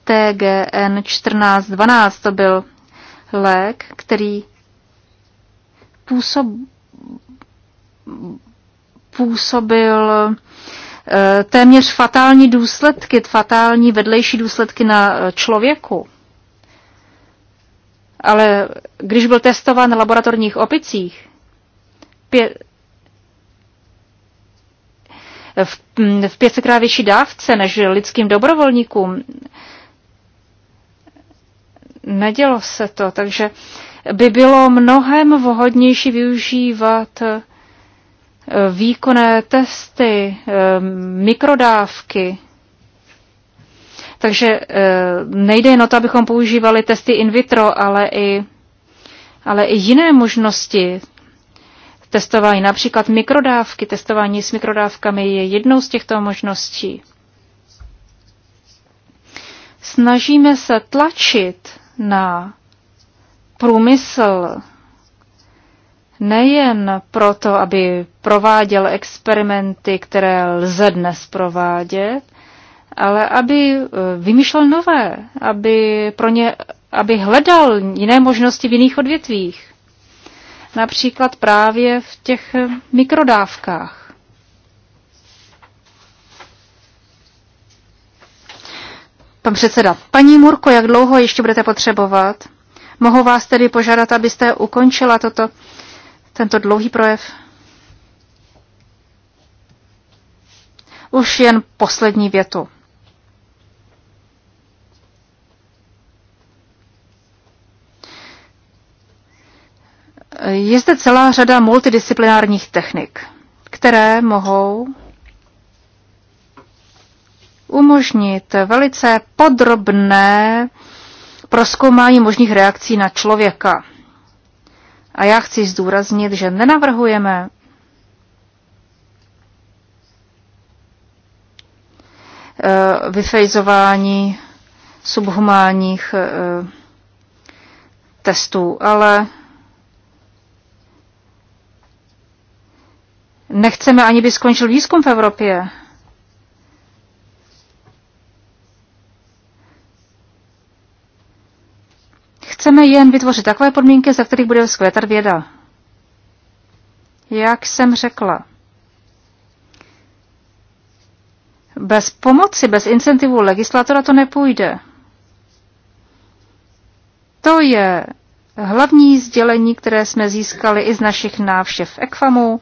TGN 1412 to byl lék, který působ, působil eh, téměř fatální důsledky, fatální vedlejší důsledky na eh, člověku. Ale když byl testován na laboratorních opicích, pě- v, v pětkrát větší dávce než lidským dobrovolníkům, nedělo se to, takže by bylo mnohem vhodnější využívat eh, výkonné testy, eh, mikrodávky. Takže eh, nejde jen o to, abychom používali testy in vitro, ale i, ale i jiné možnosti testování, například mikrodávky. Testování s mikrodávkami je jednou z těchto možností. Snažíme se tlačit na průmysl nejen proto, aby prováděl experimenty, které lze dnes provádět, ale aby eh, vymýšlel nové, aby, pro ně, aby hledal jiné možnosti v jiných odvětvích. Například právě v těch mikrodávkách. Pan předseda, paní Murko, jak dlouho ještě budete potřebovat? Mohu vás tedy požádat, abyste ukončila toto, tento dlouhý projev? Už jen poslední větu. Je zde celá řada multidisciplinárních technik, které mohou umožnit velice podrobné proskoumání možných reakcí na člověka. A já chci zdůraznit, že nenavrhujeme eh, vyfejzování subhumánních eh, testů, ale nechceme ani by skončil výzkum v Evropě. Chceme jen vytvořit takové podmínky, za kterých bude vzkvétat věda. Jak jsem řekla, bez pomoci, bez incentivu legislatora to nepůjde. To je hlavní sdělení, které jsme získali i z našich návštěv ECFAMu,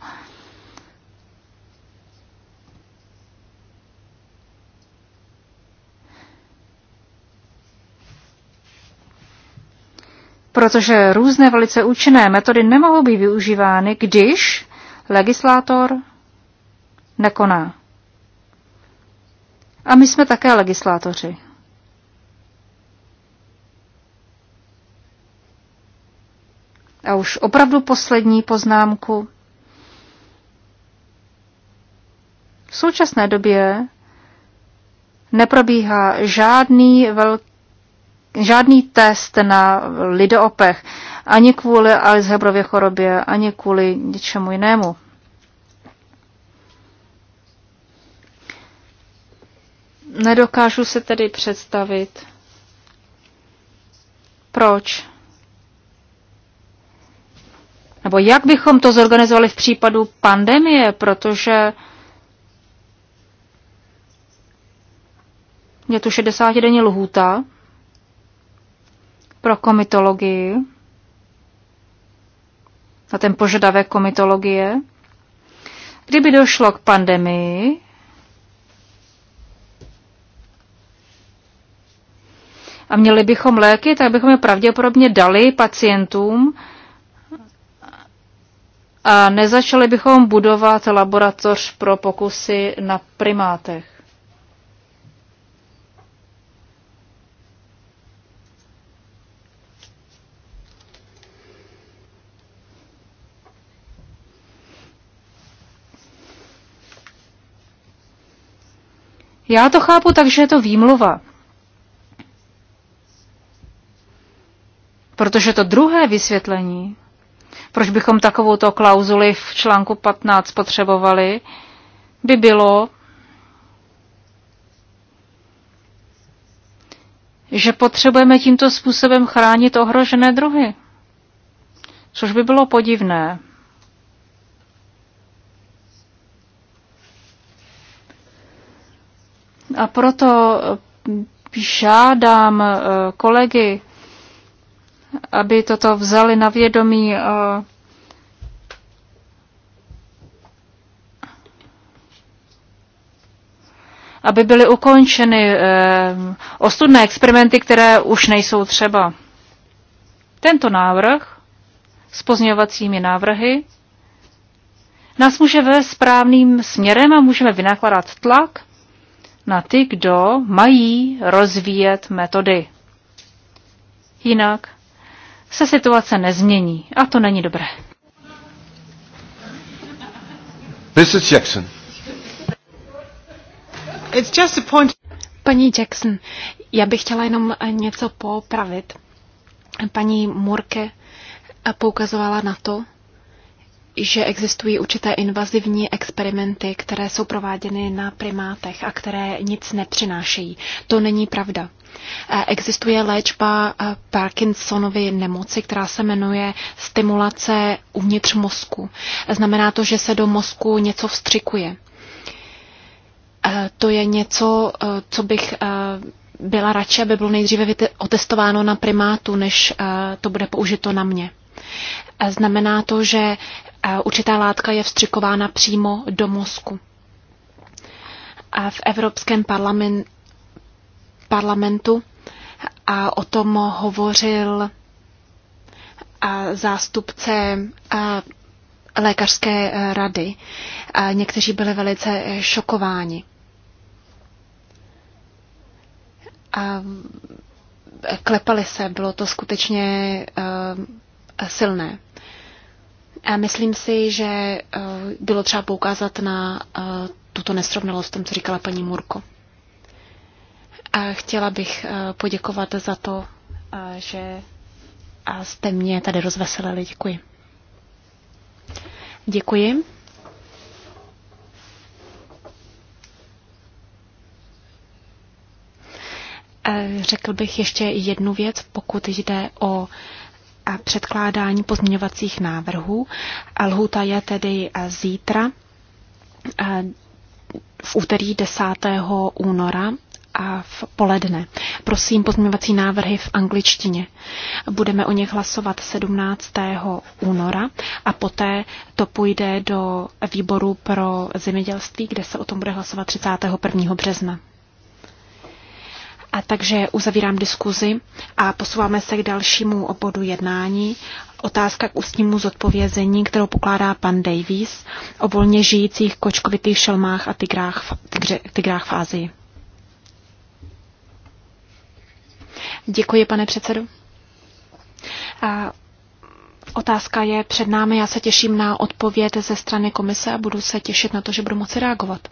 protože různé velice účinné metody nemohou být využívány, když legislátor nekoná. A my jsme také legislátoři. A už opravdu poslední poznámku. V současné době neprobíhá žádný velký žádný test na lidoopech, ani kvůli Alzheimerově chorobě, ani kvůli něčemu jinému. Nedokážu se tedy představit, proč nebo jak bychom to zorganizovali v případu pandemie, protože je tu 60 denní lhůta pro komitologii, na ten požadavek komitologie, kdyby došlo k pandemii, a měli bychom léky, tak bychom je pravděpodobně dali pacientům a nezačali bychom budovat laboratoř pro pokusy na primátech. Já to chápu tak, že je to výmluva. Protože to druhé vysvětlení, proč bychom takovouto klauzuli v článku 15 potřebovali, by bylo, že potřebujeme tímto způsobem chránit ohrožené druhy. Což by bylo podivné. A proto eh, žádám eh, kolegy, aby toto vzali na vědomí. Eh, aby byly ukončeny ostudné experimenty, které už nejsou třeba. Tento návrh s pozměňovacími návrhy nás může vést správným směrem a můžeme vynakladat tlak na ty, kdo mají rozvíjet metody. Jinak se situace nezmění a to není dobré. Mrs. Jackson. It's just a point. Paní Jackson, já bych chtěla jenom něco popravit. Paní Murke poukazovala na to, že existují určité invazivní experimenty, které jsou prováděny na primátech a které nic nepřinášejí. To není pravda. E, existuje léčba e, Parkinsonovy nemoci, která se jmenuje stimulace uvnitř mozku. E, znamená to, že se do mozku něco vstřikuje. To je něco, co bych byla radši, aby bylo nejdříve otestováno na primátu, než to bude použito na mě. Znamená to, že určitá látka je vstřikována přímo do mozku. A v Evropském parlament, parlamentu a o tom hovořil a zástupce a lékařské e, rady. A někteří byli velice e, šokováni. A klepali se, bylo to skutečně e, silné. A myslím si, že eh, bylo třeba poukázat na eh, tuto nesrovnalost, tom, co říkala paní Murko. A chtěla bych eh, poděkovat za to, že jste mě tady rozveselili. Děkuji. Děkuji. Řekl bych ještě jednu věc, pokud jde o a předkládání pozměňovacích návrhů. Lhuta je tedy eh, zítra eh, v úterý 10. února a v poledne. Prosím pozměňovací návrhy v angličtině. Budeme o nich hlasovat 17. února a poté to půjde do výboru pro zemědělství, kde se o tom bude hlasovat 31. března. A takže uzavírám diskuzi a posouváme se k dalšímu obodu jednání. Otázka k ústnímu zodpovězení, kterou pokládá pan Davies o volně žijících kočkovitých šelmách a tigrách, tigře, tigrách v Ázii. Děkuji, pane předsedu. A otázka je před námi. Já se těším na odpověď ze strany komise a budu se těšit na to, že budu moci reagovat.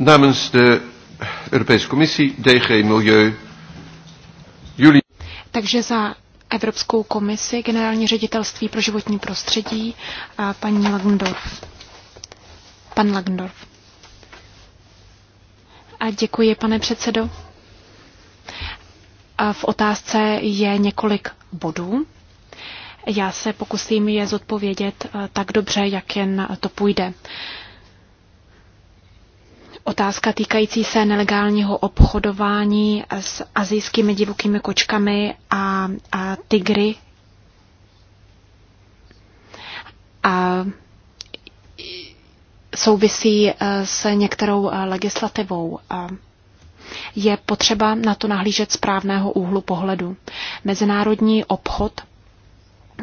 Namens de Europese Commissie, DG Milieu, jullie. Takže za Evropskou komisi, generální ředitelství pro životní prostředí, a paní Lagendorf. Pan Lagendorf. A děkuji, pane předsedo. A v otázce je několik bodů. Já se pokusím je zodpovědět eh, tak dobře, jak jen to půjde. Otázka týkající se nelegálního obchodování s azijskými divokými kočkami a, a tygry a souvisí e, s některou e, legislativou. Je potřeba na to nahlížet z úhlu pohledu. Mezinárodní obchod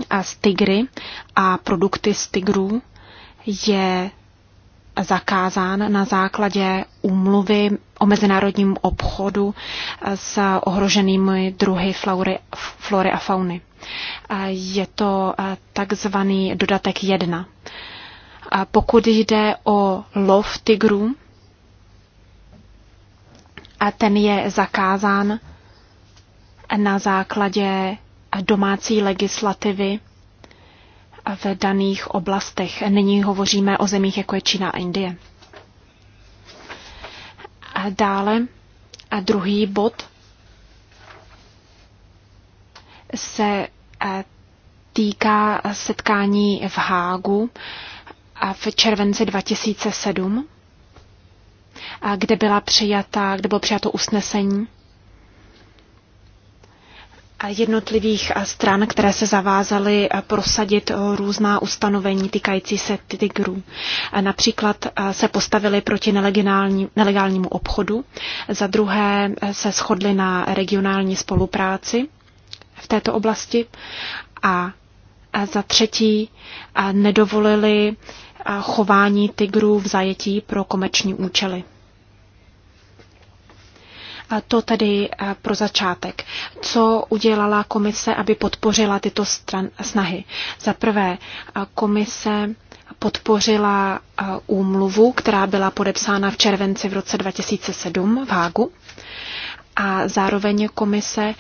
a tygry a produkty z tygrů je zakázán na základě úmluvy o mezinárodním obchodu s ohroženými druhy flory, flory a fauny. Je to eh, takzvaný dodatek 1. Pokud jde o lov tigrů, ten je zakázán na základě domácí legislativy v daných oblastech. Nyní hovoříme o zemích, jako je Čína a Indie. A dále a druhý bod se týká setkání v Hágu v červenci 2007, kde, byla přijata, kde bylo přijato usnesení jednotlivých eh, stran, které se zavázaly eh, prosadit eh, různá ustanovení týkající se tigrů. Například se postavili proti nelegálnímu obchodu, za druhé se shodli na regionální spolupráci v této oblasti a za třetí nedovolili chování tigrů v zajetí pro komerční účely to tedy eh, pro začátek. Co udělala komise, aby podpořila tyto stran, snahy? Za prvé, eh, komise podpořila eh, úmluvu, která byla podepsána v červenci v roce 2007 v Hágu. A zároveň komise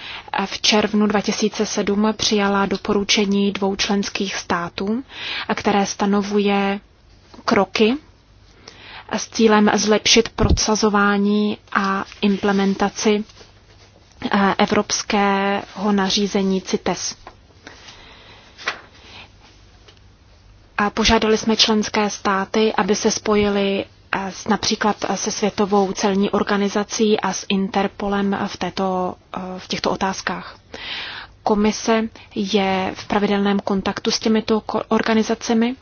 v červnu 2007 přijala doporučení dvou členských států, které stanovuje kroky s cílem zlepšit procesování a implementaci eh, evropského nařízení CITES. A požádali jsme členské státy, aby se spojili eh, s, například se Světovou celní organizací a s Interpolem v, této, eh, v těchto otázkách. Komise je v pravidelném kontaktu s těmito organizacemi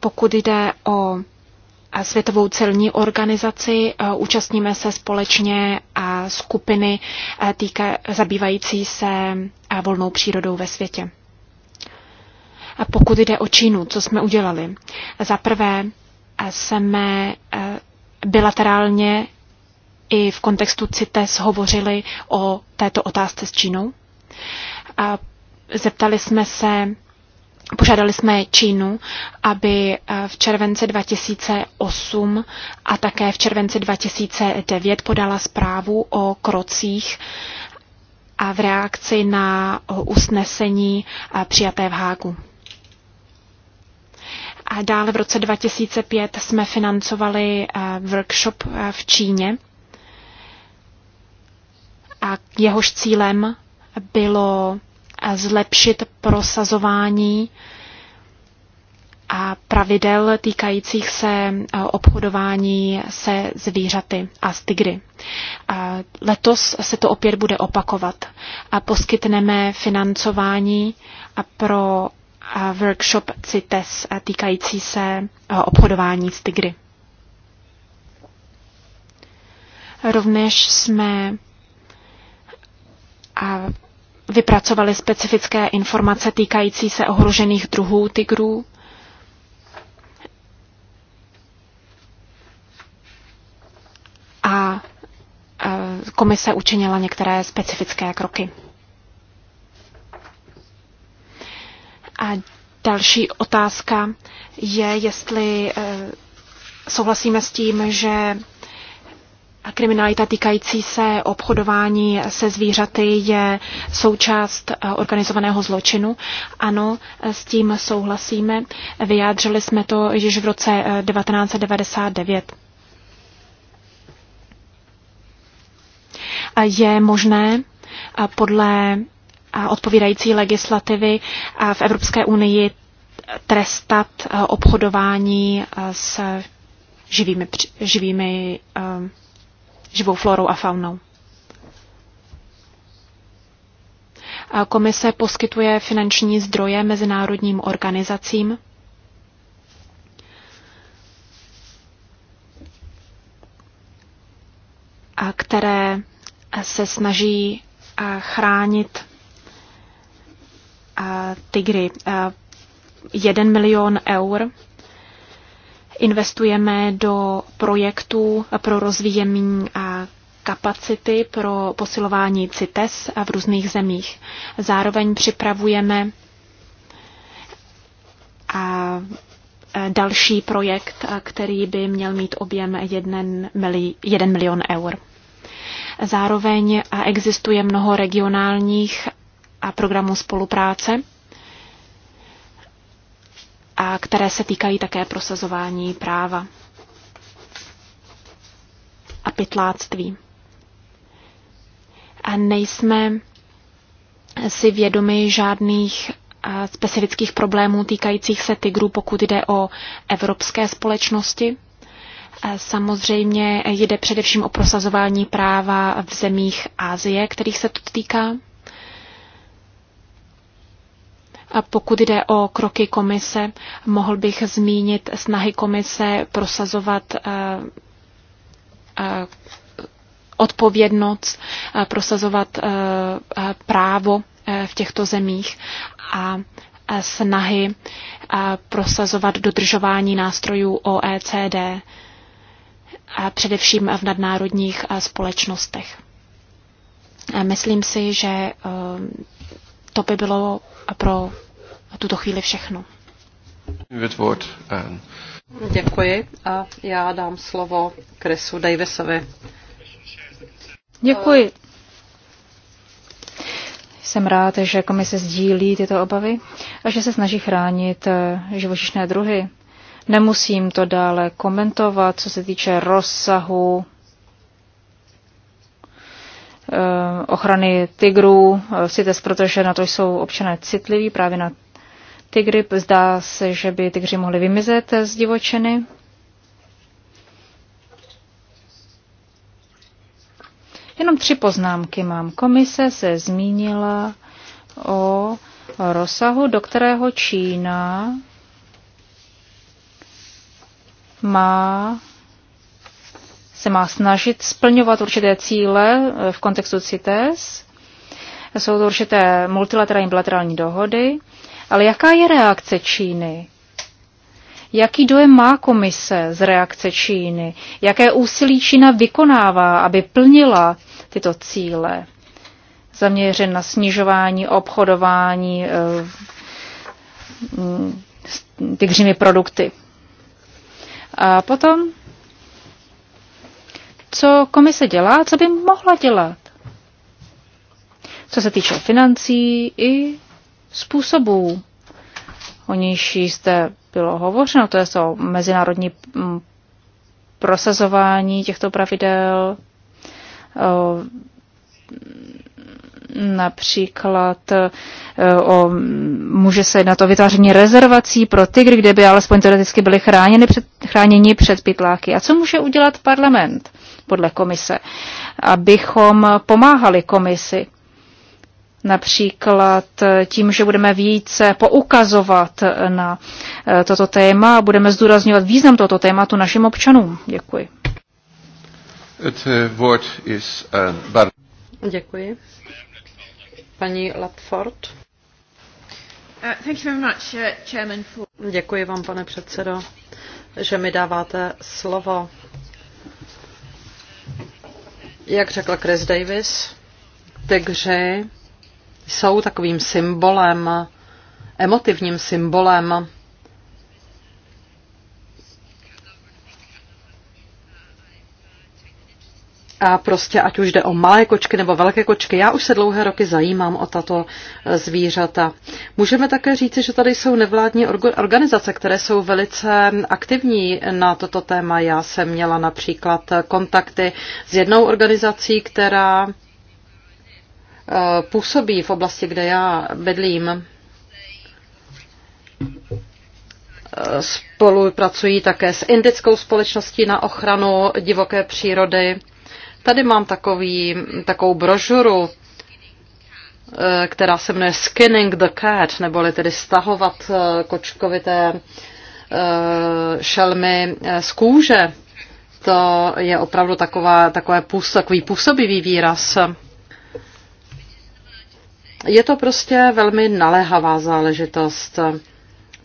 pokud jde o Světovou celní organizaci, e, účastníme se společně a skupiny e, týka, zabývající se e, volnou přírodou ve světě. A pokud jde o Čínu, co jsme udělali? Za prvé jsme bilaterálně i v kontextu CITES hovořili o této otázce s Čínou. A zeptali jsme se Požádali jsme Čínu, aby eh, v červenci 2008 a také v červenci 2009 podala zprávu o krocích a v reakci na usnesení eh, přijaté v Hágu. A dále v roce 2005 jsme financovali eh, workshop v Číně a jehož cílem bylo zlepšit prosazování a pravidel týkajících se e, obchodování se zvířaty a s tygry. Letos se to opět bude opakovat a poskytneme financování pro workshop CITES týkající se e, obchodování s tygry. Rovněž jsme vypracovali specifické informace týkající se ohrožených druhů tygrů. A e, komise učinila některé specifické kroky. A další otázka je, jestli e, souhlasíme s tím, že Kriminalita týkající se obchodování se zvířaty je součást eh, organizovaného zločinu. Ano, eh, s tím souhlasíme. Vyjádřili jsme to již v roce 1999. Eh, je možné podle odpovídající legislativy v Evropské unii trestat obchodování s živými, živými živou florou a faunou. A komise poskytuje finanční zdroje mezinárodním organizacím, a které se snaží chránit tygry. Jeden milion eur investujeme do projektů pro rozvíjení a kapacity pro posilování CITES v různých zemích. Zároveň připravujeme a e, další projekt, který by měl mít objem 1 milion eur. Zároveň existuje mnoho regionálních a programů spolupráce, a které se týkají také prosazování práva a pytláctví nejsme si vědomi žádných specifických problémů týkajících se tigrů, pokud jde o evropské společnosti. Samozřejmě jde především o prosazování práva v zemích Asie, kterých se to týká. A pokud jde o kroky komise, mohl bych zmínit snahy komise prosazovat odpovědnost, eh, prosazovat eh, eh, právo v těchto zemích a snahy prosazovat dodržování nástrojů OECD, a především v nadnárodních společnostech. Myslím si, že to by bylo pro tuto chvíli všechno. Um, Děkuji a já dám slovo kresu Davisovi. Děkuji. Jsem rád, že komise sdílí tyto obavy a že se snaží chránit eh, živočišné druhy. Nemusím to dále komentovat, co se týče rozsahu eh, ochrany tigrů, eh, CITES, protože na to jsou občané citliví, právě na tigry. Zdá se, že by tigři mohli vymizet z divočiny. Jenom tři poznámky mám. Komise se zmínila o rozsahu, do kterého Čína má se má snažit splňovat určité cíle eh, v kontextu CITES. Jsou to určité multilaterální bilaterální dohody. Ale jaká je reakce Číny? Jaký dojem má komise z reakce Číny? Jaké úsilí Čína vykonává, aby plnila tyto cíle? Zaměřen na snižování obchodování s eh, mm, tygřími produkty. A potom, co komise dělá, co by mohla dělat? Co se týče financí i způsobů, o níž jste bylo hovořeno, to je to mezinárodní mm, prosazování těchto pravidel, například e, o, může se jednat o vytváření rezervací pro tygry, kde by alespoň teoreticky byly chráněny před, chráněni před pytláky. A co může udělat parlament podle komise, abychom pomáhali komisi Například eh, tím, že budeme více poukazovat eh, na eh, toto téma a budeme zdůrazňovat význam tohoto tématu našim občanům. Děkuji. Děkuji. Paní Latford. Uh, uh, Děkuji vám, pane předsedo, že mi dáváte slovo. Jak řekla Chris Davis, takže jsou takovým symbolem, emotivním symbolem A prostě ať už jde o malé kočky nebo velké kočky, já už se dlouhé roky zajímám o tato e, zvířata. Můžeme také říci, že tady jsou nevládní organizace, které jsou velice aktivní na toto téma. Já jsem měla například kontakty s jednou organizací, která Eh, působí v oblasti, kde já bedlím. Eh, spolupracují také s Indickou společností na ochranu divoké přírody. Tady mám takový, takovou brožuru, eh, která se jmenuje Skinning the Cat, neboli tedy stahovat kočkovité šelmy z kůže. To je opravdu taková, takové takový působivý výraz je to prostě velmi naléhavá záležitost.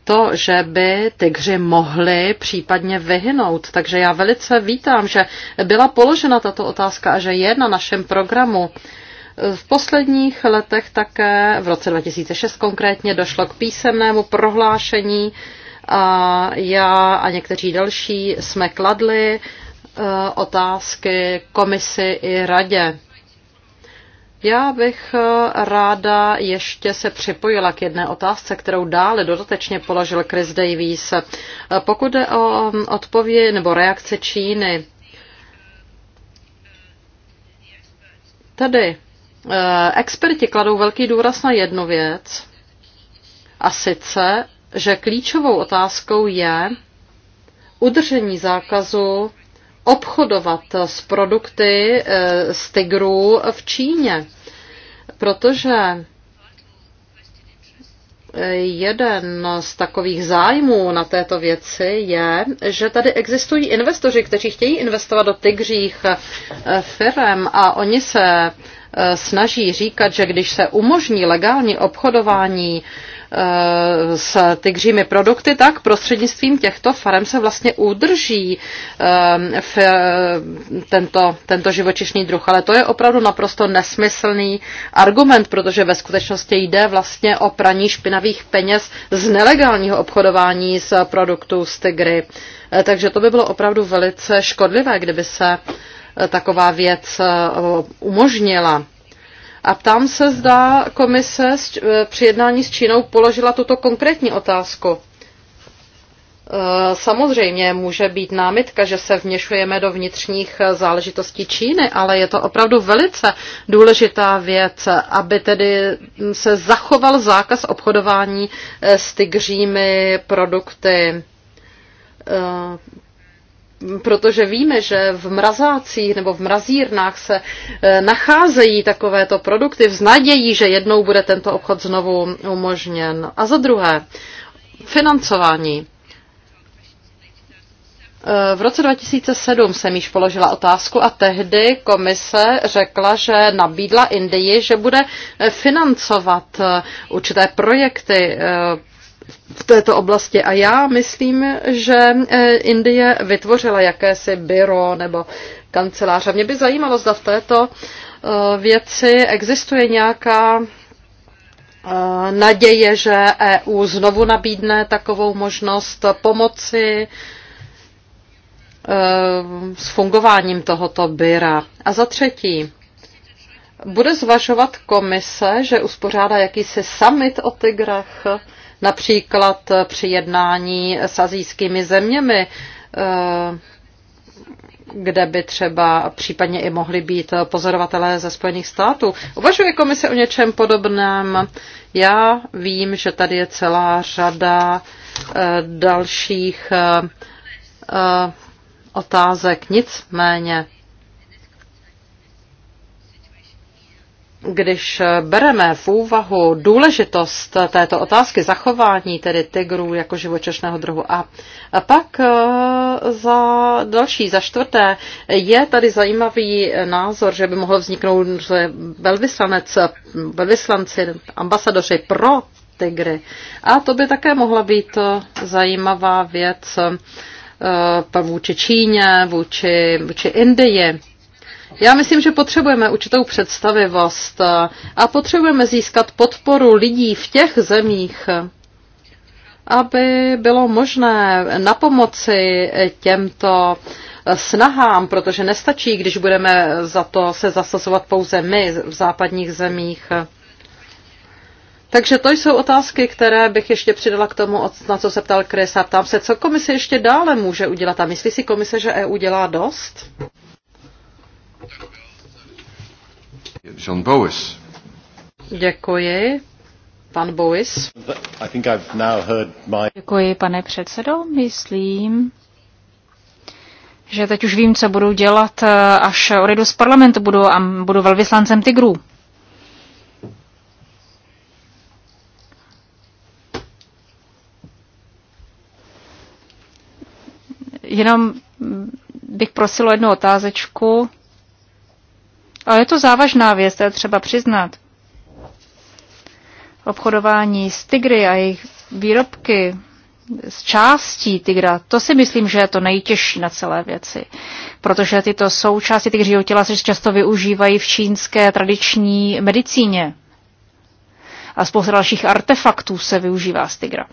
To, že by tygři mohli případně vyhnout. Takže já velice vítám, že byla položena tato otázka a že je na našem programu. V posledních letech také, v roce 2006 konkrétně, došlo k písemnému prohlášení a já a někteří další jsme kladli eh, otázky komisi i radě já bych eh, ráda ještě se připojila k jedné otázce, kterou dále dodatečně položil Chris Davies. Eh, pokud je o mm, odpověď nebo reakce Číny, tady eh, experti kladou velký důraz na jednu věc, a sice, že klíčovou otázkou je udržení zákazu obchodovat s produkty eh, z tigrů v Číně, protože Jeden z takových zájmů na této věci je, že tady existují investoři, kteří chtějí investovat do tygřích eh, firm a oni se Eh, snaží říkat, že když se umožní legální obchodování eh, s tygřími produkty, tak prostřednictvím těchto farem se vlastně udrží ehm, tento, tento živočišný druh. Ale to je opravdu naprosto nesmyslný argument, protože ve skutečnosti jde vlastně o praní špinavých peněz z nelegálního obchodování s produktů z tygry. Eh, takže to by bylo opravdu velice škodlivé, kdyby se taková věc eh, umožnila. A tam se zdá komise eh, při jednání s Čínou položila tuto konkrétní otázku. Eh, samozřejmě může být námitka, že se vněšujeme do vnitřních záležitostí Číny, ale je to opravdu velice důležitá věc, aby tedy se zachoval zákaz obchodování s tygřími produkty protože víme, že v mrazácích nebo v mrazírnách se eh, nacházejí takovéto produkty v že jednou bude tento obchod znovu umožněn. A za druhé, financování. Eh, v roce 2007 jsem již položila otázku a tehdy komise řekla, že nabídla Indii, že bude eh, financovat určité projekty v této oblasti. A já myslím, že e, Indie vytvořila jakési byro nebo kancelář. A mě by zajímalo, zda v této e, věci existuje nějaká e, naděje, že EU znovu nabídne takovou možnost pomoci s fungováním tohoto byra. A za třetí, bude zvažovat komise, že uspořádá jakýsi summit o tigrech, například při jednání s azijskými zeměmi, eh, kde by třeba případně i mohli být pozorovatelé ze Spojených států. Uvažuje komise o něčem podobném? Já vím, že tady je celá řada eh, dalších eh, otázek, nicméně když bereme v úvahu důležitost této otázky zachování tedy tigrů jako živočišného druhu a pak eh, za další, za čtvrté, je tady zajímavý názor, že by mohl vzniknout že velvyslanec, velvyslanci, ambasadoři pro tygry. A to by také mohla být zajímavá věc eh, vůči Číně, vůči, vůči Indii já myslím, že potřebujeme určitou představivost eh, a potřebujeme získat podporu lidí v těch zemích, aby bylo možné na pomoci těmto snahám, protože nestačí, když budeme za to se zasazovat pouze my v západních zemích. Takže to jsou otázky, které bych ještě přidala k tomu, na co se ptal Chris a ptám se, co komise ještě dále může udělat a myslí si komise, že EU dělá dost? John Bowis. Děkuji. Pan Bowis. I think I've now heard my... Děkuji, pane předsedo. Myslím, že teď už vím, co budu dělat, eh, až odejdu z parlamentu, budu, a budu velvyslancem tigrů. Jenom bych prosil o jednu otázečku. Ale je to závažná věc, to je třeba přiznat. Obchodování s tygry a jejich výrobky z částí tygra, to si myslím, že je to nejtěžší na celé věci. Protože tyto součásti tygřího těla se často využívají v čínské tradiční medicíně. A spousta dalších artefaktů se využívá z tygra.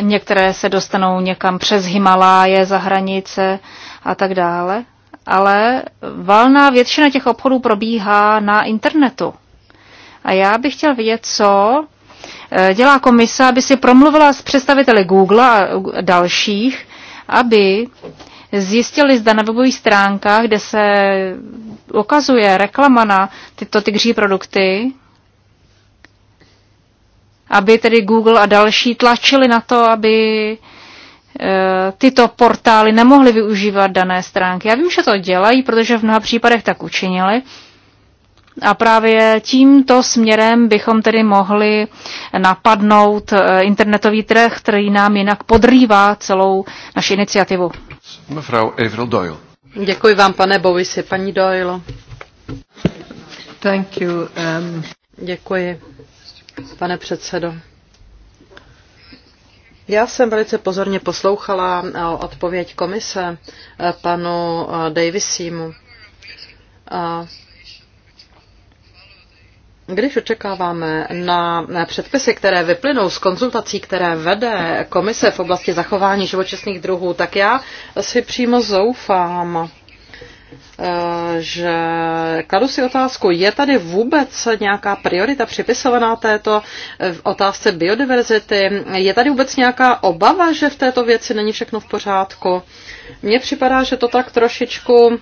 Některé se dostanou někam přes Himaláje za hranice a tak dále. Ale valná většina těch obchodů probíhá na internetu. A já bych chtěl vědět, co eh, dělá komise, aby si promluvila s představiteli Google a dalších, aby zjistili, zda na webových stránkách, kde se ukazuje reklama na tyto tygří produkty, aby tedy Google a další tlačili na to, aby Eh, tyto portály nemohly využívat dané stránky. Já vím, že to dělají, protože v mnoha případech tak učinili. A právě tímto směrem bychom tedy mohli napadnout eh, internetový trh, který nám jinak podrývá celou naši iniciativu. Mevrouw Avril Doyle. Děkuji vám, pane Bovisi. paní Doyle. Thank you. Um... Děkuji, pane předsedo. Já jsem velice pozorně poslouchala eh, odpověď komise eh, panu eh, Davisimu. Když očekáváme na předpisy, které vyplynou z konzultací, které vede komise v oblasti zachování živočišných druhů, tak já si přímo zoufám. Eh, že kladu si otázku, je tady vůbec nějaká priorita připisovaná této eh, otázce biodiverzity? Je tady vůbec nějaká obava, že v této věci není všechno v pořádku? Mně připadá, že to tak trošičku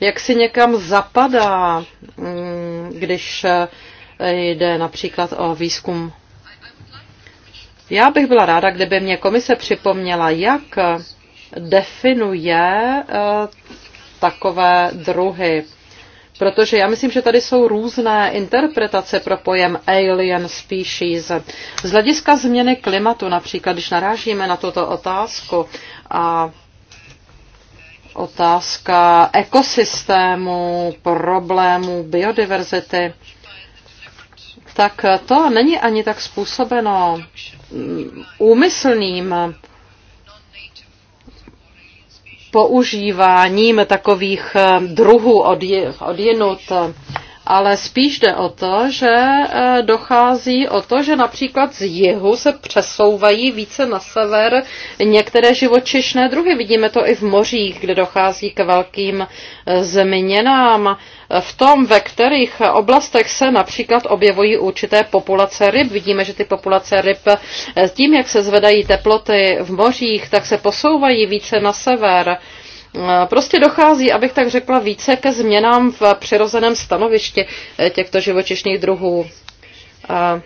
jak si někam zapadá, mm, když eh, jde například o výzkum. Já bych byla ráda, kdyby mě komise připomněla, jak definuje takové druhy. Protože já myslím, že tady jsou různé interpretace pro pojem alien species. Z hlediska změny klimatu například, když narážíme na tuto otázku a otázka ekosystému, problémů biodiverzity, tak to není ani tak způsobeno úmyslným používáním takových eh, druhů od, od jinut ale spíš jde o to, že e, dochází o to, že například z jihu se přesouvají více na sever některé živočišné druhy. Vidíme to i v mořích, kde dochází k velkým e, změnám. V tom, ve kterých oblastech se například objevují určité populace ryb. Vidíme, že ty populace ryb e, tím, jak se zvedají teploty v mořích, tak se posouvají více na sever. Prostě dochází, abych tak řekla, více ke změnám v přirozeném stanovišti eh, těchto živočišných druhů. A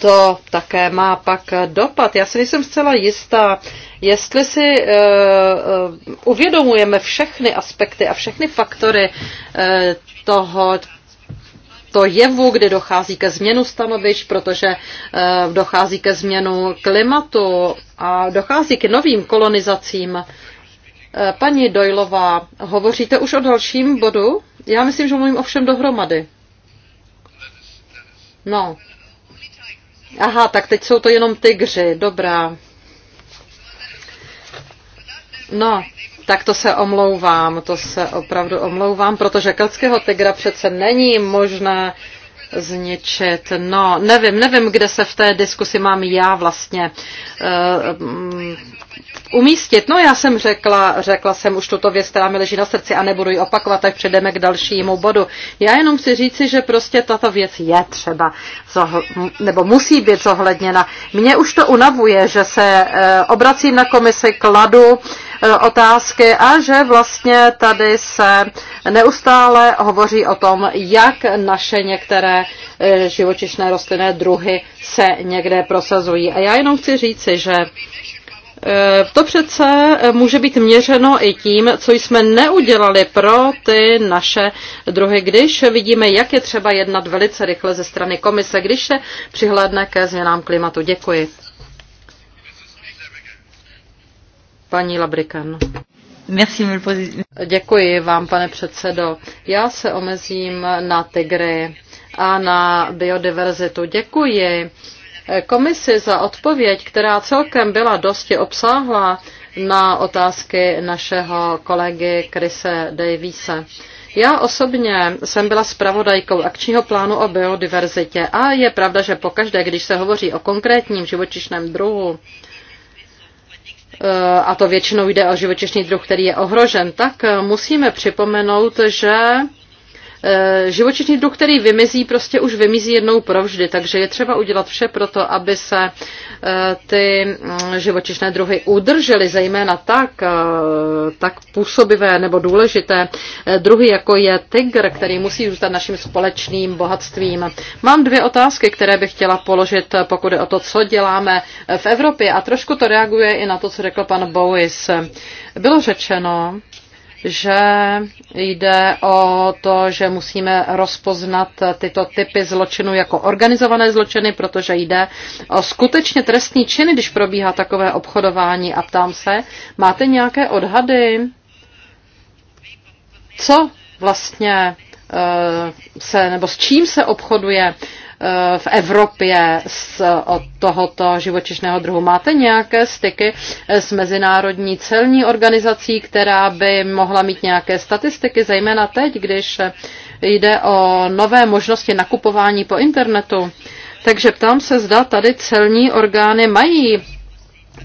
to také má pak dopad. Já si nejsem zcela jistá, jestli si eh, eh, uvědomujeme všechny aspekty a všechny faktory toho to jevu, kdy dochází ke změnu stanovišť, protože e, dochází ke změnu klimatu a dochází k novým kolonizacím. E, Eh, paní Dojlová, hovoříte už o dalším bodu? Já myslím, že mluvím o všem dohromady. No. Aha, tak teď jsou to jenom tygři, dobrá. No, tak to se omlouvám, to se opravdu omlouvám, protože keltského tygra přece není možné zničit. No, nevím, nevím, kde se v té diskusi mám já vlastně. Eh, umístit. No já jsem řekla, řekla jsem už tuto věc, která mi leží na srdci a nebudu ji opakovat, tak přejdeme k dalšímu bodu. Já jenom chci říci, že prostě tato věc je třeba, zohl- nebo musí být zohledněna. Mně už to unavuje, že se e, obracím na komisi, kladu e, otázky a že vlastně tady se neustále hovoří o tom, jak naše některé e, živočišné rostlinné druhy se někde prosazují. A já jenom chci říci, že Eh, to přece eh, může být měřeno i tím, co jsme neudělali pro ty naše druhy, když vidíme, jak je třeba jednat velice rychle ze strany komise, když se přihlédne ke změnám klimatu. Děkuji. Paní Labrikan. Děkuji vám, pane předsedo. Já se omezím na tygry a na biodiverzitu. Děkuji komisi za odpověď, která celkem byla dosti obsáhlá na otázky našeho kolegy Krise Davise. Já osobně jsem byla spravodajkou akčního plánu o biodiverzitě a je pravda, že pokaždé, když se hovoří o konkrétním živočišném druhu, eh, a to většinou jde o živočišný druh, který je ohrožen, tak eh, musíme připomenout, že Eh, živočišný druh, který vymizí, prostě už vymizí jednou provždy, takže je třeba udělat vše pro to, aby se eh, ty mm, živočišné druhy udržely, zejména tak, eh, tak působivé nebo důležité druhy, jako je tygr, který musí zůstat naším společným bohatstvím. Mám dvě otázky, které bych chtěla položit, pokud je o to, co děláme v Evropě a trošku to reaguje i na to, co řekl pan Bowis. Bylo řečeno, že jde o to, že musíme rozpoznat tyto typy zločinů jako organizované zločiny, protože jde o skutečně trestní činy, když probíhá takové obchodování. A ptám se, máte nějaké odhady? Co vlastně eh, se, nebo s čím se obchoduje? Eh, v Evropě z, od tohoto živočišného druhu. Máte nějaké styky eh, s mezinárodní celní organizací, která by mohla mít nějaké statistiky, zejména teď, když jde o nové možnosti nakupování po internetu? Takže ptám se, zda tady celní orgány mají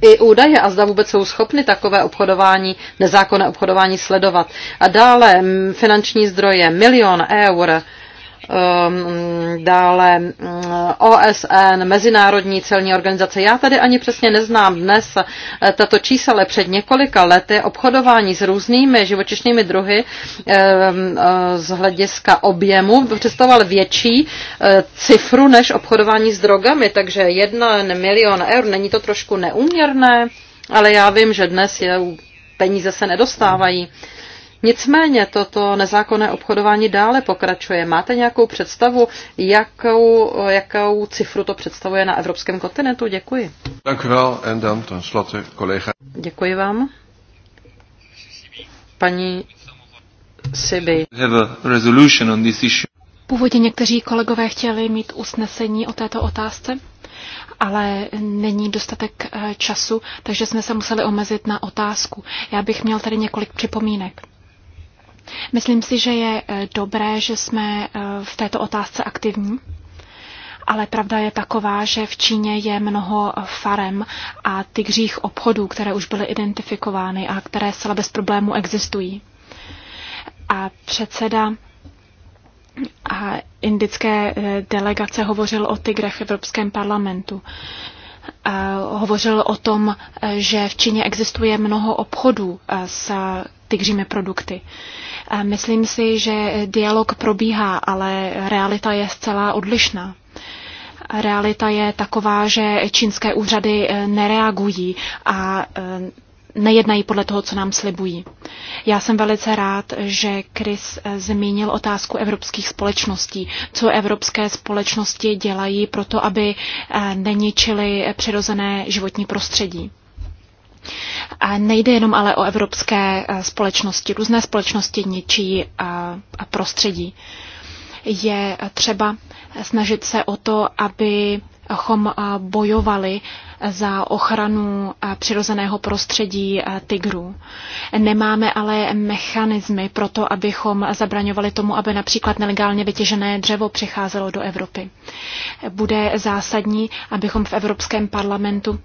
i údaje a zda vůbec jsou schopny takové obchodování, nezákonné obchodování sledovat. A dále finanční zdroje, milion eur, Ehm, dále mm, OSN, Mezinárodní celní organizace. Já tady ani přesně neznám dnes eh, tato čísla, ale před několika lety obchodování s různými živočišnými druhy ehm, eh, z hlediska objemu představoval větší eh, cifru než obchodování s drogami, takže jedna milion eur, není to trošku neuměrné, ale já vím, že dnes je peníze se nedostávají. Hmm. Nicméně toto nezákonné obchodování dále pokračuje. Máte nějakou představu, jakou, jakou cifru to představuje na evropském kontinentu? Děkuji. Děkuji vám. Paní Siby. Původně někteří kolegové chtěli mít usnesení o této otázce, ale není dostatek eh, času, takže jsme se museli omezit na otázku. Já bych měl tady několik připomínek. Myslím si, že je eh, dobré, že jsme eh, v této otázce aktivní. Ale pravda je taková, že v Číně je mnoho eh, farem a tygřích obchodů, které už byly identifikovány a které zcela bez problémů existují. A předseda a indické delegace hovořil o tygrech v Evropském parlamentu. A hovořil o tom, že v Číně existuje mnoho obchodů s tygřími produkty. Myslím si, že dialog probíhá, ale realita je zcela odlišná. Realita je taková, že čínské úřady eh, nereagují a eh, nejednají podle toho, co nám slibují. Já jsem velice rád, že Chris eh, zmínil otázku evropských společností. Co evropské společnosti dělají pro to, aby neničily přirozené životní prostředí? A nejde jenom ale o evropské eh, společnosti. Různé společnosti ničí eh, prostředí. Je eh, třeba snažit se o to, aby chom bojovali za ochranu přirozeného prostředí tigrů. Nemáme ale mechanismy pro to, abychom zabraňovali tomu, aby například nelegálně vytěžené dřevo přicházelo do Evropy. Bude zásadní, abychom v Evropském parlamentu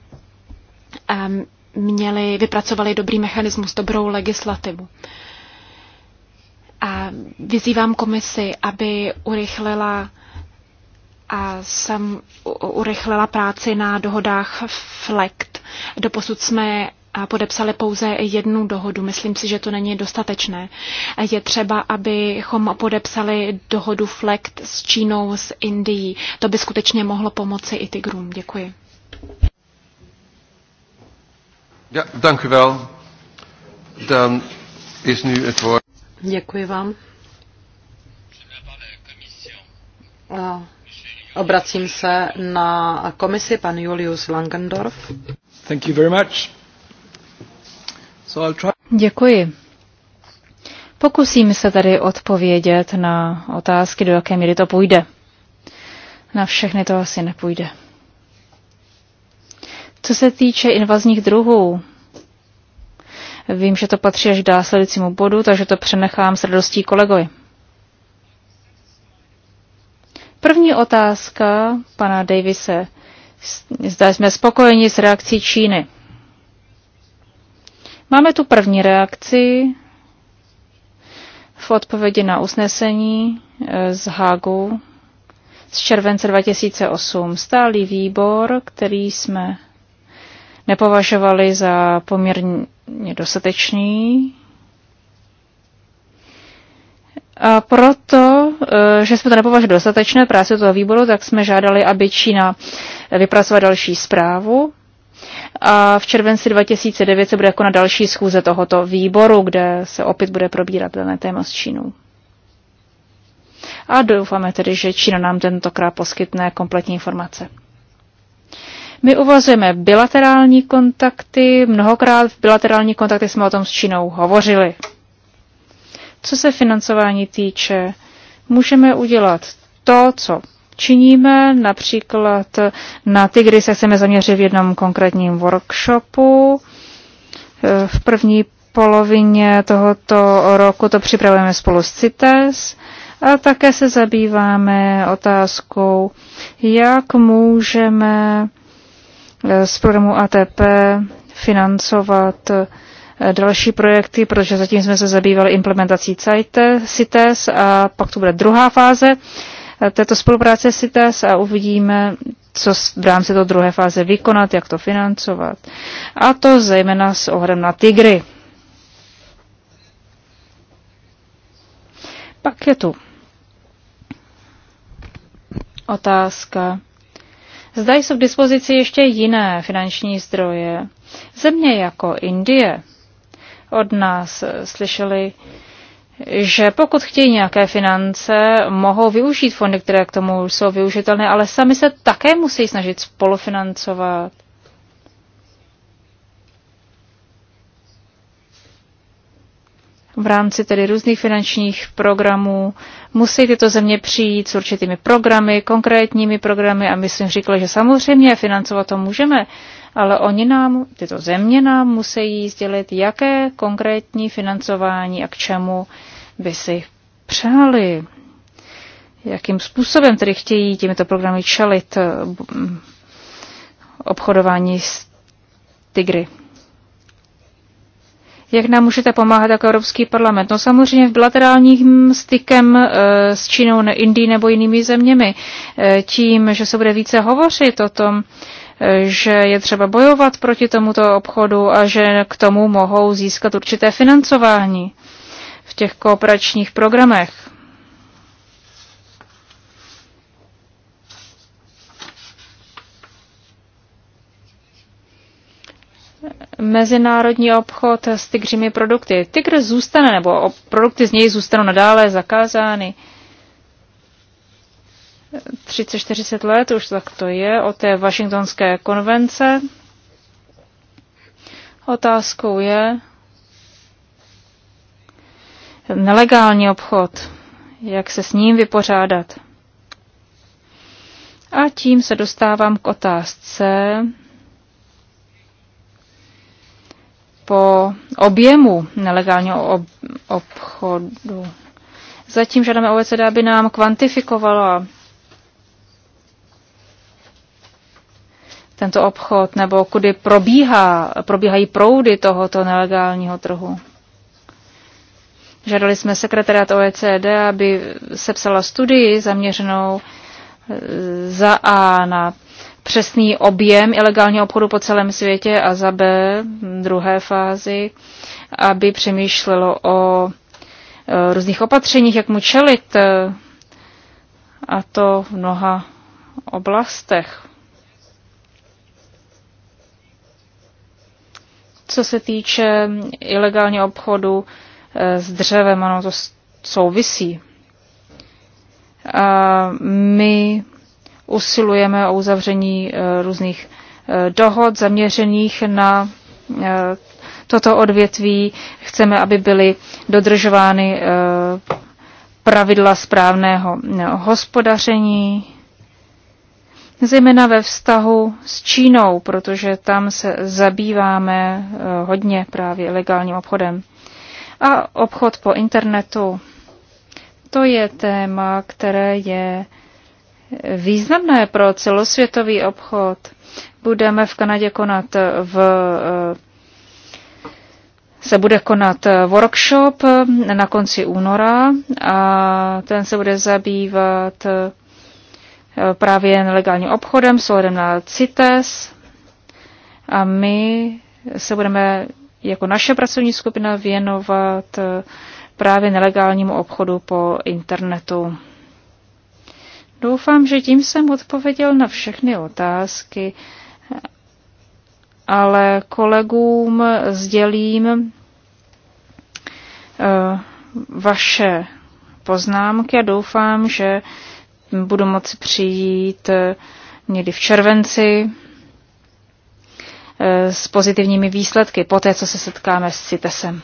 měli, vypracovali dobrý mechanismus, dobrou legislativu. A vyzývám komisi, aby urychlila a jsem urychlila práci na dohodách FLECT. Doposud jsme podepsali pouze jednu dohodu. Myslím si, že to není dostatečné. Je třeba, abychom podepsali dohodu FLECT s Čínou, s Indií. To by skutečně mohlo pomoci i Tigrům. Děkuji. Ja, dank u wel. Dan is nu het woord. Děkuji vám. A obracím se na komisi pan Julius Langendorf. Thank you very much. So I'll try... Děkuji. Pokusím se tady odpovědět na otázky, do jaké míry to půjde. Na všechny to asi nepůjde. Co se týče invazních druhů, vím, že to patří až k následujícímu bodu, takže to přenechám s radostí kolegovi. První otázka pana Davise. Zda jsme spokojeni s reakcí Číny. Máme tu první reakci v odpovědi na usnesení eh, z Hágu z července 2008. Stálý výbor, který jsme nepovažovali za poměrně dostatečný. A proto, eh, že jsme to nepovažovali dostatečné práce toho výboru, tak jsme žádali, aby Čína vypracovala další zprávu. A v červenci 2009 se bude konat další schůze tohoto výboru, kde se opět bude probírat dané téma s Čínou. A doufáme tedy, že Čína nám tentokrát poskytne kompletní informace. My uvozujeme bilaterální kontakty, mnohokrát v bilaterální kontakty jsme o tom s Čínou hovořili. Co se financování týče, můžeme udělat to, co činíme, například na Tigry se chceme zaměřit v jednom konkrétním workshopu. V první polovině tohoto roku to připravujeme spolu s CITES a také se zabýváme otázkou, jak můžeme Eh, z programu ATP financovat eh, další projekty, protože zatím jsme se zabývali implementací CITES a pak to bude druhá fáze eh, této spolupráce CITES a uvidíme, co v rámci toho druhé fáze vykonat, jak to financovat. A to zejména s ohledem na tygry. Pak je tu otázka Zda jsou k dispozici ještě jiné finanční zdroje. Země jako Indie od nás slyšeli, že pokud chtějí nějaké finance, mohou využít fondy, které k tomu jsou využitelné, ale sami se také musí snažit spolufinancovat. v rámci tedy různých finančních programů. Musí tyto země přijít s určitými programy, konkrétními programy a my jsme říkali, že samozřejmě financovat to můžeme, ale oni nám, tyto země nám musí sdělit, jaké konkrétní financování a k čemu by si přáli. Jakým způsobem tedy chtějí těmito programy čelit eh, obchodování s tygry. Jak nám můžete pomáhat jako Evropský parlament? No samozřejmě v bilaterálním stykem eh, s Čínou, Indií nebo jinými zeměmi. Eh, tím, že se bude více hovořit o tom, eh, že je třeba bojovat proti tomuto obchodu a že k tomu mohou získat určité financování v těch kooperačních programech. mezinárodní obchod s tygřími produkty. Tygr zůstane, nebo produkty z něj zůstanou nadále zakázány. 30-40 let už tak to je o té Washingtonské konvence. Otázkou je nelegální obchod, jak se s ním vypořádat. A tím se dostávám k otázce po objemu nelegálního obchodu. Zatím žádáme OECD, aby nám kvantifikovala tento obchod, nebo kudy probíhá, probíhají proudy tohoto nelegálního trhu. Žádali jsme sekretariat OECD, aby sepsala studii zaměřenou e, za A na přesný objem ilegálního obchodu po celém světě a za B, druhé fázi, aby přemýšlelo o e, různých opatřeních, jak mu čelit, e, a to v mnoha oblastech. Co se týče ilegálního obchodu e, s dřevem, ano, to souvisí. A my usilujeme o uzavření eh, různých eh, dohod zaměřených na eh, toto odvětví. Chceme, aby byly dodržovány pravidla správného hospodaření, zejména ve vztahu s Čínou, protože tam se zabýváme hodně právě legálním obchodem. A obchod po internetu, to je téma, které je významné pro celosvětový obchod. Budeme v Kanadě konat v eh, se bude konat eh, workshop eh, na konci února a ten se bude zabývat právě nelegálním obchodem, ohledem na CITES a my se budeme jako naše pracovní skupina věnovat právě nelegálnímu obchodu po internetu. Doufám, že tím jsem odpověděl na všechny otázky, ale kolegům sdělím eh, vaše poznámky a doufám, že budu moci přijít eh, někdy v červenci eh, s pozitivními výsledky, poté co se setkáme s CITESem.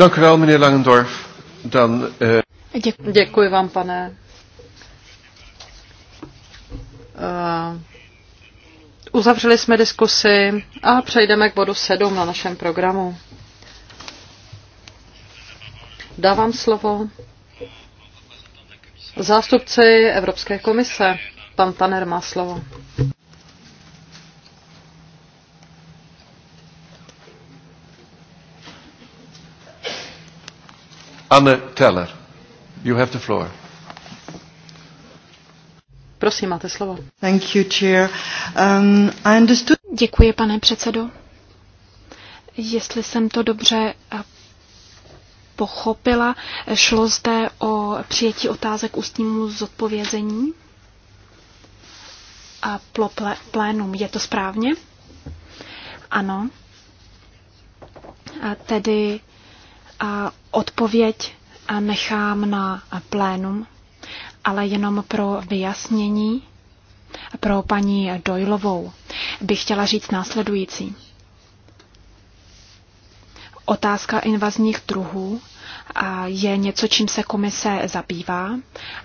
Dank u wel, meneer Langendorf. Dan, uh... Děkuji. Děkuji vám, pane uh... Uzavřeli jsme diskusi a přejdeme k bodu 7 na našem programu. Dávám slovo zástupci Evropské komise. Pan Tanner má slovo. Anne Teller, you have the floor. Prosím, máte slovo. Thank you, chair. Um, I understood... Děkuji, pane předsedo. Jestli jsem to dobře eh, pochopila, eh, šlo zde o přijetí otázek ústnímu zodpovězení a plénum. Je to správně? Ano. A tedy a odpověď nechám na plénum, ale jenom pro vyjasnění pro paní Dojlovou bych chtěla říct následující. Otázka invazních druhů je něco, čím se komise zabývá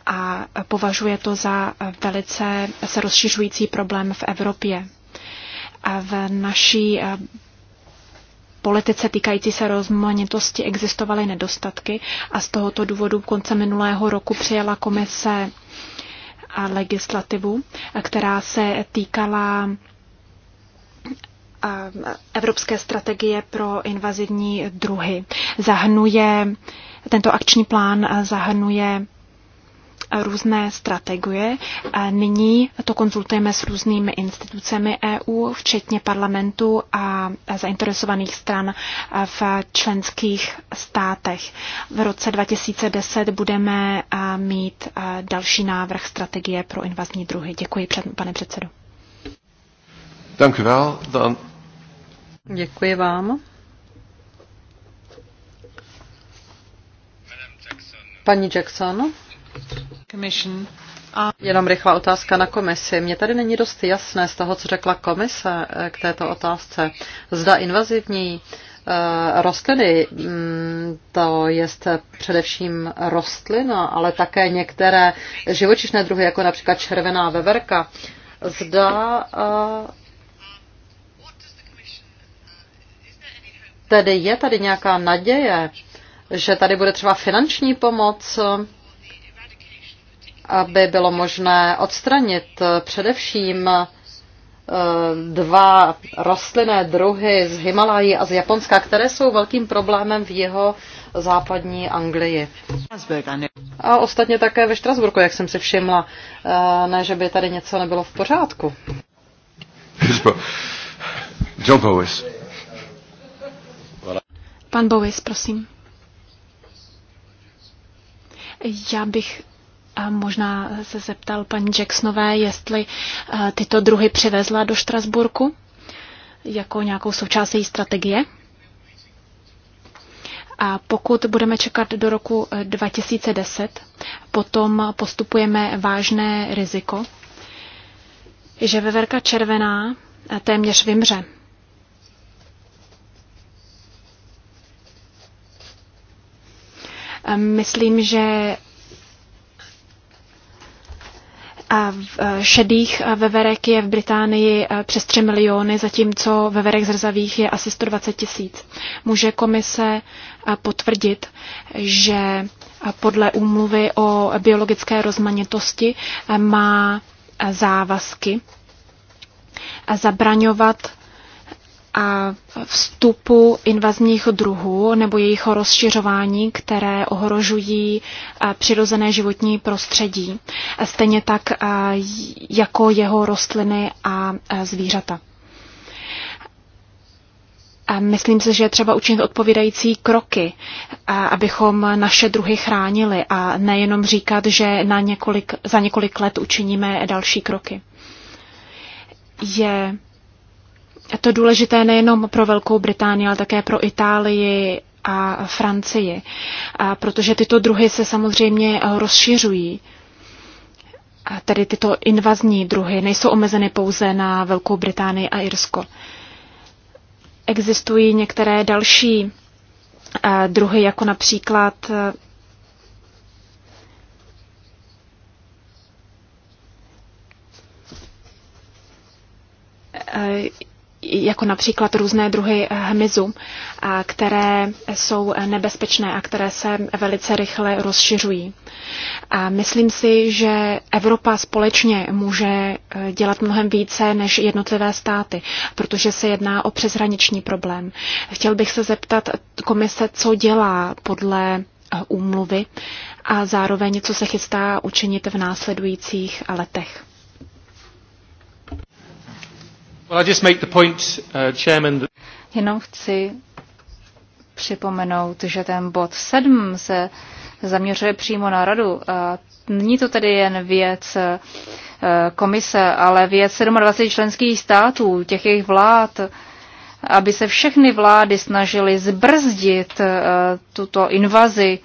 a považuje to za velice se rozšiřující problém v Evropě. V naší politice týkající se rozmanitosti existovaly nedostatky a z tohoto důvodu konce minulého roku přijala komise a legislativu, která se týkala Evropské strategie pro invazivní druhy. Zahrnuje, tento akční plán zahrnuje různé strategie. Nyní to konzultujeme s různými institucemi EU, včetně parlamentu a zainteresovaných stran v členských státech. V roce 2010 budeme mít další návrh strategie pro invazní druhy. Děkuji, pane předsedu. Děkuji vám. Paní Jackson. Jenom rychlá otázka na komisi. Mně tady není dost jasné z toho, co řekla komise eh, k této otázce. Zda invazivní eh, rostliny, mm, to je především rostlina, ale také některé živočišné druhy, jako například červená veverka, zda eh, tedy je tady nějaká naděje, že tady bude třeba finanční pomoc aby bylo možné odstranit eh, především eh, dva rostlinné druhy z Himalají a z Japonska, které jsou velkým problémem v jeho západní Anglii. A ostatně také ve Štrasburku, jak jsem si všimla, eh, ne, že by tady něco nebylo v pořádku. John Bowis. Pan Bowis, prosím. Já bych a možná se zeptal paní Jacksonové, jestli eh, tyto druhy přivezla do Štrasburku jako nějakou součást její strategie. A pokud budeme čekat do roku 2010, eh, potom postupujeme vážné riziko, že veverka červená eh, téměř vymře. Ehm, myslím, že E, šedých e, veverek je v Británii e, přes 3 miliony, zatímco veverek zrzavých je asi 120 tisíc. Může komise potvrdit, že podle úmluvy o biologické rozmanitosti má závazky zabraňovat a vstupu invazních druhů nebo jejich rozšiřování, které ohrožují eh, přirozené životní prostředí, stejně tak eh, jako jeho rostliny a eh, zvířata. Myslím si, že je třeba učinit odpovídající kroky, abychom naše druhy chránili a nejenom říkat, že na několik, za několik let učiníme další kroky. Je to důležité nejenom pro Velkou Británii, ale také pro Itálii a Francii, a protože tyto druhy se samozřejmě rozšiřují. A tedy tyto invazní druhy nejsou omezeny pouze na Velkou Británii a Irsko. Existují některé další druhy, jako například jako například různé druhy hmyzu, které jsou nebezpečné a které se velice rychle rozšiřují. A myslím si, že Evropa společně může eh, dělat mnohem více než jednotlivé státy, protože se jedná o přeshraniční problém. Chtěl bych se zeptat komise, co dělá podle eh, úmluvy a zároveň, co se chystá učinit v následujících letech. Uh, Jenom chci připomenout, že ten bod 7 se zaměřuje přímo na radu. A není to tedy jen věc uh, komise, ale věc 27 členských států, těch jejich vlád, aby se všechny vlády snažily zbrzdit uh, tuto invazi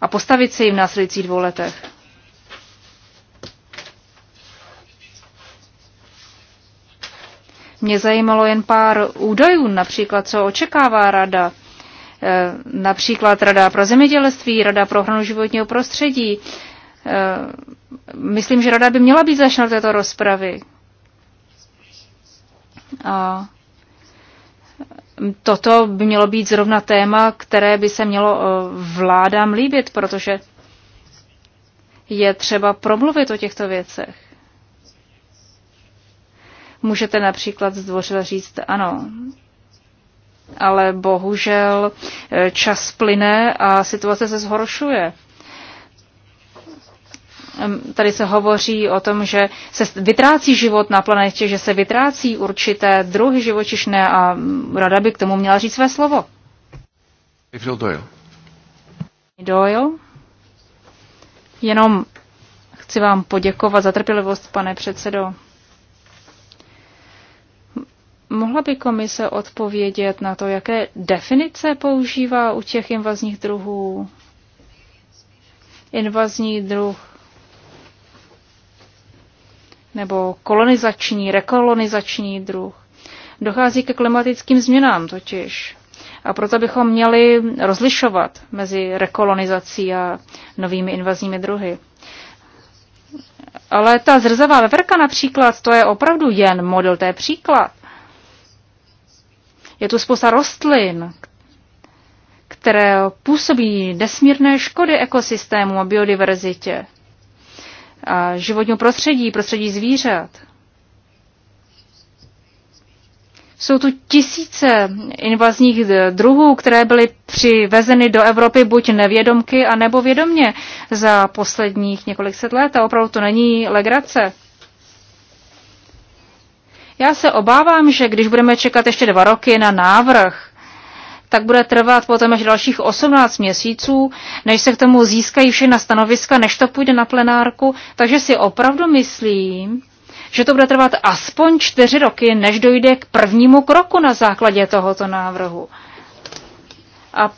a postavit se jim v následujících dvou letech. Mě zajímalo jen pár údajů, například co očekává rada, e, například Rada pro zemědělství, Rada pro ochranu životního prostředí. E, myslím, že rada by měla být začna této rozpravy. A toto by mělo být zrovna téma, které by se mělo e, vládám líbit, protože je třeba promluvit o těchto věcech. Můžete například zdvořile říct ano, ale bohužel eh, čas plyne a situace se zhoršuje. Tady se hovoří o tom, že se vytrácí život na planetě, že se vytrácí určité druhy živočišné a mm, rada by k tomu měla říct své slovo. Avril Doyle. Doyle. Jenom chci vám poděkovat za trpělivost, pane předsedo. Mohla by komise odpovědět na to, jaké definice používá u těch invazních druhů? Invazní druh nebo kolonizační, rekolonizační druh. Dochází ke klimatickým změnám totiž. A proto bychom měli rozlišovat mezi rekolonizací a novými invazními druhy. Ale ta zrzavá veverka například, to je opravdu jen model, to je příklad. Je tu spousta rostlin, které působí nesmírné škody ekosystému a biodiverzitě a životního prostředí, prostředí zvířat. Jsou tu tisíce invazních druhů, které byly přivezeny do Evropy buď nevědomky, anebo vědomně za posledních několik set let. A opravdu to není legrace. Já se obávám, že když budeme čekat ještě dva roky na návrh, tak bude trvat potom až dalších 18 měsíců, než se k tomu získají všechna stanoviska, než to půjde na plenárku. Takže si opravdu myslím, že to bude trvat aspoň čtyři roky, než dojde k prvnímu kroku na základě tohoto návrhu. A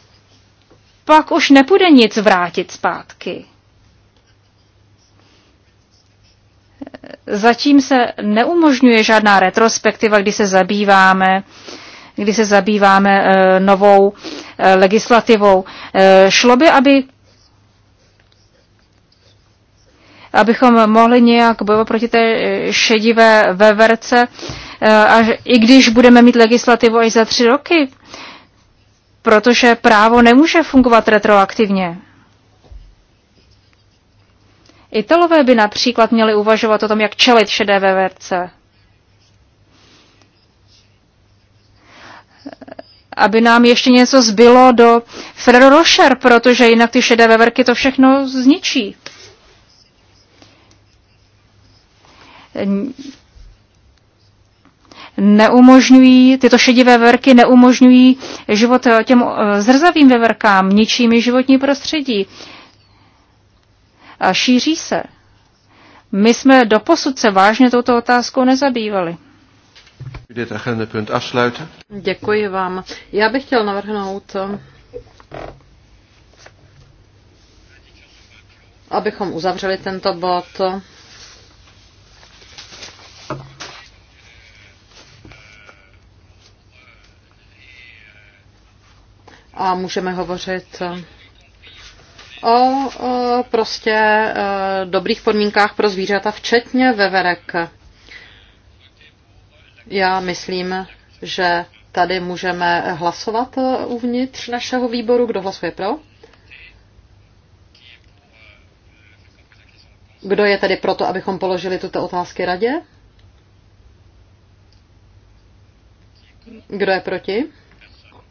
pak už nepůjde nic vrátit zpátky. zatím se neumožňuje žádná retrospektiva, kdy se zabýváme kdy se zabýváme eh, novou eh, legislativou. Eh, šlo by, aby abychom mohli nějak bojovat proti té šedivé veverce, až, i když budeme mít legislativu až za tři roky, protože právo nemůže fungovat retroaktivně. Italové by například měli uvažovat o tom, jak čelit šedé veverce. Aby nám ještě něco zbylo do Ferrero Rocher, protože jinak ty šedé veverky to všechno zničí. Neumožňují, tyto šedivé veverky neumožňují život těm eh, zrzavým veverkám, ničí mi životní prostředí. Uh, a šíří se. My jsme doposud se vážně touto otázkou nezabývali. Děkuji vám. Já bych chtěl navrhnout, abychom uzavřeli tento bod. A můžeme hovořit o prostě e, dobrých podmínkách pro zvířata, včetně veverek. Já myslím, že tady můžeme hlasovat uvnitř našeho výboru. Kdo hlasuje pro? Kdo je tedy proto, abychom položili tuto otázky radě? Kdo je proti?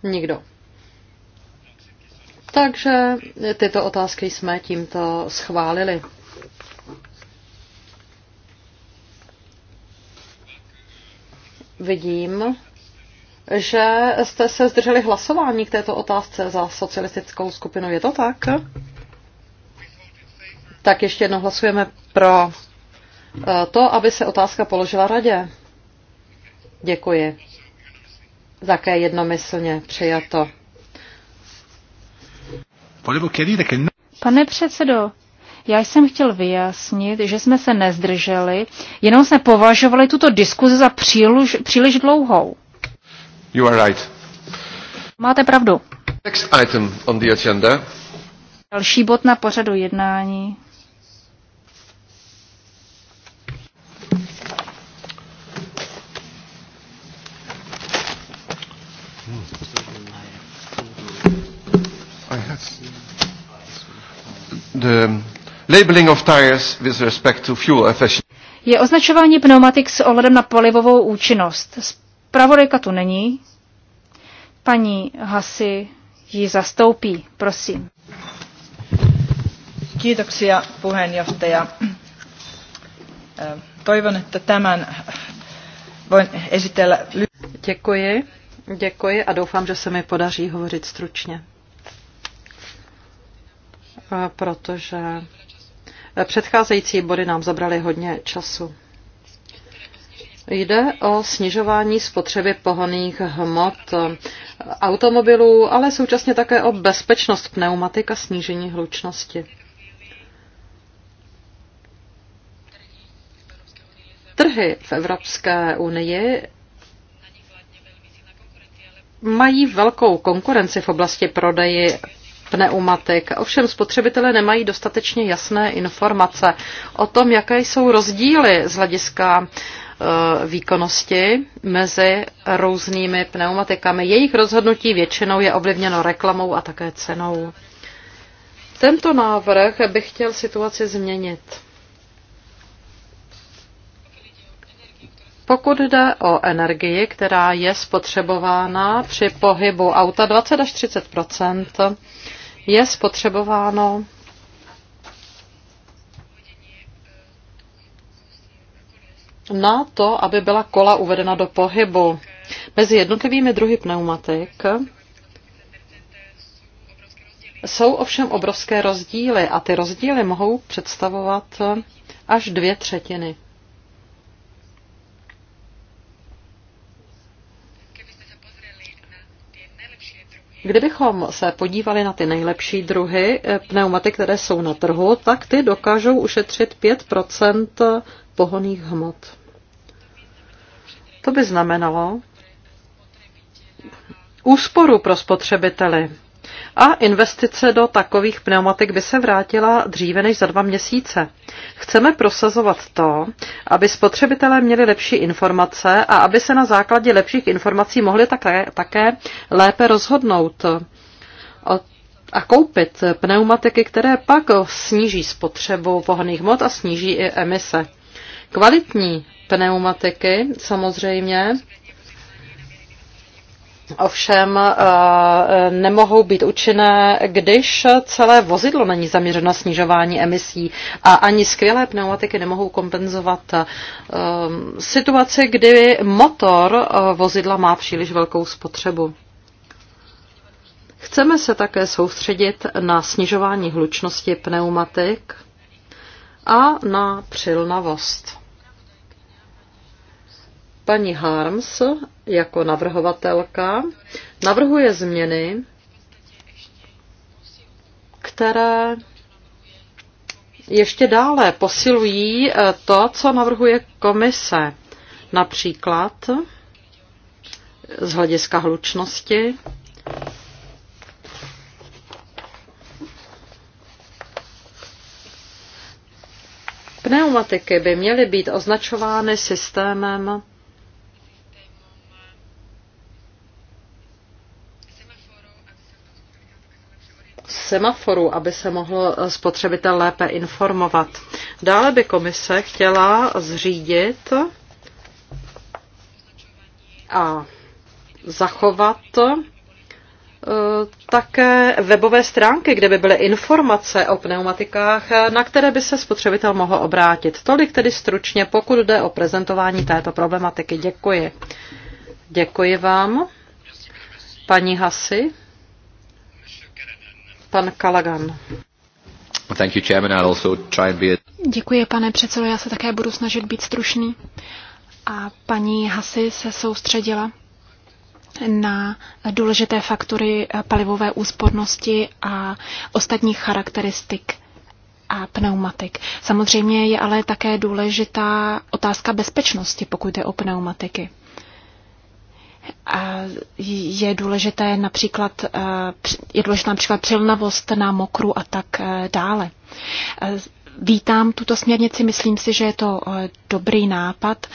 Nikdo. Takže tyto otázky jsme tímto schválili. Vidím, že jste se zdrželi hlasování k této otázce za socialistickou skupinu. Je to tak? Tak ještě jednou hlasujeme pro eh, to, aby se otázka položila radě. Děkuji. Také jednomyslně přijato. No. Pane předsedo, já jsem chtěl vyjasnit, že jsme se nezdrželi, jenom jsme považovali tuto diskuzi za příliš, příliš dlouhou. You are right. Máte pravdu. Next item on the agenda. Další bod na pořadu jednání. the labeling of tires with respect to fuel efficiency. Je označování pneumatik s ohledem na palivovou účinnost. Zpravodajka tu není. Paní Hasi ji zastoupí. Prosím. Kiitoksia puheenjohtaja. Toivon, että tämän voin esitellä. Děkuji, děkuji a doufám, že se mi podaří hovořit stručně protože předcházející body nám zabraly hodně času. Jde o snižování spotřeby pohoných hmot automobilů, ale současně také o bezpečnost pneumatik a snížení hlučnosti. Trhy v Evropské unii mají velkou konkurenci v oblasti prodeji pneumatik. Ovšem spotřebitelé nemají dostatečně jasné informace o tom, jaké jsou rozdíly z hlediska eh, výkonnosti mezi různými pneumatikami. Jejich rozhodnutí většinou je ovlivněno reklamou a také cenou. Tento návrh bych chtěl situaci změnit. Pokud jde o energii, která je spotřebována při pohybu auta 20 až 30 je spotřebováno na to, aby byla kola uvedena do pohybu. Mezi jednotlivými druhy pneumatik jsou ovšem obrovské rozdíly a ty rozdíly mohou představovat až dvě třetiny. Kdybychom se podívali na ty nejlepší druhy eh, pneumatik, které jsou na trhu, tak ty dokážou ušetřit 5 pohoných hmot. To by znamenalo úsporu pro spotřebiteli a investice do takových pneumatik by se vrátila dříve než za dva měsíce. Chceme prosazovat to, aby spotřebitelé měli lepší informace a aby se na základě lepších informací mohli také, také lépe rozhodnout a koupit pneumatiky, které pak sníží spotřebu pohonných hmot a sníží i emise. Kvalitní pneumatiky samozřejmě ovšem eh, nemohou být účinné, když celé vozidlo není zaměřeno na snižování emisí a ani skvělé pneumatiky nemohou kompenzovat eh, situaci, kdy motor eh, vozidla má příliš velkou spotřebu. Chceme se také soustředit na snižování hlučnosti pneumatik a na přilnavost. Paní Harms jako navrhovatelka navrhuje změny, které ještě dále posilují eh, to, co navrhuje komise. Například z hlediska hlučnosti, Pneumatiky by měly být označovány systémem semaforů, aby se mohl eh, spotřebitel lépe informovat. Dále by komise chtěla zřídit a zachovat eh, také webové stránky, kde by byly informace o pneumatikách, eh, na které by se spotřebitel mohl obrátit. Tolik tedy stručně, pokud jde o prezentování této problematiky. Děkuji. Děkuji vám. Paní Hasi. Pan Kalagan. Thank you, Chairman. I'll also try and be a... Děkuji, pane předsedo. Já se také budu snažit být stručný. A paní Hasy se soustředila na důležité faktory palivové úspornosti a ostatních charakteristik a pneumatik. Samozřejmě je ale také důležitá otázka bezpečnosti, pokud jde o pneumatiky je důležité například, eh, je důležitá například přilnavost na mokru a tak eh, dále. Eh, vítám tuto směrnici, myslím si, že je to dobrý nápad.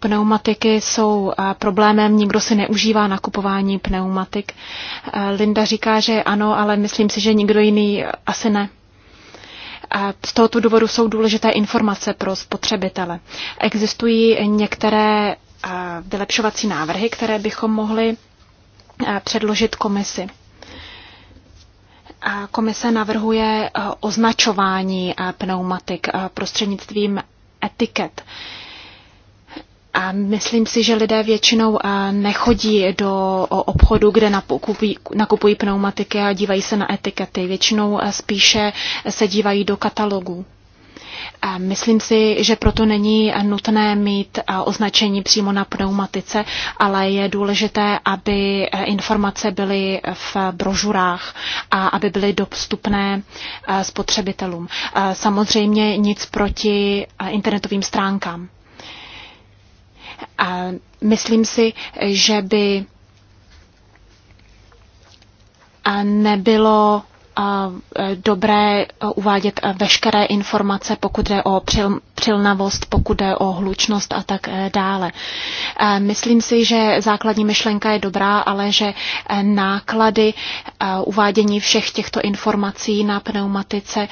Pneumatiky jsou problémem, nikdo si neužívá nakupování pneumatik. Linda říká, že ano, ale myslím si, že nikdo jiný asi ne. A z tohoto důvodu jsou důležité informace pro spotřebitele. Existují některé vylepšovací návrhy, které bychom mohli e, předložit komisi. Komise navrhuje e, označování e, pneumatik prostřednictvím etiket. A myslím si, že lidé většinou nechodí do obchodu, kde nakupují, nakupují pneumatiky a dívají se na etikety. Většinou spíše se dívají do katalogů. Myslím si, že proto není nutné mít označení přímo na pneumatice, ale je důležité, aby e, informace byly v brožurách a aby byly dostupné e, spotřebitelům. E, samozřejmě nic proti internetovým stránkám. Myslím si, že by nebylo E, dobré e, uvádět e, veškeré informace, pokud jde o přil, přilnavost, pokud jde o hlučnost a tak dále. Myslím si, že základní myšlenka je dobrá, ale že náklady uvádění všech těchto informací na pneumatice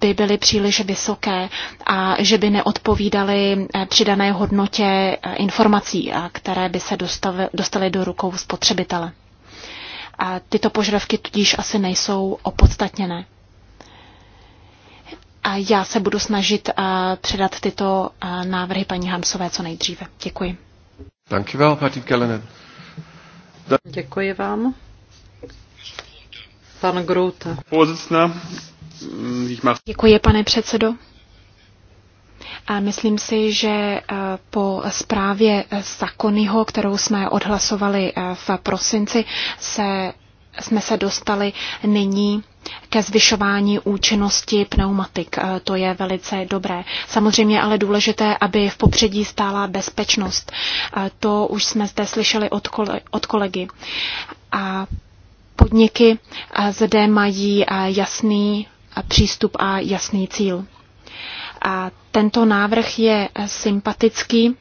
by byly příliš vysoké a že by neodpovídaly přidané hodnotě informací, které by se dostaly do rukou spotřebitele. A tyto požadavky tudíž asi nejsou opodstatněné. A já se budu snažit eh, předat tyto eh, návrhy paní Hamsové co nejdříve. Děkuji. Děkuji vám. Pan Grote. Děkuji, pane předsedo. A myslím si, že eh, po zprávě eh, Sakonyho, kterou jsme odhlasovali eh, v prosinci, se, jsme se dostali nyní ke zvyšování účinnosti pneumatik. To je velice dobré. Samozřejmě ale důležité, aby v popředí stála bezpečnost. To už jsme zde slyšeli od, kolegy. A podniky zde mají jasný přístup a jasný cíl. Tento návrh je sympatický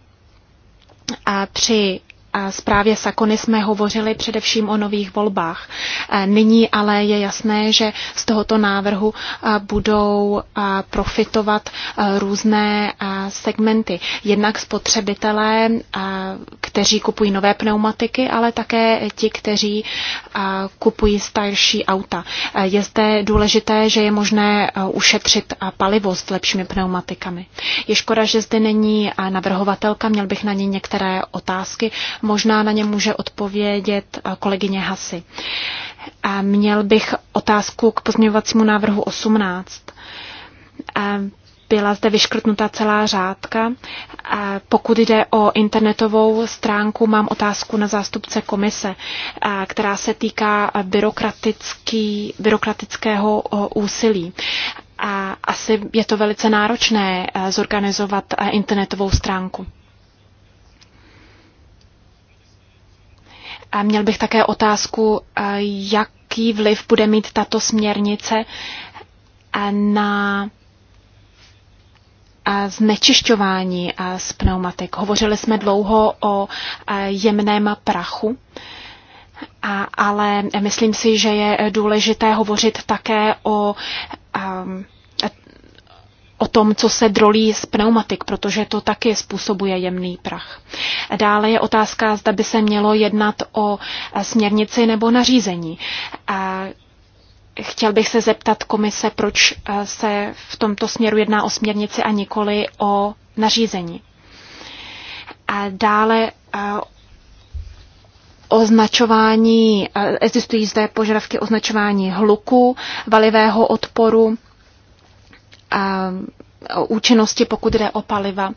a při zprávě Sakony jsme hovořili především o nových volbách. E, nyní ale je jasné, že z tohoto návrhu e, budou e, profitovat různé segmenty. Jednak spotřebitelé, kteří kupují nové pneumatiky, ale také ti, kteří kupují starší auta. Je zde důležité, že je možné ušetřit palivo s lepšími pneumatikami. Je škoda, že zde není navrhovatelka, měl bych na ní některé otázky. Možná na ně může odpovědět eh, kolegyně Hasy. A měl bych otázku k pozměňovacímu návrhu 18. A eh, byla zde vyškrtnuta celá řádka. A eh, pokud jde o internetovou stránku, mám otázku na zástupce komise, která se týká byrokratický, byrokratického úsilí. A asi je to velice náročné zorganizovat internetovou stránku. A měl bych také otázku, eh, jaký vliv bude mít tato směrnice eh, na eh, znečišťování z pneumatik. Hovořili jsme dlouho o jemném prachu, ale myslím si, že je důležité hovořit také o ehm, o tom, co se drolí z pneumatik, protože to taky způsobuje jemný prach. Dále je otázka, zda by se mělo jednat o e, směrnici nebo nařízení. Chtěl bych se zeptat komise, proč e, se v tomto směru jedná o směrnici a nikoli o nařízení. A dále e, označování, existují zde požadavky označování hluku, valivého odporu, o účinnosti, pokud jde o paliva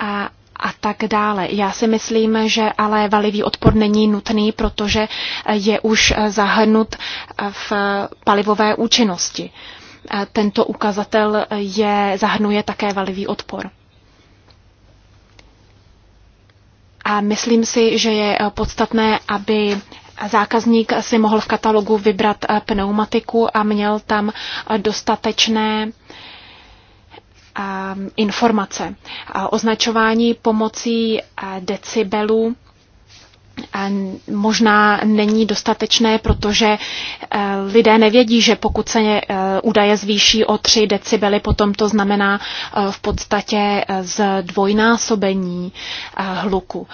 a, a tak dále. Já si myslím, že ale valivý odpor není nutný, protože je už zahrnut v palivové účinnosti. Tento ukazatel je, zahrnuje také valivý odpor. A myslím si, že je podstatné, aby zákazník si mohl v katalogu vybrat pneumatiku a měl tam dostatečné informace. Označování pomocí decibelů možná není dostatečné, protože eh, lidé nevědí, že pokud se eh, údaje zvýší o 3 decibely, potom to znamená eh, v podstatě zdvojnásobení hluku.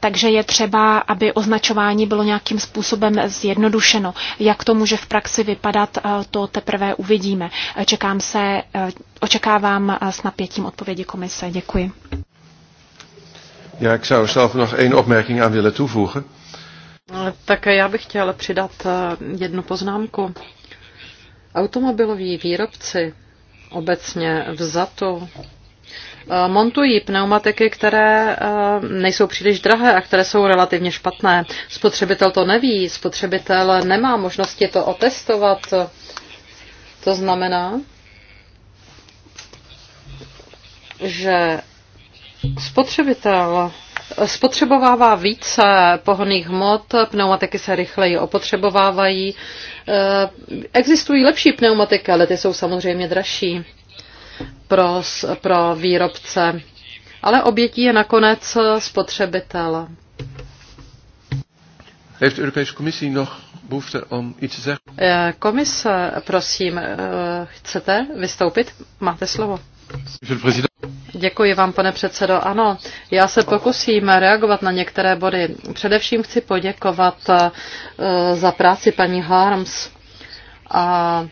Takže je třeba, aby označování bylo nějakým způsobem zjednodušeno. Jak to může v praxi vypadat, to teprve uvidíme. Čekám se, očekávám s napětím odpovědi komise. Děkuji. Ja, ik zou zelf nog één opmerking aan willen toevoegen. Eh, tak já bych chtěl přidat eh, jednu poznámku. Automobiloví výrobci obecně vzato eh, montují pneumatiky, které nejsou příliš drahé a které jsou relativně špatné. Spotřebitel to neví, spotřebitel nemá možnosti to otestovat. To znamená, že Spotřebitel spotřebovává více pohonných hmot, pneumatiky se rychleji opotřebovávají. Eh, existují lepší pneumatiky, ale ty jsou samozřejmě dražší pro, pro výrobce. Ale obětí je nakonec spotřebitel. Heeft Europese Commissie nog behoefte om iets te zeggen? Eh, komise, prosím, eh, chcete vystoupit? Máte slovo. Děkuji vám, pane předsedo. Ano, já se pokusím reagovat na některé body. Především chci poděkovat eh, za práci paní Harms a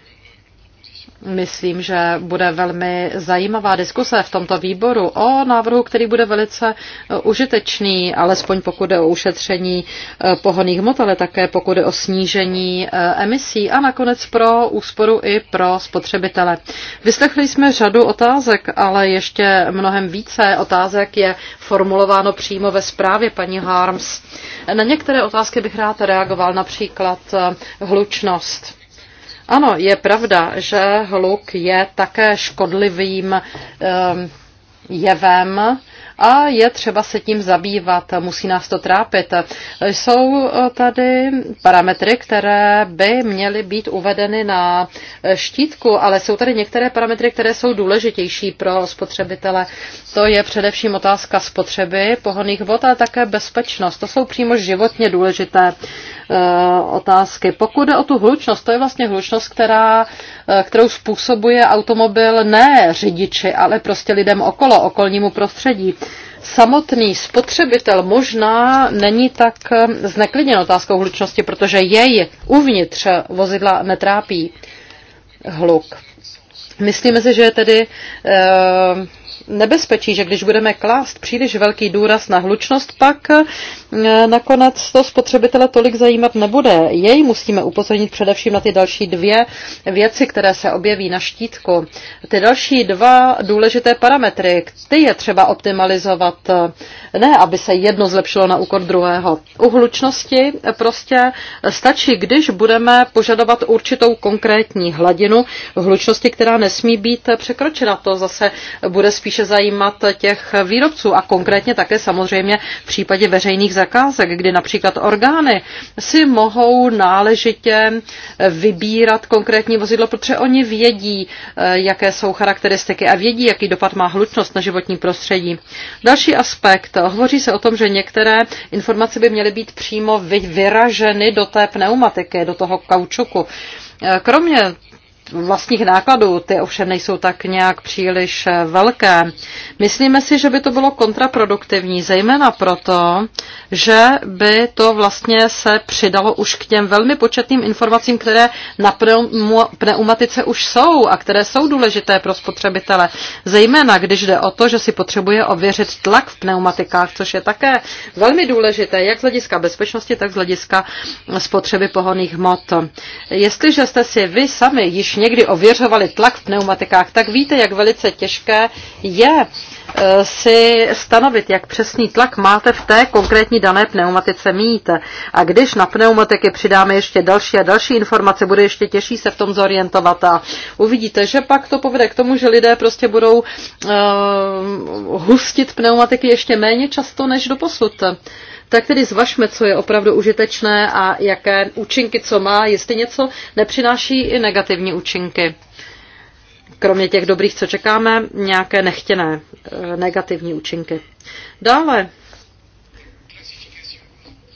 Myslím, že bude velmi zajímavá diskuse v tomto výboru o návrhu, který bude velice e, užitečný, alespoň pokud je o ušetření e, pohoných hmot, ale také pokud je o snížení e, emisí a nakonec pro úsporu i pro spotřebitele. Vyslechli jsme řadu otázek, ale ještě mnohem více otázek je formulováno přímo ve zprávě paní Harms. Na některé otázky bych rád reagoval, například hlučnost. Ano, je pravda, že hluk je také škodlivým ehm, jevem a je třeba se tím zabývat, musí nás to trápit. Jsou eh, tady parametry, které by měly být uvedeny na eh, štítku, ale jsou tady některé parametry, které jsou důležitější pro spotřebitele. To je především otázka spotřeby pohoných vod, ale také bezpečnost. To jsou přímo životně důležité Eh, otázky. Pokud jde o tu hlučnost, to je vlastně hlučnost, která, eh, kterou způsobuje automobil ne řidiči, ale prostě lidem okolo, okolnímu prostředí. Samotný spotřebitel možná není tak eh, zneklidněn otázkou hlučnosti, protože jej uvnitř vozidla netrápí hluk. Myslíme si, že je tedy nebezpečí, že když budeme klást příliš velký důraz na hlučnost, pak E, nakonec to spotřebitele tolik zajímat nebude. Jej musíme upozornit především na ty další dvě věci, které se objeví na štítku. Ty další dva důležité parametry, ty je třeba optimalizovat, ne aby se jedno zlepšilo na úkor druhého. U hlučnosti prostě stačí, když budeme požadovat určitou konkrétní hladinu hlučnosti, která nesmí být překročena. To zase bude spíše zajímat těch výrobců a konkrétně také samozřejmě v případě veřejných zakázek, kdy například orgány si mohou náležitě vybírat konkrétní vozidlo, protože oni vědí, eh, jaké jsou charakteristiky a vědí, jaký dopad má hlučnost na životní prostředí. Další aspekt. Hovoří se o tom, že některé informace by měly být přímo vyraženy do té pneumatiky, do toho kaučuku. Eh, kromě vlastních nákladů. Ty ovšem nejsou tak nějak příliš eh, velké. Myslíme si, že by to bylo kontraproduktivní, zejména proto, že by to vlastně se přidalo už k těm velmi početným informacím, které na pneumatice už jsou a které jsou důležité pro spotřebitele. Zejména, když jde o to, že si potřebuje ověřit tlak v pneumatikách, což je také velmi důležité, jak z hlediska bezpečnosti, tak z hlediska spotřeby pohoných hmot. Jestliže jste si vy sami již někdy ověřovali tlak v pneumatikách, tak víte, jak velice těžké je e, si stanovit, jak přesný tlak máte v té konkrétní dané pneumatice mít. A když na pneumatiky přidáme ještě další a další informace, bude ještě těžší se v tom zorientovat a uvidíte, že pak to povede k tomu, že lidé prostě budou uh, hustit pneumatiky ještě méně často než do posud tak tedy zvažme, co je opravdu užitečné a jaké účinky co má, jestli něco nepřináší i negativní účinky. Kromě těch dobrých, co čekáme, nějaké nechtěné eh, negativní účinky. Dále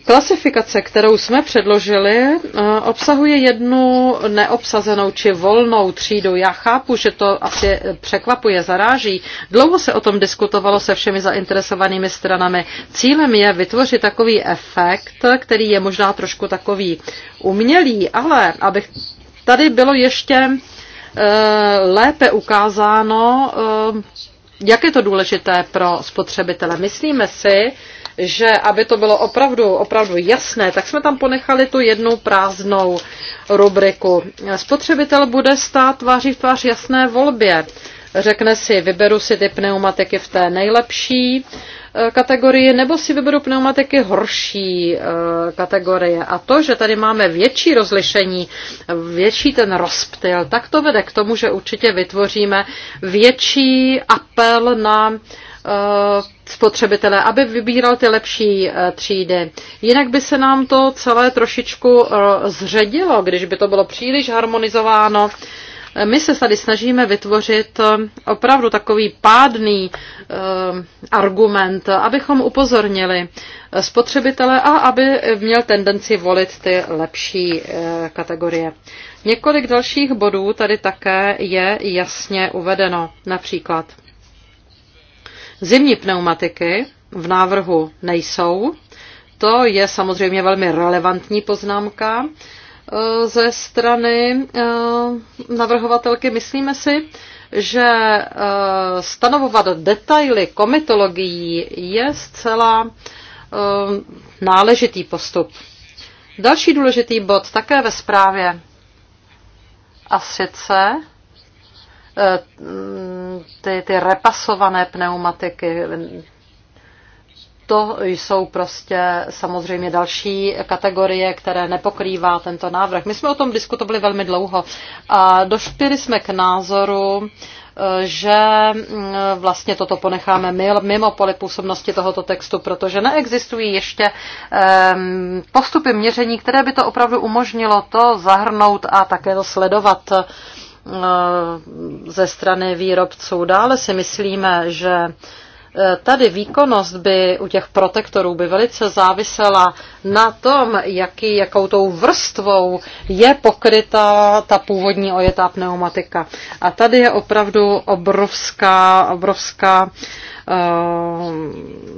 Klasifikace, kterou jsme předložili, eh, obsahuje jednu neobsazenou či volnou třídu. Já chápu, že to asi překvapuje, zaráží. Dlouho se o tom diskutovalo se všemi zainteresovanými stranami. Cílem je vytvořit takový efekt, který je možná trošku takový umělý, ale aby tady bylo ještě eh, lépe ukázáno, eh, jak je to důležité pro spotřebitele. Myslíme si, že aby to bylo opravdu, opravdu jasné, tak jsme tam ponechali tu jednu prázdnou rubriku. Spotřebitel bude stát tváří v tvář jasné volbě. Řekne si, vyberu si ty pneumatiky v té nejlepší eh, kategorii, nebo si vyberu pneumatiky horší eh, kategorie. A to, že tady máme větší rozlišení, větší ten rozptyl, tak to vede k tomu, že určitě vytvoříme větší apel na Eh, spotřebitele, aby vybíral ty lepší eh, třídy. Jinak by se nám to celé trošičku eh, zředilo, když by to bylo příliš harmonizováno. My se tady snažíme vytvořit opravdu takový pádný argument, abychom upozornili spotřebitele a aby měl tendenci volit ty lepší kategorie. Několik dalších bodů tady také je jasně uvedeno. Například Zimní pneumatiky v návrhu nejsou. To je samozřejmě velmi relevantní poznámka eh, ze strany eh, navrhovatelky. Myslíme si, že eh, stanovovat detaily komitologií je zcela náležitý postup. Další důležitý bod také ve zprávě a sice ty, ty repasované pneumatiky, to jsou prostě samozřejmě další kategorie, které nepokrývá tento návrh. My jsme o tom diskutovali velmi dlouho a došli jsme k názoru, že mm, vlastně toto ponecháme mimo pole působnosti tohoto textu, protože neexistují ještě postupy měření, které by to opravdu umožnilo to zahrnout a také to sledovat Eh, ze strany výrobců. Dále si myslíme, že eh, tady výkonnost by u těch protektorů by velice závisela na tom, jaký, jakou tou vrstvou je pokryta ta původní ojetá pneumatika. A tady je opravdu obrovská, obrovská Eh,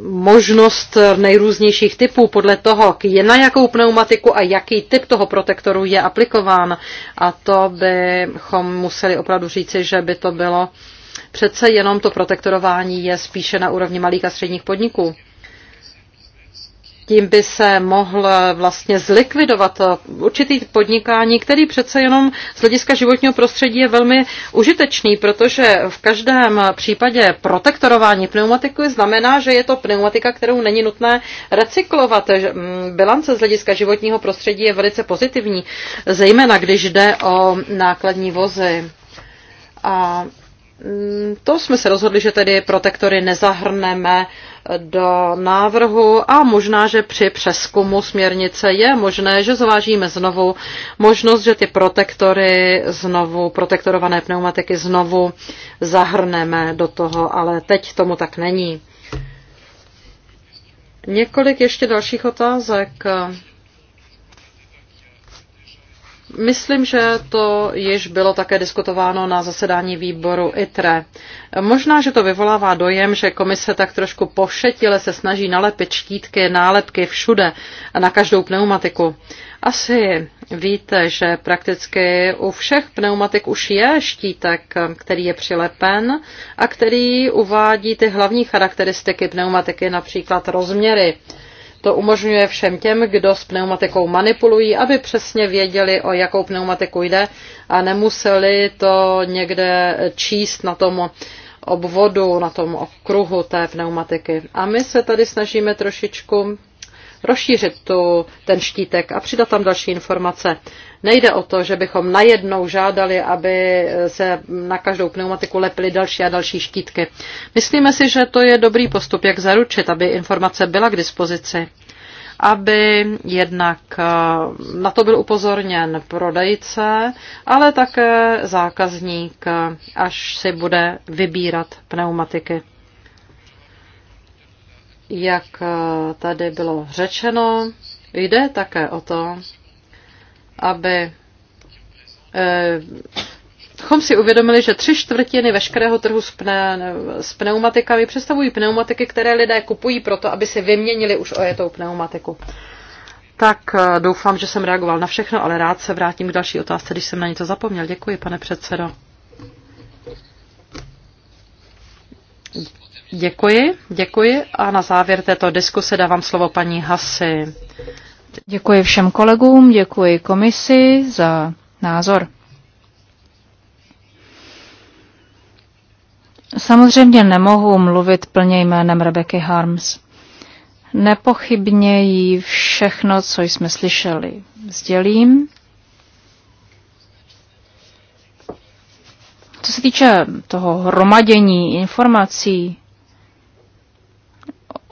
možnost nejrůznějších typů podle toho, je na jakou pneumatiku a jaký typ toho protektoru je aplikován. A to bychom museli opravdu říci, že by to bylo přece jenom to protektorování je spíše na úrovni malých a středních podniků. Tím by se mohl vlastně zlikvidovat určitý podnikání, který přece jenom z hlediska životního prostředí je velmi užitečný, protože v každém případě protektorování pneumatiky znamená, že je to pneumatika, kterou není nutné recyklovat. Mm, bilance z hlediska životního prostředí je velice pozitivní, zejména když jde o nákladní vozy. A Mm, to jsme se rozhodli, že tedy protektory nezahrneme do návrhu a možná, že při přeskumu směrnice je možné, že zvážíme znovu možnost, že ty protektory znovu, protektorované pneumatiky znovu zahrneme do toho, ale teď tomu tak není. Několik ještě dalších otázek. Myslím, že to již bylo také diskutováno na zasedání výboru ITRE. Možná, že to vyvolává dojem, že komise tak trošku pošetile se snaží nalepit štítky, nálepky všude na každou pneumatiku. Asi víte, že prakticky u všech pneumatik už je štítek, který je přilepen a který uvádí ty hlavní charakteristiky pneumatiky, například rozměry to umožňuje všem těm, kdo s pneumatikou manipulují, aby přesně věděli, o jakou pneumatiku jde a nemuseli to někde číst na tom obvodu, na tom okruhu té pneumatiky. A my se tady snažíme trošičku rozšířit tu, ten štítek a přidat tam další informace. Nejde o to, že bychom najednou žádali, aby se na každou pneumatiku lepily další a další štítky. Myslíme si, že to je dobrý postup, jak zaručit, aby informace byla k dispozici aby jednak eh, na to byl upozorněn prodejce, ale také zákazník, eh, až si bude vybírat pneumatiky. Jak eh, tady bylo řečeno, jde také o to, aby eh, Chom si uvědomili, že tři čtvrtiny veškerého trhu s, pne, s pneumatikami představují pneumatiky, které lidé kupují proto, aby si vyměnili už ojetou pneumatiku. Tak eh, doufám, že jsem reagoval na všechno, ale rád se vrátím k další otázce, když jsem na něco zapomněl. Děkuji, pane předsedo. Děkuji, děkuji a na závěr této diskuse dávám slovo paní Hasy. Děkuji všem kolegům, děkuji komisi za názor. Samozřejmě nemohu mluvit plně jménem Rebeky Harms. Nepochybně jí všechno, co jsme slyšeli, sdělím. Co se týče toho hromadění informací,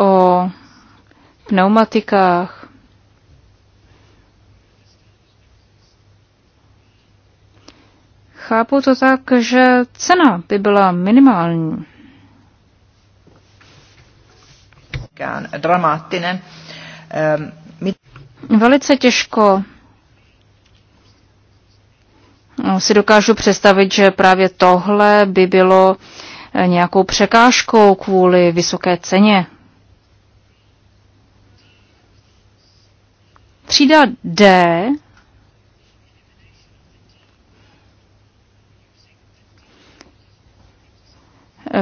o pneumatikách. Chápu to tak, že cena by byla minimální. Ehm, Velice těžko si dokážu představit, že právě tohle by bylo nějakou překážkou kvůli vysoké ceně Třída D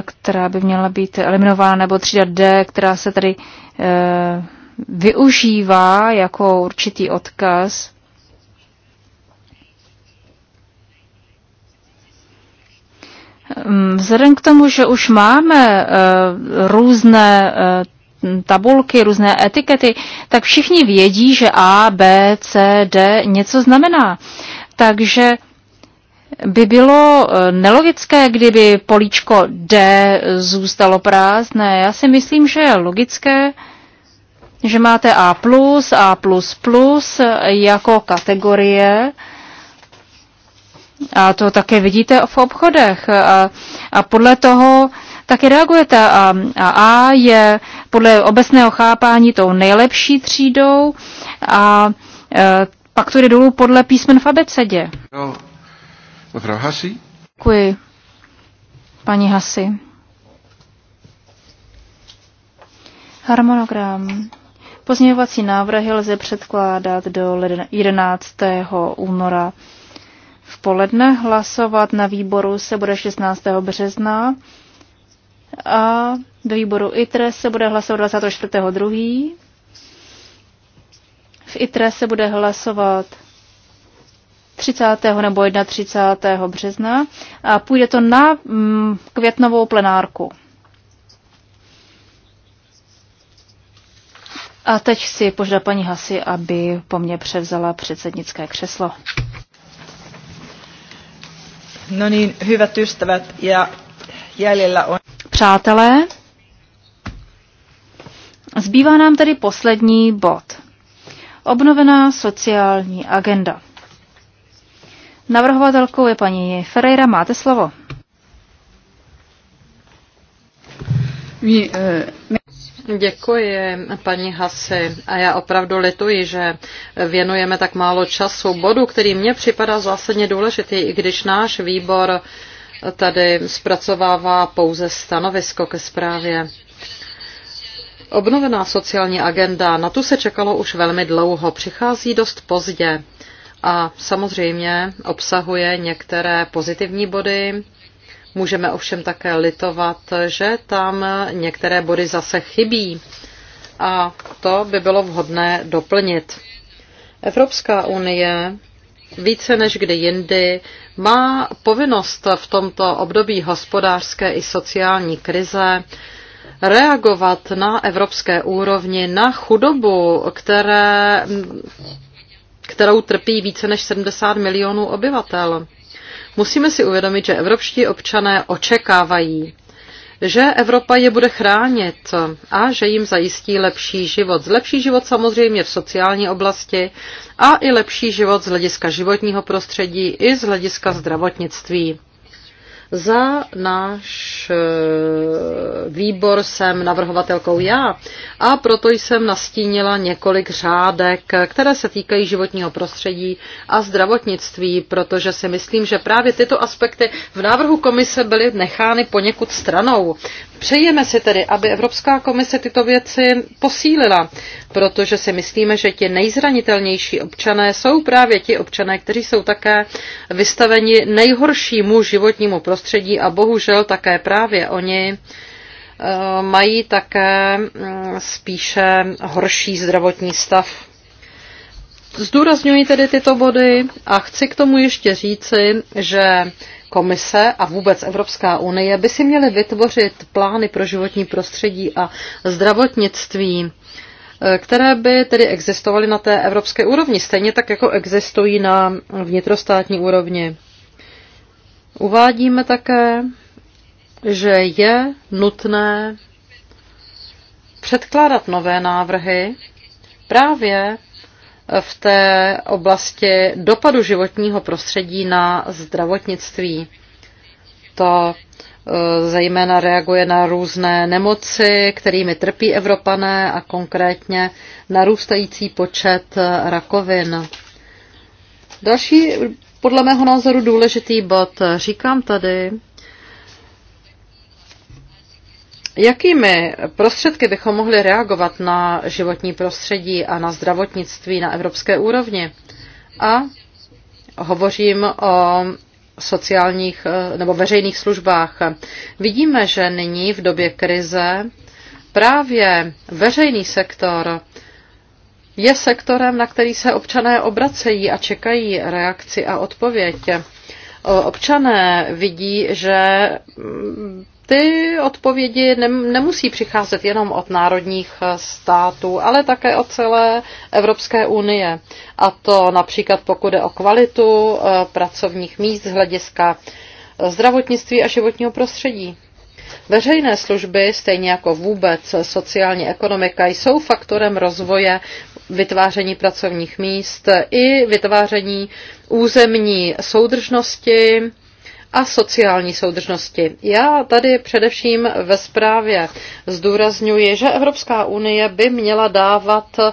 která by měla být eliminována, nebo třída D, která se tady e, využívá jako určitý odkaz. Hm, vzhledem k tomu, že už máme e, různé e, tabulky, různé etikety, tak všichni vědí, že A, B, C, D něco znamená. Takže by bylo eh, nelogické, kdyby políčko D zůstalo prázdné. Já si myslím, že je logické, že máte A+, A++ jako kategorie. A to také vidíte v obchodech. A, a podle toho taky reagujete. A, a A je podle obecného chápání tou nejlepší třídou a e, pak to jde dolů podle písmen v abecedě. No, Hasi. Děkuji, paní Hasi. Harmonogram. Pozměňovací návrhy lze předkládat do 11. února v poledne. Hlasovat na výboru se bude 16. března a do výboru ITRE se bude hlasovat 24.2. V ITRE se bude hlasovat 30. nebo 31. března a půjde to na mm, květnovou plenárku. A teď si požádá paní Hasi, aby po mně převzala předsednické křeslo. No niin, hyvät ystävät, ja jäljellä on přátelé. Zbývá nám tedy poslední bod. Obnovená sociální agenda. Navrhovatelkou je paní Ferreira. Máte slovo. Eh, děkuji, paní Hasi. A já opravdu lituji, že věnujeme tak málo času bodu, který mně připadá zásadně důležitý, i když náš výbor uh, tady zpracovává pouze stanovisko ke zprávě. Obnovená sociální agenda, na tu se čekalo už velmi dlouho, přichází dost pozdě a samozřejmě obsahuje některé pozitivní body. Můžeme ovšem také litovat, že tam některé body zase chybí a to by bylo vhodné doplnit. Evropská unie více než kdy jindy má povinnost v tomto období hospodářské i sociální krize reagovat na evropské úrovni na chudobu, které, kterou trpí více než 70 milionů obyvatel. Musíme si uvědomit, že evropští občané očekávají že Evropa je bude chránit a že jim zajistí lepší život. Lepší život samozřejmě v sociální oblasti a i lepší život z hlediska životního prostředí i z hlediska zdravotnictví. Za náš eh, výbor jsem navrhovatelkou já a proto jsem nastínila několik řádek, které se týkají životního prostředí a zdravotnictví, protože si myslím, že právě tyto aspekty v návrhu komise byly nechány poněkud stranou. Přejeme si tedy, aby Evropská komise tyto věci posílila, protože si myslíme, že ti nejzranitelnější občané jsou právě ti občané, kteří jsou také vystaveni nejhoršímu životnímu prostředí a bohužel také právě oni eh, mají také mm, spíše horší zdravotní stav. Zdůrazňuji tedy tyto body a chci k tomu ještě říci, že komise a vůbec Evropská unie by si měly vytvořit plány pro životní prostředí a zdravotnictví, eh, které by tedy existovaly na té evropské úrovni, stejně tak jako existují na vnitrostátní úrovni. Uvádíme také, že je nutné předkládat nové návrhy právě v té oblasti dopadu životního prostředí na zdravotnictví. To e, zejména reaguje na různé nemoci, kterými trpí Evropané a konkrétně narůstající počet e, rakovin. Další, podle mého názoru, důležitý bod. Říkám tady, Jakými prostředky bychom mohli reagovat na životní prostředí a na zdravotnictví na evropské úrovni? A hovořím o sociálních eh, nebo veřejných službách. Vidíme, že nyní v době krize právě veřejný sektor je sektorem, na který se občané obracejí a čekají reakci a odpověď. Občané vidí, že mm, ty odpovědi nemusí přicházet jenom od národních eh, států, ale také od celé Evropské unie. A to například pokud je o kvalitu eh, pracovních míst z hlediska eh, zdravotnictví a životního prostředí. Veřejné služby, stejně jako vůbec sociální ekonomika, jsou faktorem rozvoje vytváření pracovních míst i vytváření územní soudržnosti, a sociální soudržnosti. Já tady především ve zprávě zdůrazňuji, že Evropská unie by měla dávat eh,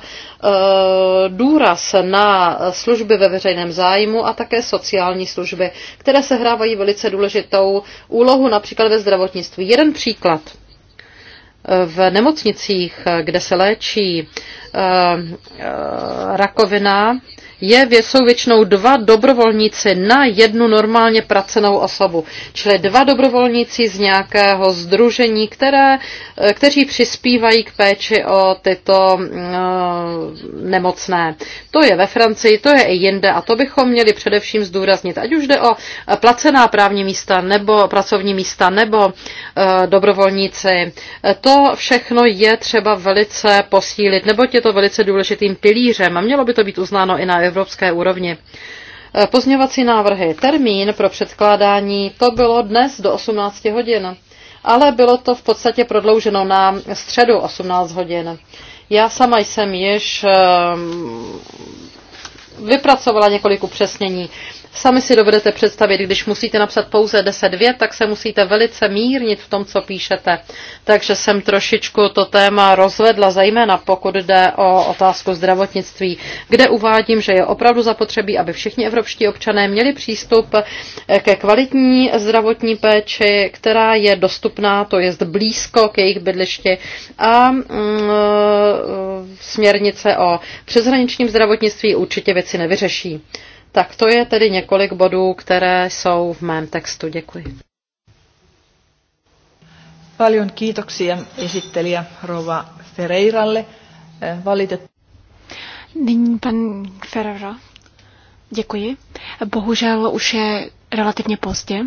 důraz na služby ve veřejném zájmu a také sociální služby, které sehrávají velice důležitou úlohu například ve zdravotnictví. Jeden příklad eh, v nemocnicích, eh, kde se léčí rakovina, je, jsou většinou dva dobrovolníci na jednu normálně pracenou osobu. Čili dva dobrovolníci z nějakého združení, které, eh, kteří přispívají k péči o tyto eh, nemocné. To je ve Francii, to je i jinde a to bychom měli především zdůraznit, ať už jde o eh, placená právní místa nebo pracovní místa nebo dobrovolníci. To všechno je třeba velice posílit, nebo je to velice důležitým pilířem a mělo by to být uznáno i na Evropské úrovni. Eh, Pozměvací návrhy. Termín pro předkládání to bylo dnes do 18 hodin, ale bylo to v podstatě prodlouženo na středu 18 hodin. Já sama jsem již ehm, vypracovala několik upřesnění. Sami si dovedete představit, když musíte napsat pouze 10 vět, tak se musíte velice mírnit v tom, co píšete. Takže jsem trošičku to téma rozvedla, zejména pokud jde o otázku zdravotnictví, kde uvádím, že je opravdu zapotřebí, aby všichni evropští občané měli přístup ke kvalitní zdravotní péči, která je dostupná, to je blízko k jejich bydlišti a mm, e, směrnice o přeshraničním zdravotnictví určitě věci nevyřeší. Tak to je tedy několik bodů, které jsou v mém textu. Děkuji. Paljon kiitoksia esittelijä Rova Ferreiralle. Eh, valitet... Nyní pan Ferreira. Děkuji. Bohužel už je relativně pozdě.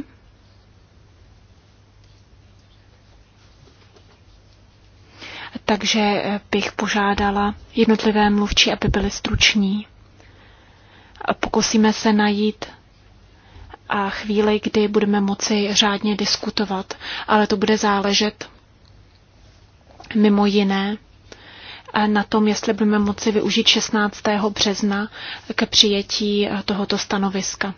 Takže bych požádala jednotlivé mluvčí, aby byly struční. Pokusíme se najít a chvíli, kdy budeme moci řádně diskutovat, ale to bude záležet mimo jiné na tom, jestli budeme moci využít 16. března k přijetí eh, tohoto stanoviska.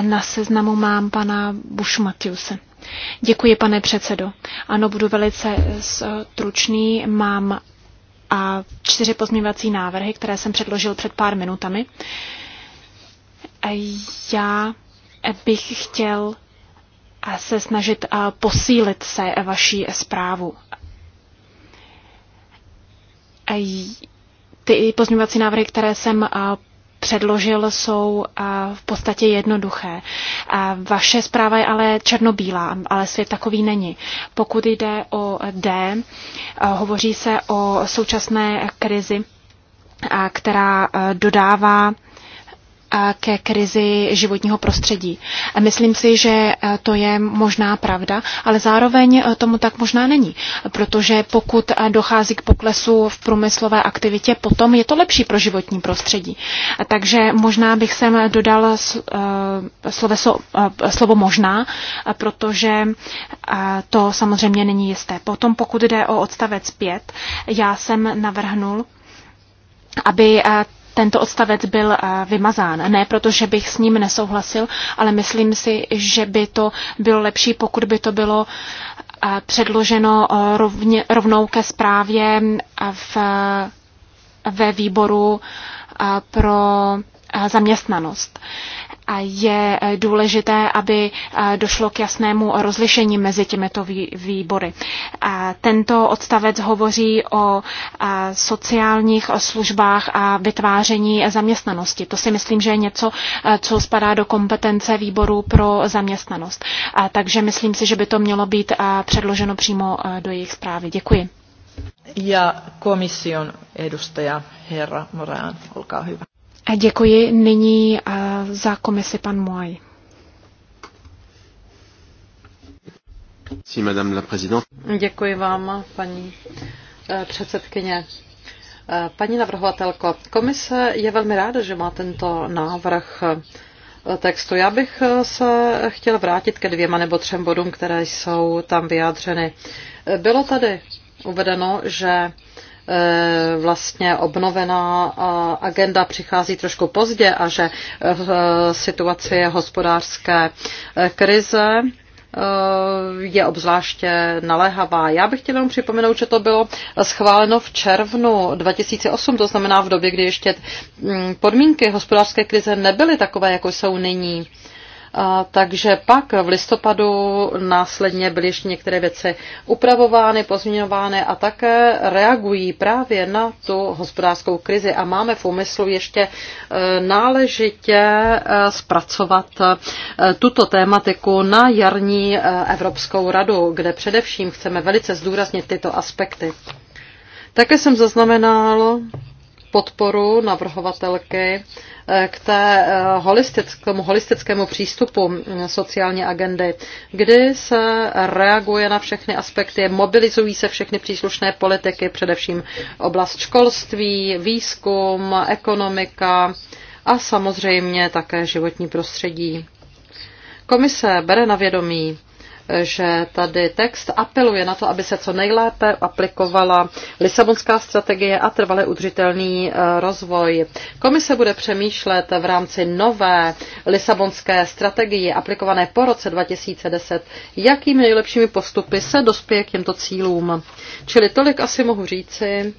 Na seznamu mám pana Matiuse. Děkuji, pane předsedo. Ano, budu velice eh, eh, stručný. Mám a čtyři pozměňovací návrhy, které jsem předložil před pár minutami. Uh, já bych chtěl eh, se snažit eh, posílit se vaší zprávu. Eh, ty pozměňovací návrhy, které jsem předložil, jsou v podstatě jednoduché. Vaše zpráva je ale černobílá, ale svět takový není. Pokud jde o D, hovoří se o současné krizi, která dodává ke krizi životního prostředí. Myslím si, že e, to je možná pravda, ale zároveň e, tomu tak možná není, protože pokud e, dochází k poklesu v průmyslové aktivitě, potom je to lepší pro životní prostředí. Takže možná bych sem dodal sloveso, slovo možná, protože to samozřejmě není jisté. Potom pokud jde o odstavec 5, já jsem navrhnul, aby tento odstavec byl eh, vymazán. Ne proto, že bych s ním nesouhlasil, ale myslím si, že by to bylo lepší, pokud by to bylo eh, předloženo eh, rovně, rovnou ke zprávě v, ve výboru pro zaměstnanost je eh, důležité, aby eh, došlo k jasnému rozlišení mezi těmito výbory. Tento odstavec hovoří o eh, sociálních službách a vytváření zaměstnanosti. To si myslím, že je něco, co spadá do kompetence výboru pro zaměstnanost. Takže myslím si, že by to mělo být předloženo přímo do jejich zprávy. Děkuji. Ja komission edustaja herra Morán, olkaa hyvä. A děkuji nyní eh, za komisi pan Moaj. Děkuji vám, paní eh, předsedkyně. Eh, paní navrhovatelko, komise je velmi ráda, že má tento návrh textu. Já bych se chtěl vrátit ke dvěma nebo třem bodům, které jsou tam vyjádřeny. Bylo tady uvedeno, že Eh, vlastně obnovená agenda přichází trošku pozdě a že eh, situace je hospodářské eh, krize je obzvláště naléhavá. Já bych chtěl jenom připomenout, že to bylo schváleno v červnu 2008, to znamená v době, kdy ještě mm, podmínky hospodářské krize nebyly takové, jako jsou nyní takže pak v listopadu následně byly ještě některé věci upravovány, pozměňovány a také reagují právě na tu hospodářskou krizi a máme v úmyslu ještě e, náležitě e, zpracovat e, tuto tématiku na jarní Evropskou radu, kde především chceme velice zdůraznit tyto aspekty. Také jsem zaznamenal podporu navrhovatelky eh, k, té eh, holistickému k tomu holistickému přístupu eh, sociální agendy, kdy se reaguje na všechny aspekty, mobilizují se všechny příslušné politiky, především oblast školství, výzkum, ekonomika a samozřejmě také životní prostředí. Komise bere na vědomí že tady text apeluje na to, aby se co nejlépe aplikovala Lisabonská strategie a trvale udržitelný e, rozvoj. Komise bude přemýšlet v rámci nové Lisabonské strategie aplikované po roce 2010, jakými nejlepšími postupy se dospěje k těmto cílům. Čili tolik asi mohu říci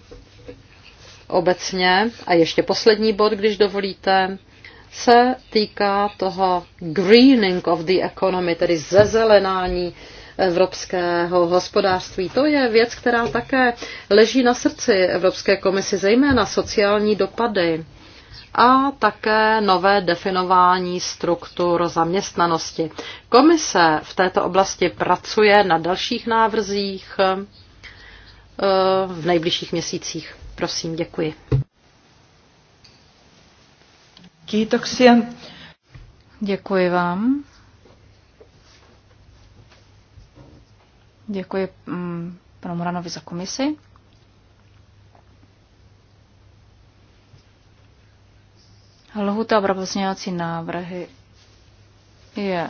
obecně. A ještě poslední bod, když dovolíte se týká toho greening of the economy, tedy zezelenání evropského hospodářství. To je věc, která také leží na srdci Evropské komisi, zejména sociální dopady a také nové definování struktur zaměstnanosti. Komise v této oblasti pracuje na dalších návrzích eh, v nejbližších měsících. Prosím, děkuji. Kiitoksia. Děkuji vám. Děkuji mm, panu Moranovi za komisi. Lhuta pro pozměňovací návrhy je.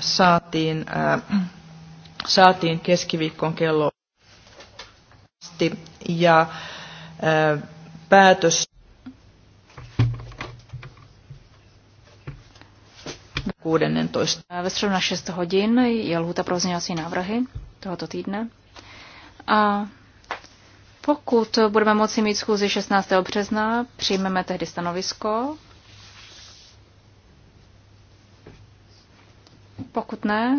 Saatiin, äh, saatiin keskiviikkoon kello asti ja äh, päätös Ve středu na 6 hodin je lhuta pro vzněvací návrhy tohoto týdne. A pokud budeme moci mít schůzi 16. března, přijmeme tehdy stanovisko. Pokud ne,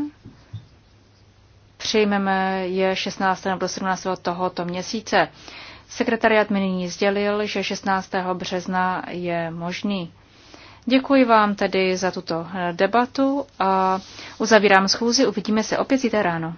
přijmeme je 16. nebo 17. tohoto měsíce. Sekretariat mi nyní sdělil, že 16. března je možný Děkuji vám tedy za tuto eh, debatu a uzavírám schůzi. Uvidíme se opět zítra ráno.